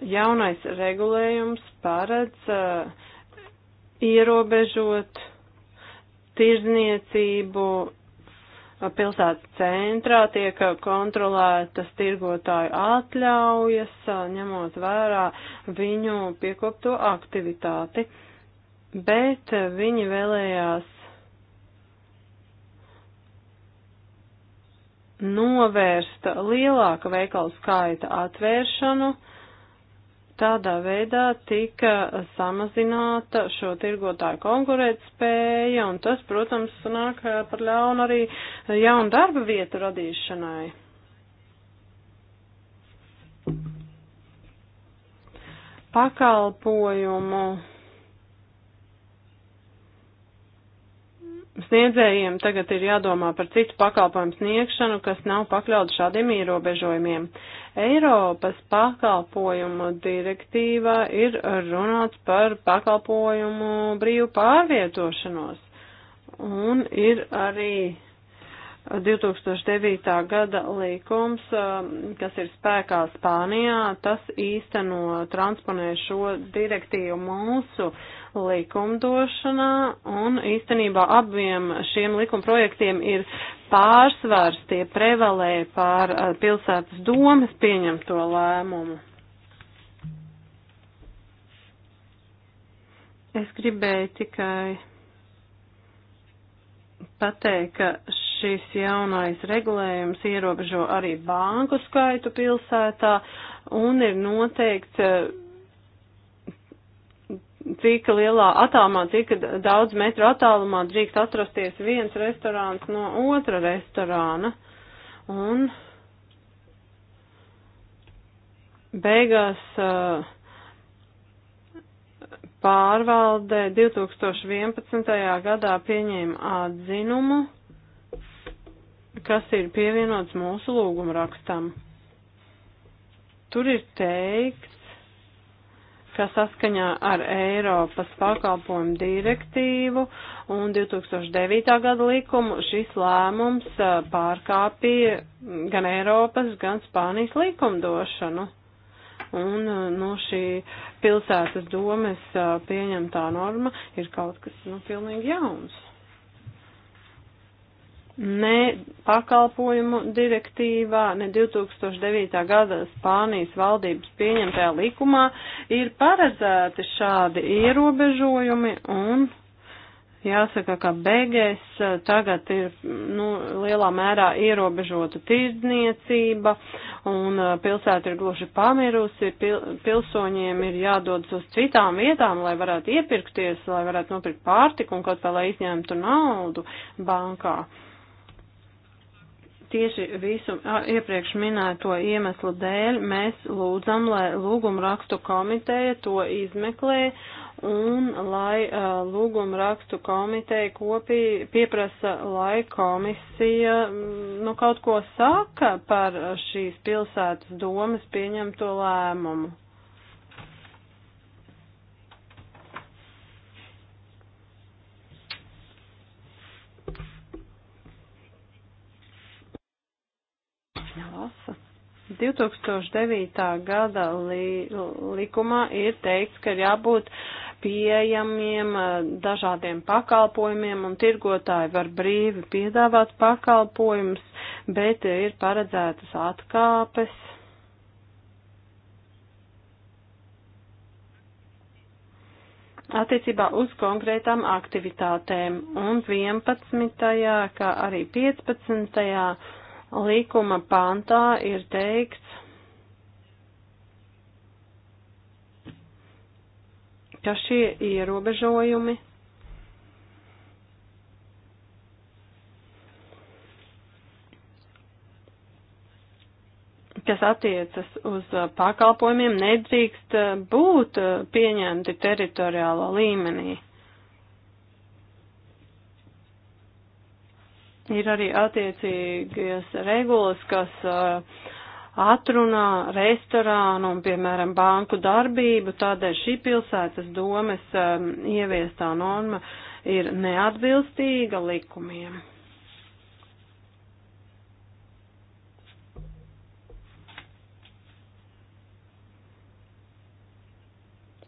jaunais regulējums paredz uh, ierobežot tirzniecību uh, pilsētas centrā, tiek kontrolētas tirgotāju atļaujas, uh, ņemot vērā viņu piekopto aktivitāti. Bet viņi vēlējās novērst lielāka veikalu skaita atvēršanu. Tādā veidā tika samazināta šo tirgotāju konkurētspēja, un tas, protams, nāk eh, par ļaunu arī jaunu darba vietu radīšanai. Pakalpojumu sniedzējiem tagad ir jādomā par citu pakalpojumu sniegšanu, kas nav pakļauts šādiem ierobežojumiem. Eiropas pakalpojumu direktīvā ir runāts par pakalpojumu brīvu pārvietošanos. Un ir arī 2009. gada līkums, um, kas ir spēkā Spānijā, tas īsteno transponē šo direktīvu mūsu uh, likumdošanā, un īstenībā abiem šiem likumprojektiem ir pārsvars, tie prevalē pār eh, pilsētas domas pieņemto lēmumu. Es gribēju tikai pateikt, ka šis jaunais regulējums ierobežo arī banku skaitu pilsētā un ir noteikts eh, cik lielā attālumā, cik daudz metru attālumā drīkst atrasties viens restorāns no otra restorāna. Un beigās uh, pārvalde 2011. gadā pieņēma atzinumu, kas ir pievienots mūsu lūgumrakstam. Tur ir teikts, ka saskaņā ar Eiropas pakalpojumu direktīvu un 2009. gada likumu šis lēmums pārkāpīja gan Eiropas, gan Spānijas likumdošanu. Un no nu, šī pilsētas domes pieņemtā norma ir kaut kas nu, pilnīgi jauns ne pakalpojumu direktīvā, ne 2009. gada Spānijas valdības pieņemtajā likumā ir paredzēti šādi ierobežojumi un jāsaka, ka beigēs tagad ir nu, lielā mērā ierobežota tirdzniecība un uh, pilsēta ir gluži pamirusi, pil pilsoņiem ir jādodas uz citām vietām, lai varētu iepirkties, lai varētu nopirkt pārtiku un kaut kā, lai izņemtu naudu bankā. Uh, Tieši visu iepriekš minēto iemeslu dēļ mēs lūdzam, lai lūguma rakstu komiteja to izmeklē un lai uh, lūguma rakstu komiteja kopī pieprasa, lai komisija nu, kaut ko saka par šīs pilsētas domas pieņemto lēmumu. jālasa. 2009. gada li, likumā ir teikts, ka ir jābūt pieejamiem eh, dažādiem pakalpojumiem un tirgotāji var brīvi piedāvāt pakalpojumus, bet ir paredzētas atkāpes. attiecībā uz konkrētām aktivitātēm un 11. kā arī 15 Līkuma pāntā ir teikts, ka šie ierobežojumi kas attiecas uz pakalpojumiem, nedrīkst būt pieņemti teritoriālo līmenī. Ir arī attiecīgas regulas, kas uh, atrunā restorānu un, piemēram, banku darbību, tādēļ šī pilsētas domes um, ieviestā norma ir neatbilstīga likumiem.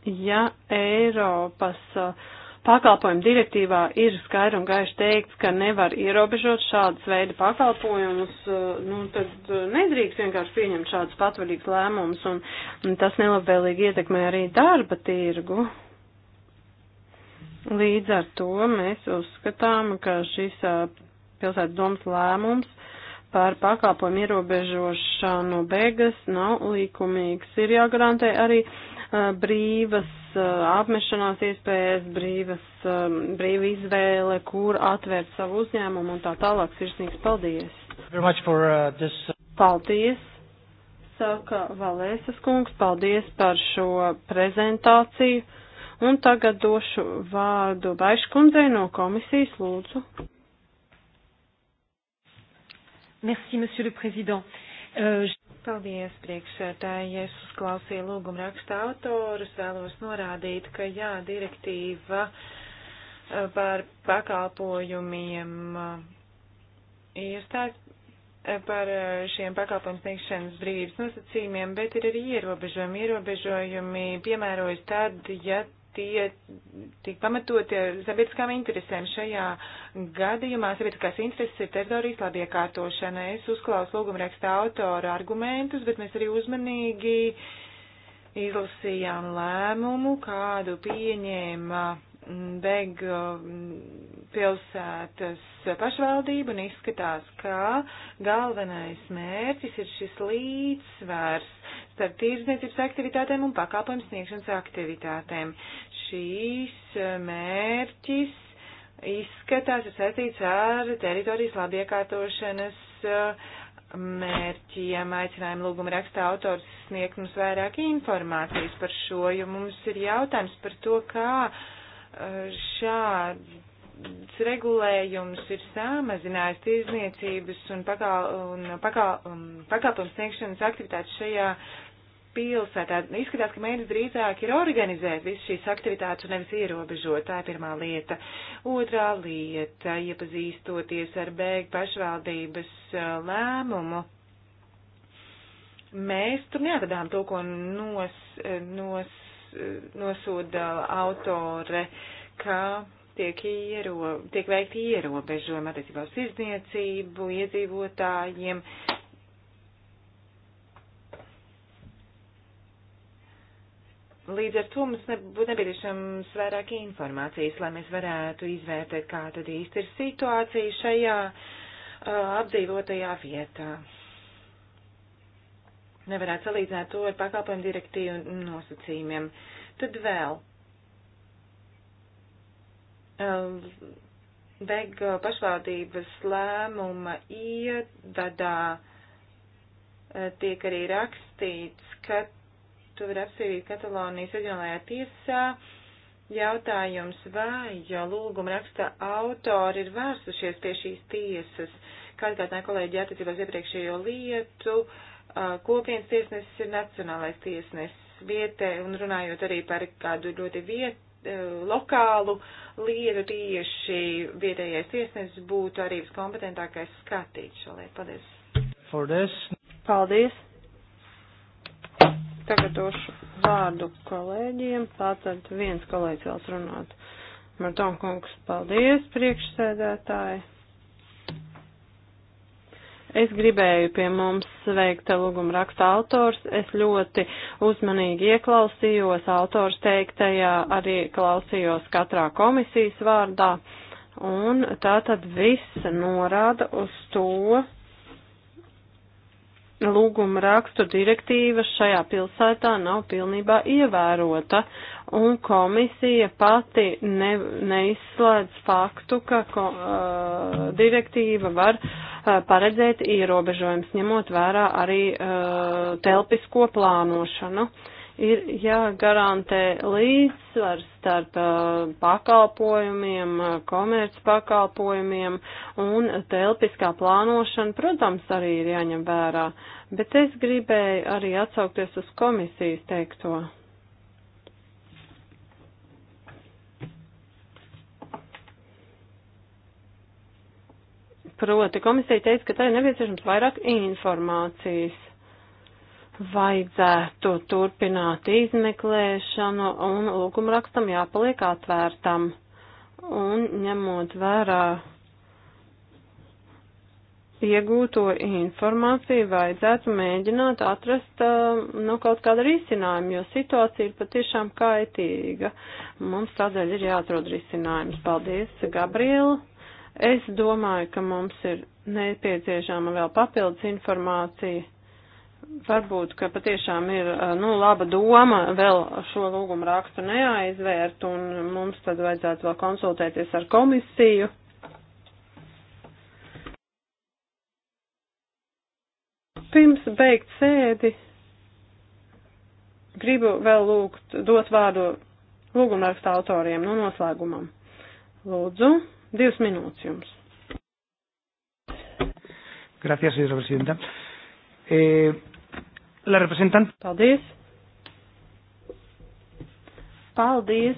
ja Eiropas uh, pakalpojumu direktīvā ir skaidri un gaiši teikts, ka nevar ierobežot šādas veida pakalpojumus, eh, nu, tad eh, nedrīkst vienkārši pieņemt šādas patvarīgas lēmumus, un tas nelabvēlīgi ietekmē arī darba tirgu. Līdz ar to mēs uzskatām, ka šis eh, pilsētas domas lēmums par pakalpojumu ierobežošanu beigas nav likumīgs. Ir jāgarantē arī uh, Eh, brīvas eh, apmešanās iespējas, brīvas, eh, brīva izvēle, kur atvērt savu uzņēmumu un tā tālāk. Sirsnīgs paldies! For, uh, this... Uh, paldies! Saka Valēsas kungs, paldies par šo prezentāciju. Un tagad došu vārdu Baiškundzei no komisijas lūdzu. Merci, monsieur le président. Uh, Paldies, priekšsētāji, es uzklausīju lūgumu raksta autorus, vēlos norādīt, ka jā, direktīva eh, par pakalpojumiem eh, iestājas eh, par šiem pakalpojumu sniegšanas brīvības nosacījumiem, bet ir arī ierobežojumi. Ierobežojumi piemērojas tad, ja tie tiek pamatoti ar sabiedriskām interesēm. Šajā gadījumā sabiedriskās intereses ir teritorijas labi iekārtošana. Es uzklausu lūgumraksta autora argumentus, bet mēs arī uzmanīgi izlasījām lēmumu, kādu pieņēma Begu mm, pilsētas pašvaldība un izskatās, ka galvenais mērķis ir šis līdzsvars starp tirdzniecības aktivitātēm un pakāpojums sniegšanas aktivitātēm. Šīs eh, mērķis izskatās ir saistīts ar teritorijas labiekārtošanas eh, mērķiem. Aicinājumu lūgumu raksta autors sniegt mums vairāk informācijas par šo, jo mums ir jautājums par to, kā šāds regulējums ir samazinājis tirzniecības un, pakal, un pakal, um, pakalpojums sniegšanas aktivitātes šajā pilsētā. Izskatās, ka mērķis drīzāk ir organizēt visu šīs aktivitātes un nevis ierobežot. Tā ir pirmā lieta. Otrā lieta - iepazīstoties ar bēg pašvaldības lēmumu. Mēs tur neatradām to, ko nos, nos nosūda autore, ka tiek, iero, tiek veikti ierobežojumi attiecībā uz izniecību, iedzīvotājiem. Līdz ar to mums nebūtu nepieciešams vairāk informācijas, lai mēs varētu izvērtēt, kā tad īsti ir situācija šajā uh, apdzīvotajā vietā nevarētu salīdzināt to ar pakalpojumu direktīvu un nosacījumiem. Tad vēl. Beg uh, pašvaldības lēmuma iedadā uh, tiek arī rakstīts, ka to var apsīvīt Katalonijas reģionālajā tiesā. Jautājums, vai jau lūguma raksta autori ir vērsušies pie šīs tiesas, kā atgādināja kolēģi attiecībā uz iepriekšējo lietu, uh, Uh, kopienas tiesnesis ir nacionālais tiesnesis vietē, un runājot arī par kādu ļoti viet, uh, lokālu lietu tieši vietējais tiesnesis būtu arī viskompetentākais skatīt šo lietu. Paldies. Paldies. Paldies. Tagad došu vārdu kolēģiem. Tātad viens kolēģis vēl runāt. Martonkungs, paldies, priekšsēdētāji. Es gribēju pie mums sveikt lūguma raksta autors. Es ļoti uzmanīgi ieklausījos autors teiktajā, arī klausījos katrā komisijas vārdā. Un tā tad viss norāda uz to, lūguma rakstu direktīva šajā pilsētā nav pilnībā ievērota, un komisija pati ne, neizslēdz faktu, ka ko, uh, direktīva var uh, paredzēt ierobežojums, ņemot vērā arī uh, telpisko plānošanu. Uh, ir jāgarantē līdzsvars starp uh, pakalpojumiem, uh, komerc pakalpojumiem un telpiskā plānošana, protams, arī ir jāņem vērā, bet es gribēju arī atsaukties uz komisijas teikto. Proti, komisija teica, ka tai ir nepieciešams vairāk informācijas vajadzētu turpināt izmeklēšanu un lūgumrakstam jāpaliek atvērtam. Un ņemot vērā iegūto informāciju, vajadzētu mēģināt atrast um, nu, kaut kādu risinājumu, jo situācija ir patiešām kaitīga. Mums tādēļ ir jāatrod risinājums. Paldies, Gabriela! Es domāju, ka mums ir nepieciešama vēl papildus informācija varbūt, ka patiešām ir nu, laba doma vēl šo lūgumu rakstu neaizvērt, un mums tad vajadzētu vēl konsultēties ar komisiju. Pirms beigt sēdi, gribu vēl lūgt, dot vārdu lūgumrakstu autoriem no noslēgumam. Lūdzu, divas minūtes jums. Gracias, señora presidenta. Eh, La reprezentant. Paldies. Paldies.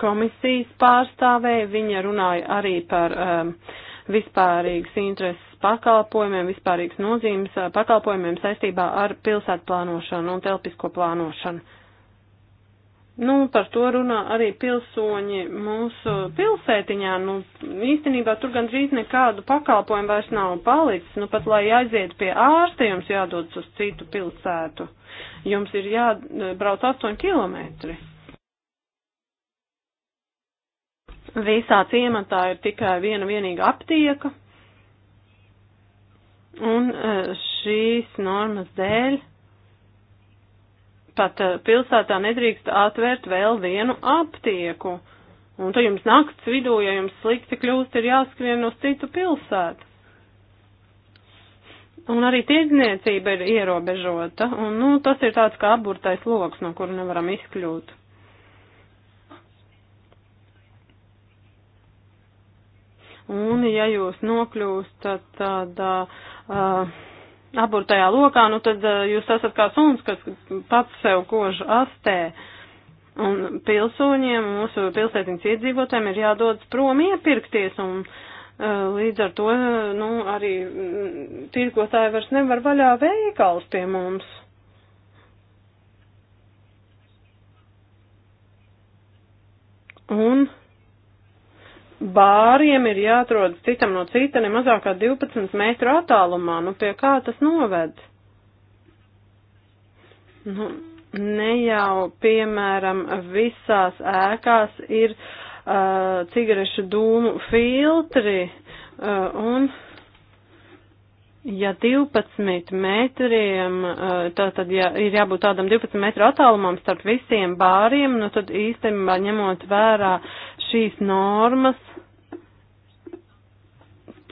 Komisijas pārstāvēja, viņa runāja arī par um, vispārīgas intereses pakalpojumiem, vispārīgas nozīmes uh, pakalpojumiem saistībā ar pilsētu plānošanu un telpisko plānošanu. Nu, par to runā arī pilsoņi mūsu pilsētiņā. Nu, īstenībā tur gandrīz nekādu pakalpojumu vairs nav palicis. Nu, pat lai aiziet pie ārsta, jums jādodas uz citu pilsētu. Jums ir jābrauc 8 kilometri. Visā ciematā ir tikai viena vienīga aptieka. Un eh, šīs normas dēļ pat eh, pilsētā nedrīkst atvērt vēl vienu aptieku. Un tad jums nakts vidū, ja jums slikti kļūst, ir jāskrien uz citu pilsētu. Un arī tirdzniecība ir ierobežota, un nu, tas ir tāds kā aburtais loks, no kura nevaram izkļūt. Un ja jūs nokļūstat tādā. Uh, apburtajā lokā, nu tad eh, jūs esat kā suns, kas pats sev kož astē. Un pilsoņiem, mūsu pilsētiņas iedzīvotājiem ir jādodas prom iepirkties un eh, līdz ar to, eh, nu, arī mm, tirgotāji vairs nevar vaļā veikals pie mums. Un bāriem ir jāatrodas citam no cita ne mazākā 12 metru attālumā. Nu, pie kā tas noved? Nu, ne jau, piemēram, visās ēkās ir uh, cigarešu dūmu filtri uh, un. Ja 12 metriem, uh, tā tad ja ir jābūt tādam 12 metru attālumam starp visiem bāriem, nu tad īstenībā ņemot vērā šīs normas,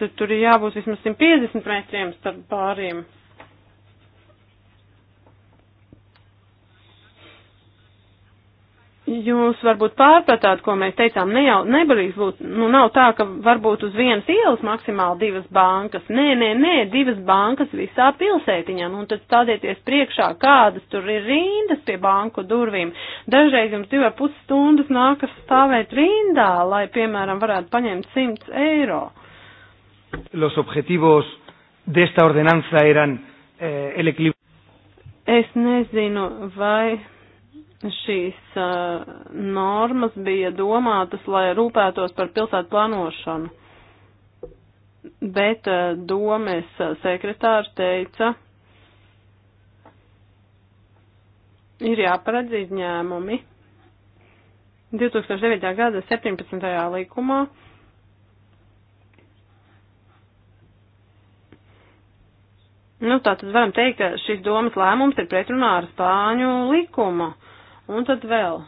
tad tur ir jābūt vismaz 150 metriem starp pāriem. Jūs varbūt pārpratāt, ko mēs teicām, ne jau nebarīgs būt, nu nav tā, ka varbūt uz vienas ielas maksimāli divas bankas. Nē, nē, nē, divas bankas visā pilsētiņā. Nu, un tad stādieties priekšā, kādas tur ir rindas pie banku durvīm. Dažreiz jums divi ar pus stundas nākas stāvēt rindā, lai, piemēram, varētu paņemt 100 eiro. Los objetivos de esta ordenanza eran eh, el equilibrio. Es nezinu, vai šīs uh, normas bija domātas, lai rūpētos par pilsētu plānošanu. Bet uh, domes sekretārs teica, ir jāparedz izņēmumi. 2009. gada 17. likumā Nu, tā tad varam teikt, ka šis domas lēmums ir pretrunā ar Spāņu likumu. Un tad vēl.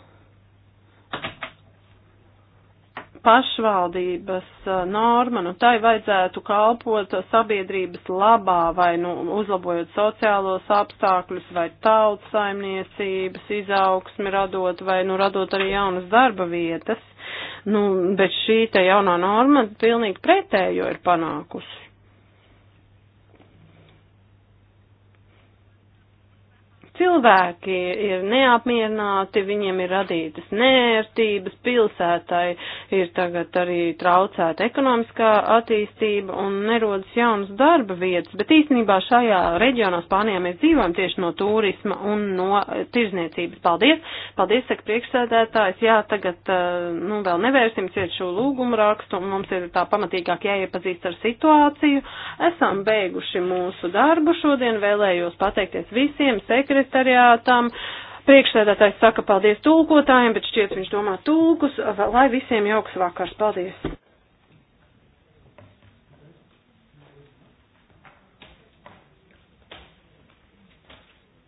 Pašvaldības uh, norma, nu tai vajadzētu kalpot sabiedrības labā vai nu, uzlabojot sociālos apstākļus vai tautas saimniecības izaugsmi radot vai nu radot arī jaunas darba vietas. Nu, bet šī te jaunā norma pilnīgi pretējo ir panākusi. Cilvēki ir neapmierināti, viņiem ir radītas nērtības, pilsētai ir tagad arī traucēta ekonomiskā attīstība un nerodas jaunas darba vietas, bet īstenībā šajā reģionā Spānijā mēs dzīvojam tieši no turisma un no tirzniecības. Paldies! Paldies, saka priekšsēdētājs, jā, tagad, eh, nu, vēl nevērsim ciet šo lūgumu rakstu un mums ir tā pamatīgāk jāiepazīst ar situāciju. Esam beiguši mūsu darbu šodien, vēlējos pateikties visiem sekretāriem sekretariātam. Priekšsēdētājs saka paldies tulkotājiem, bet šķiet viņš domā tulkus, lai visiem jauks vakars. Paldies!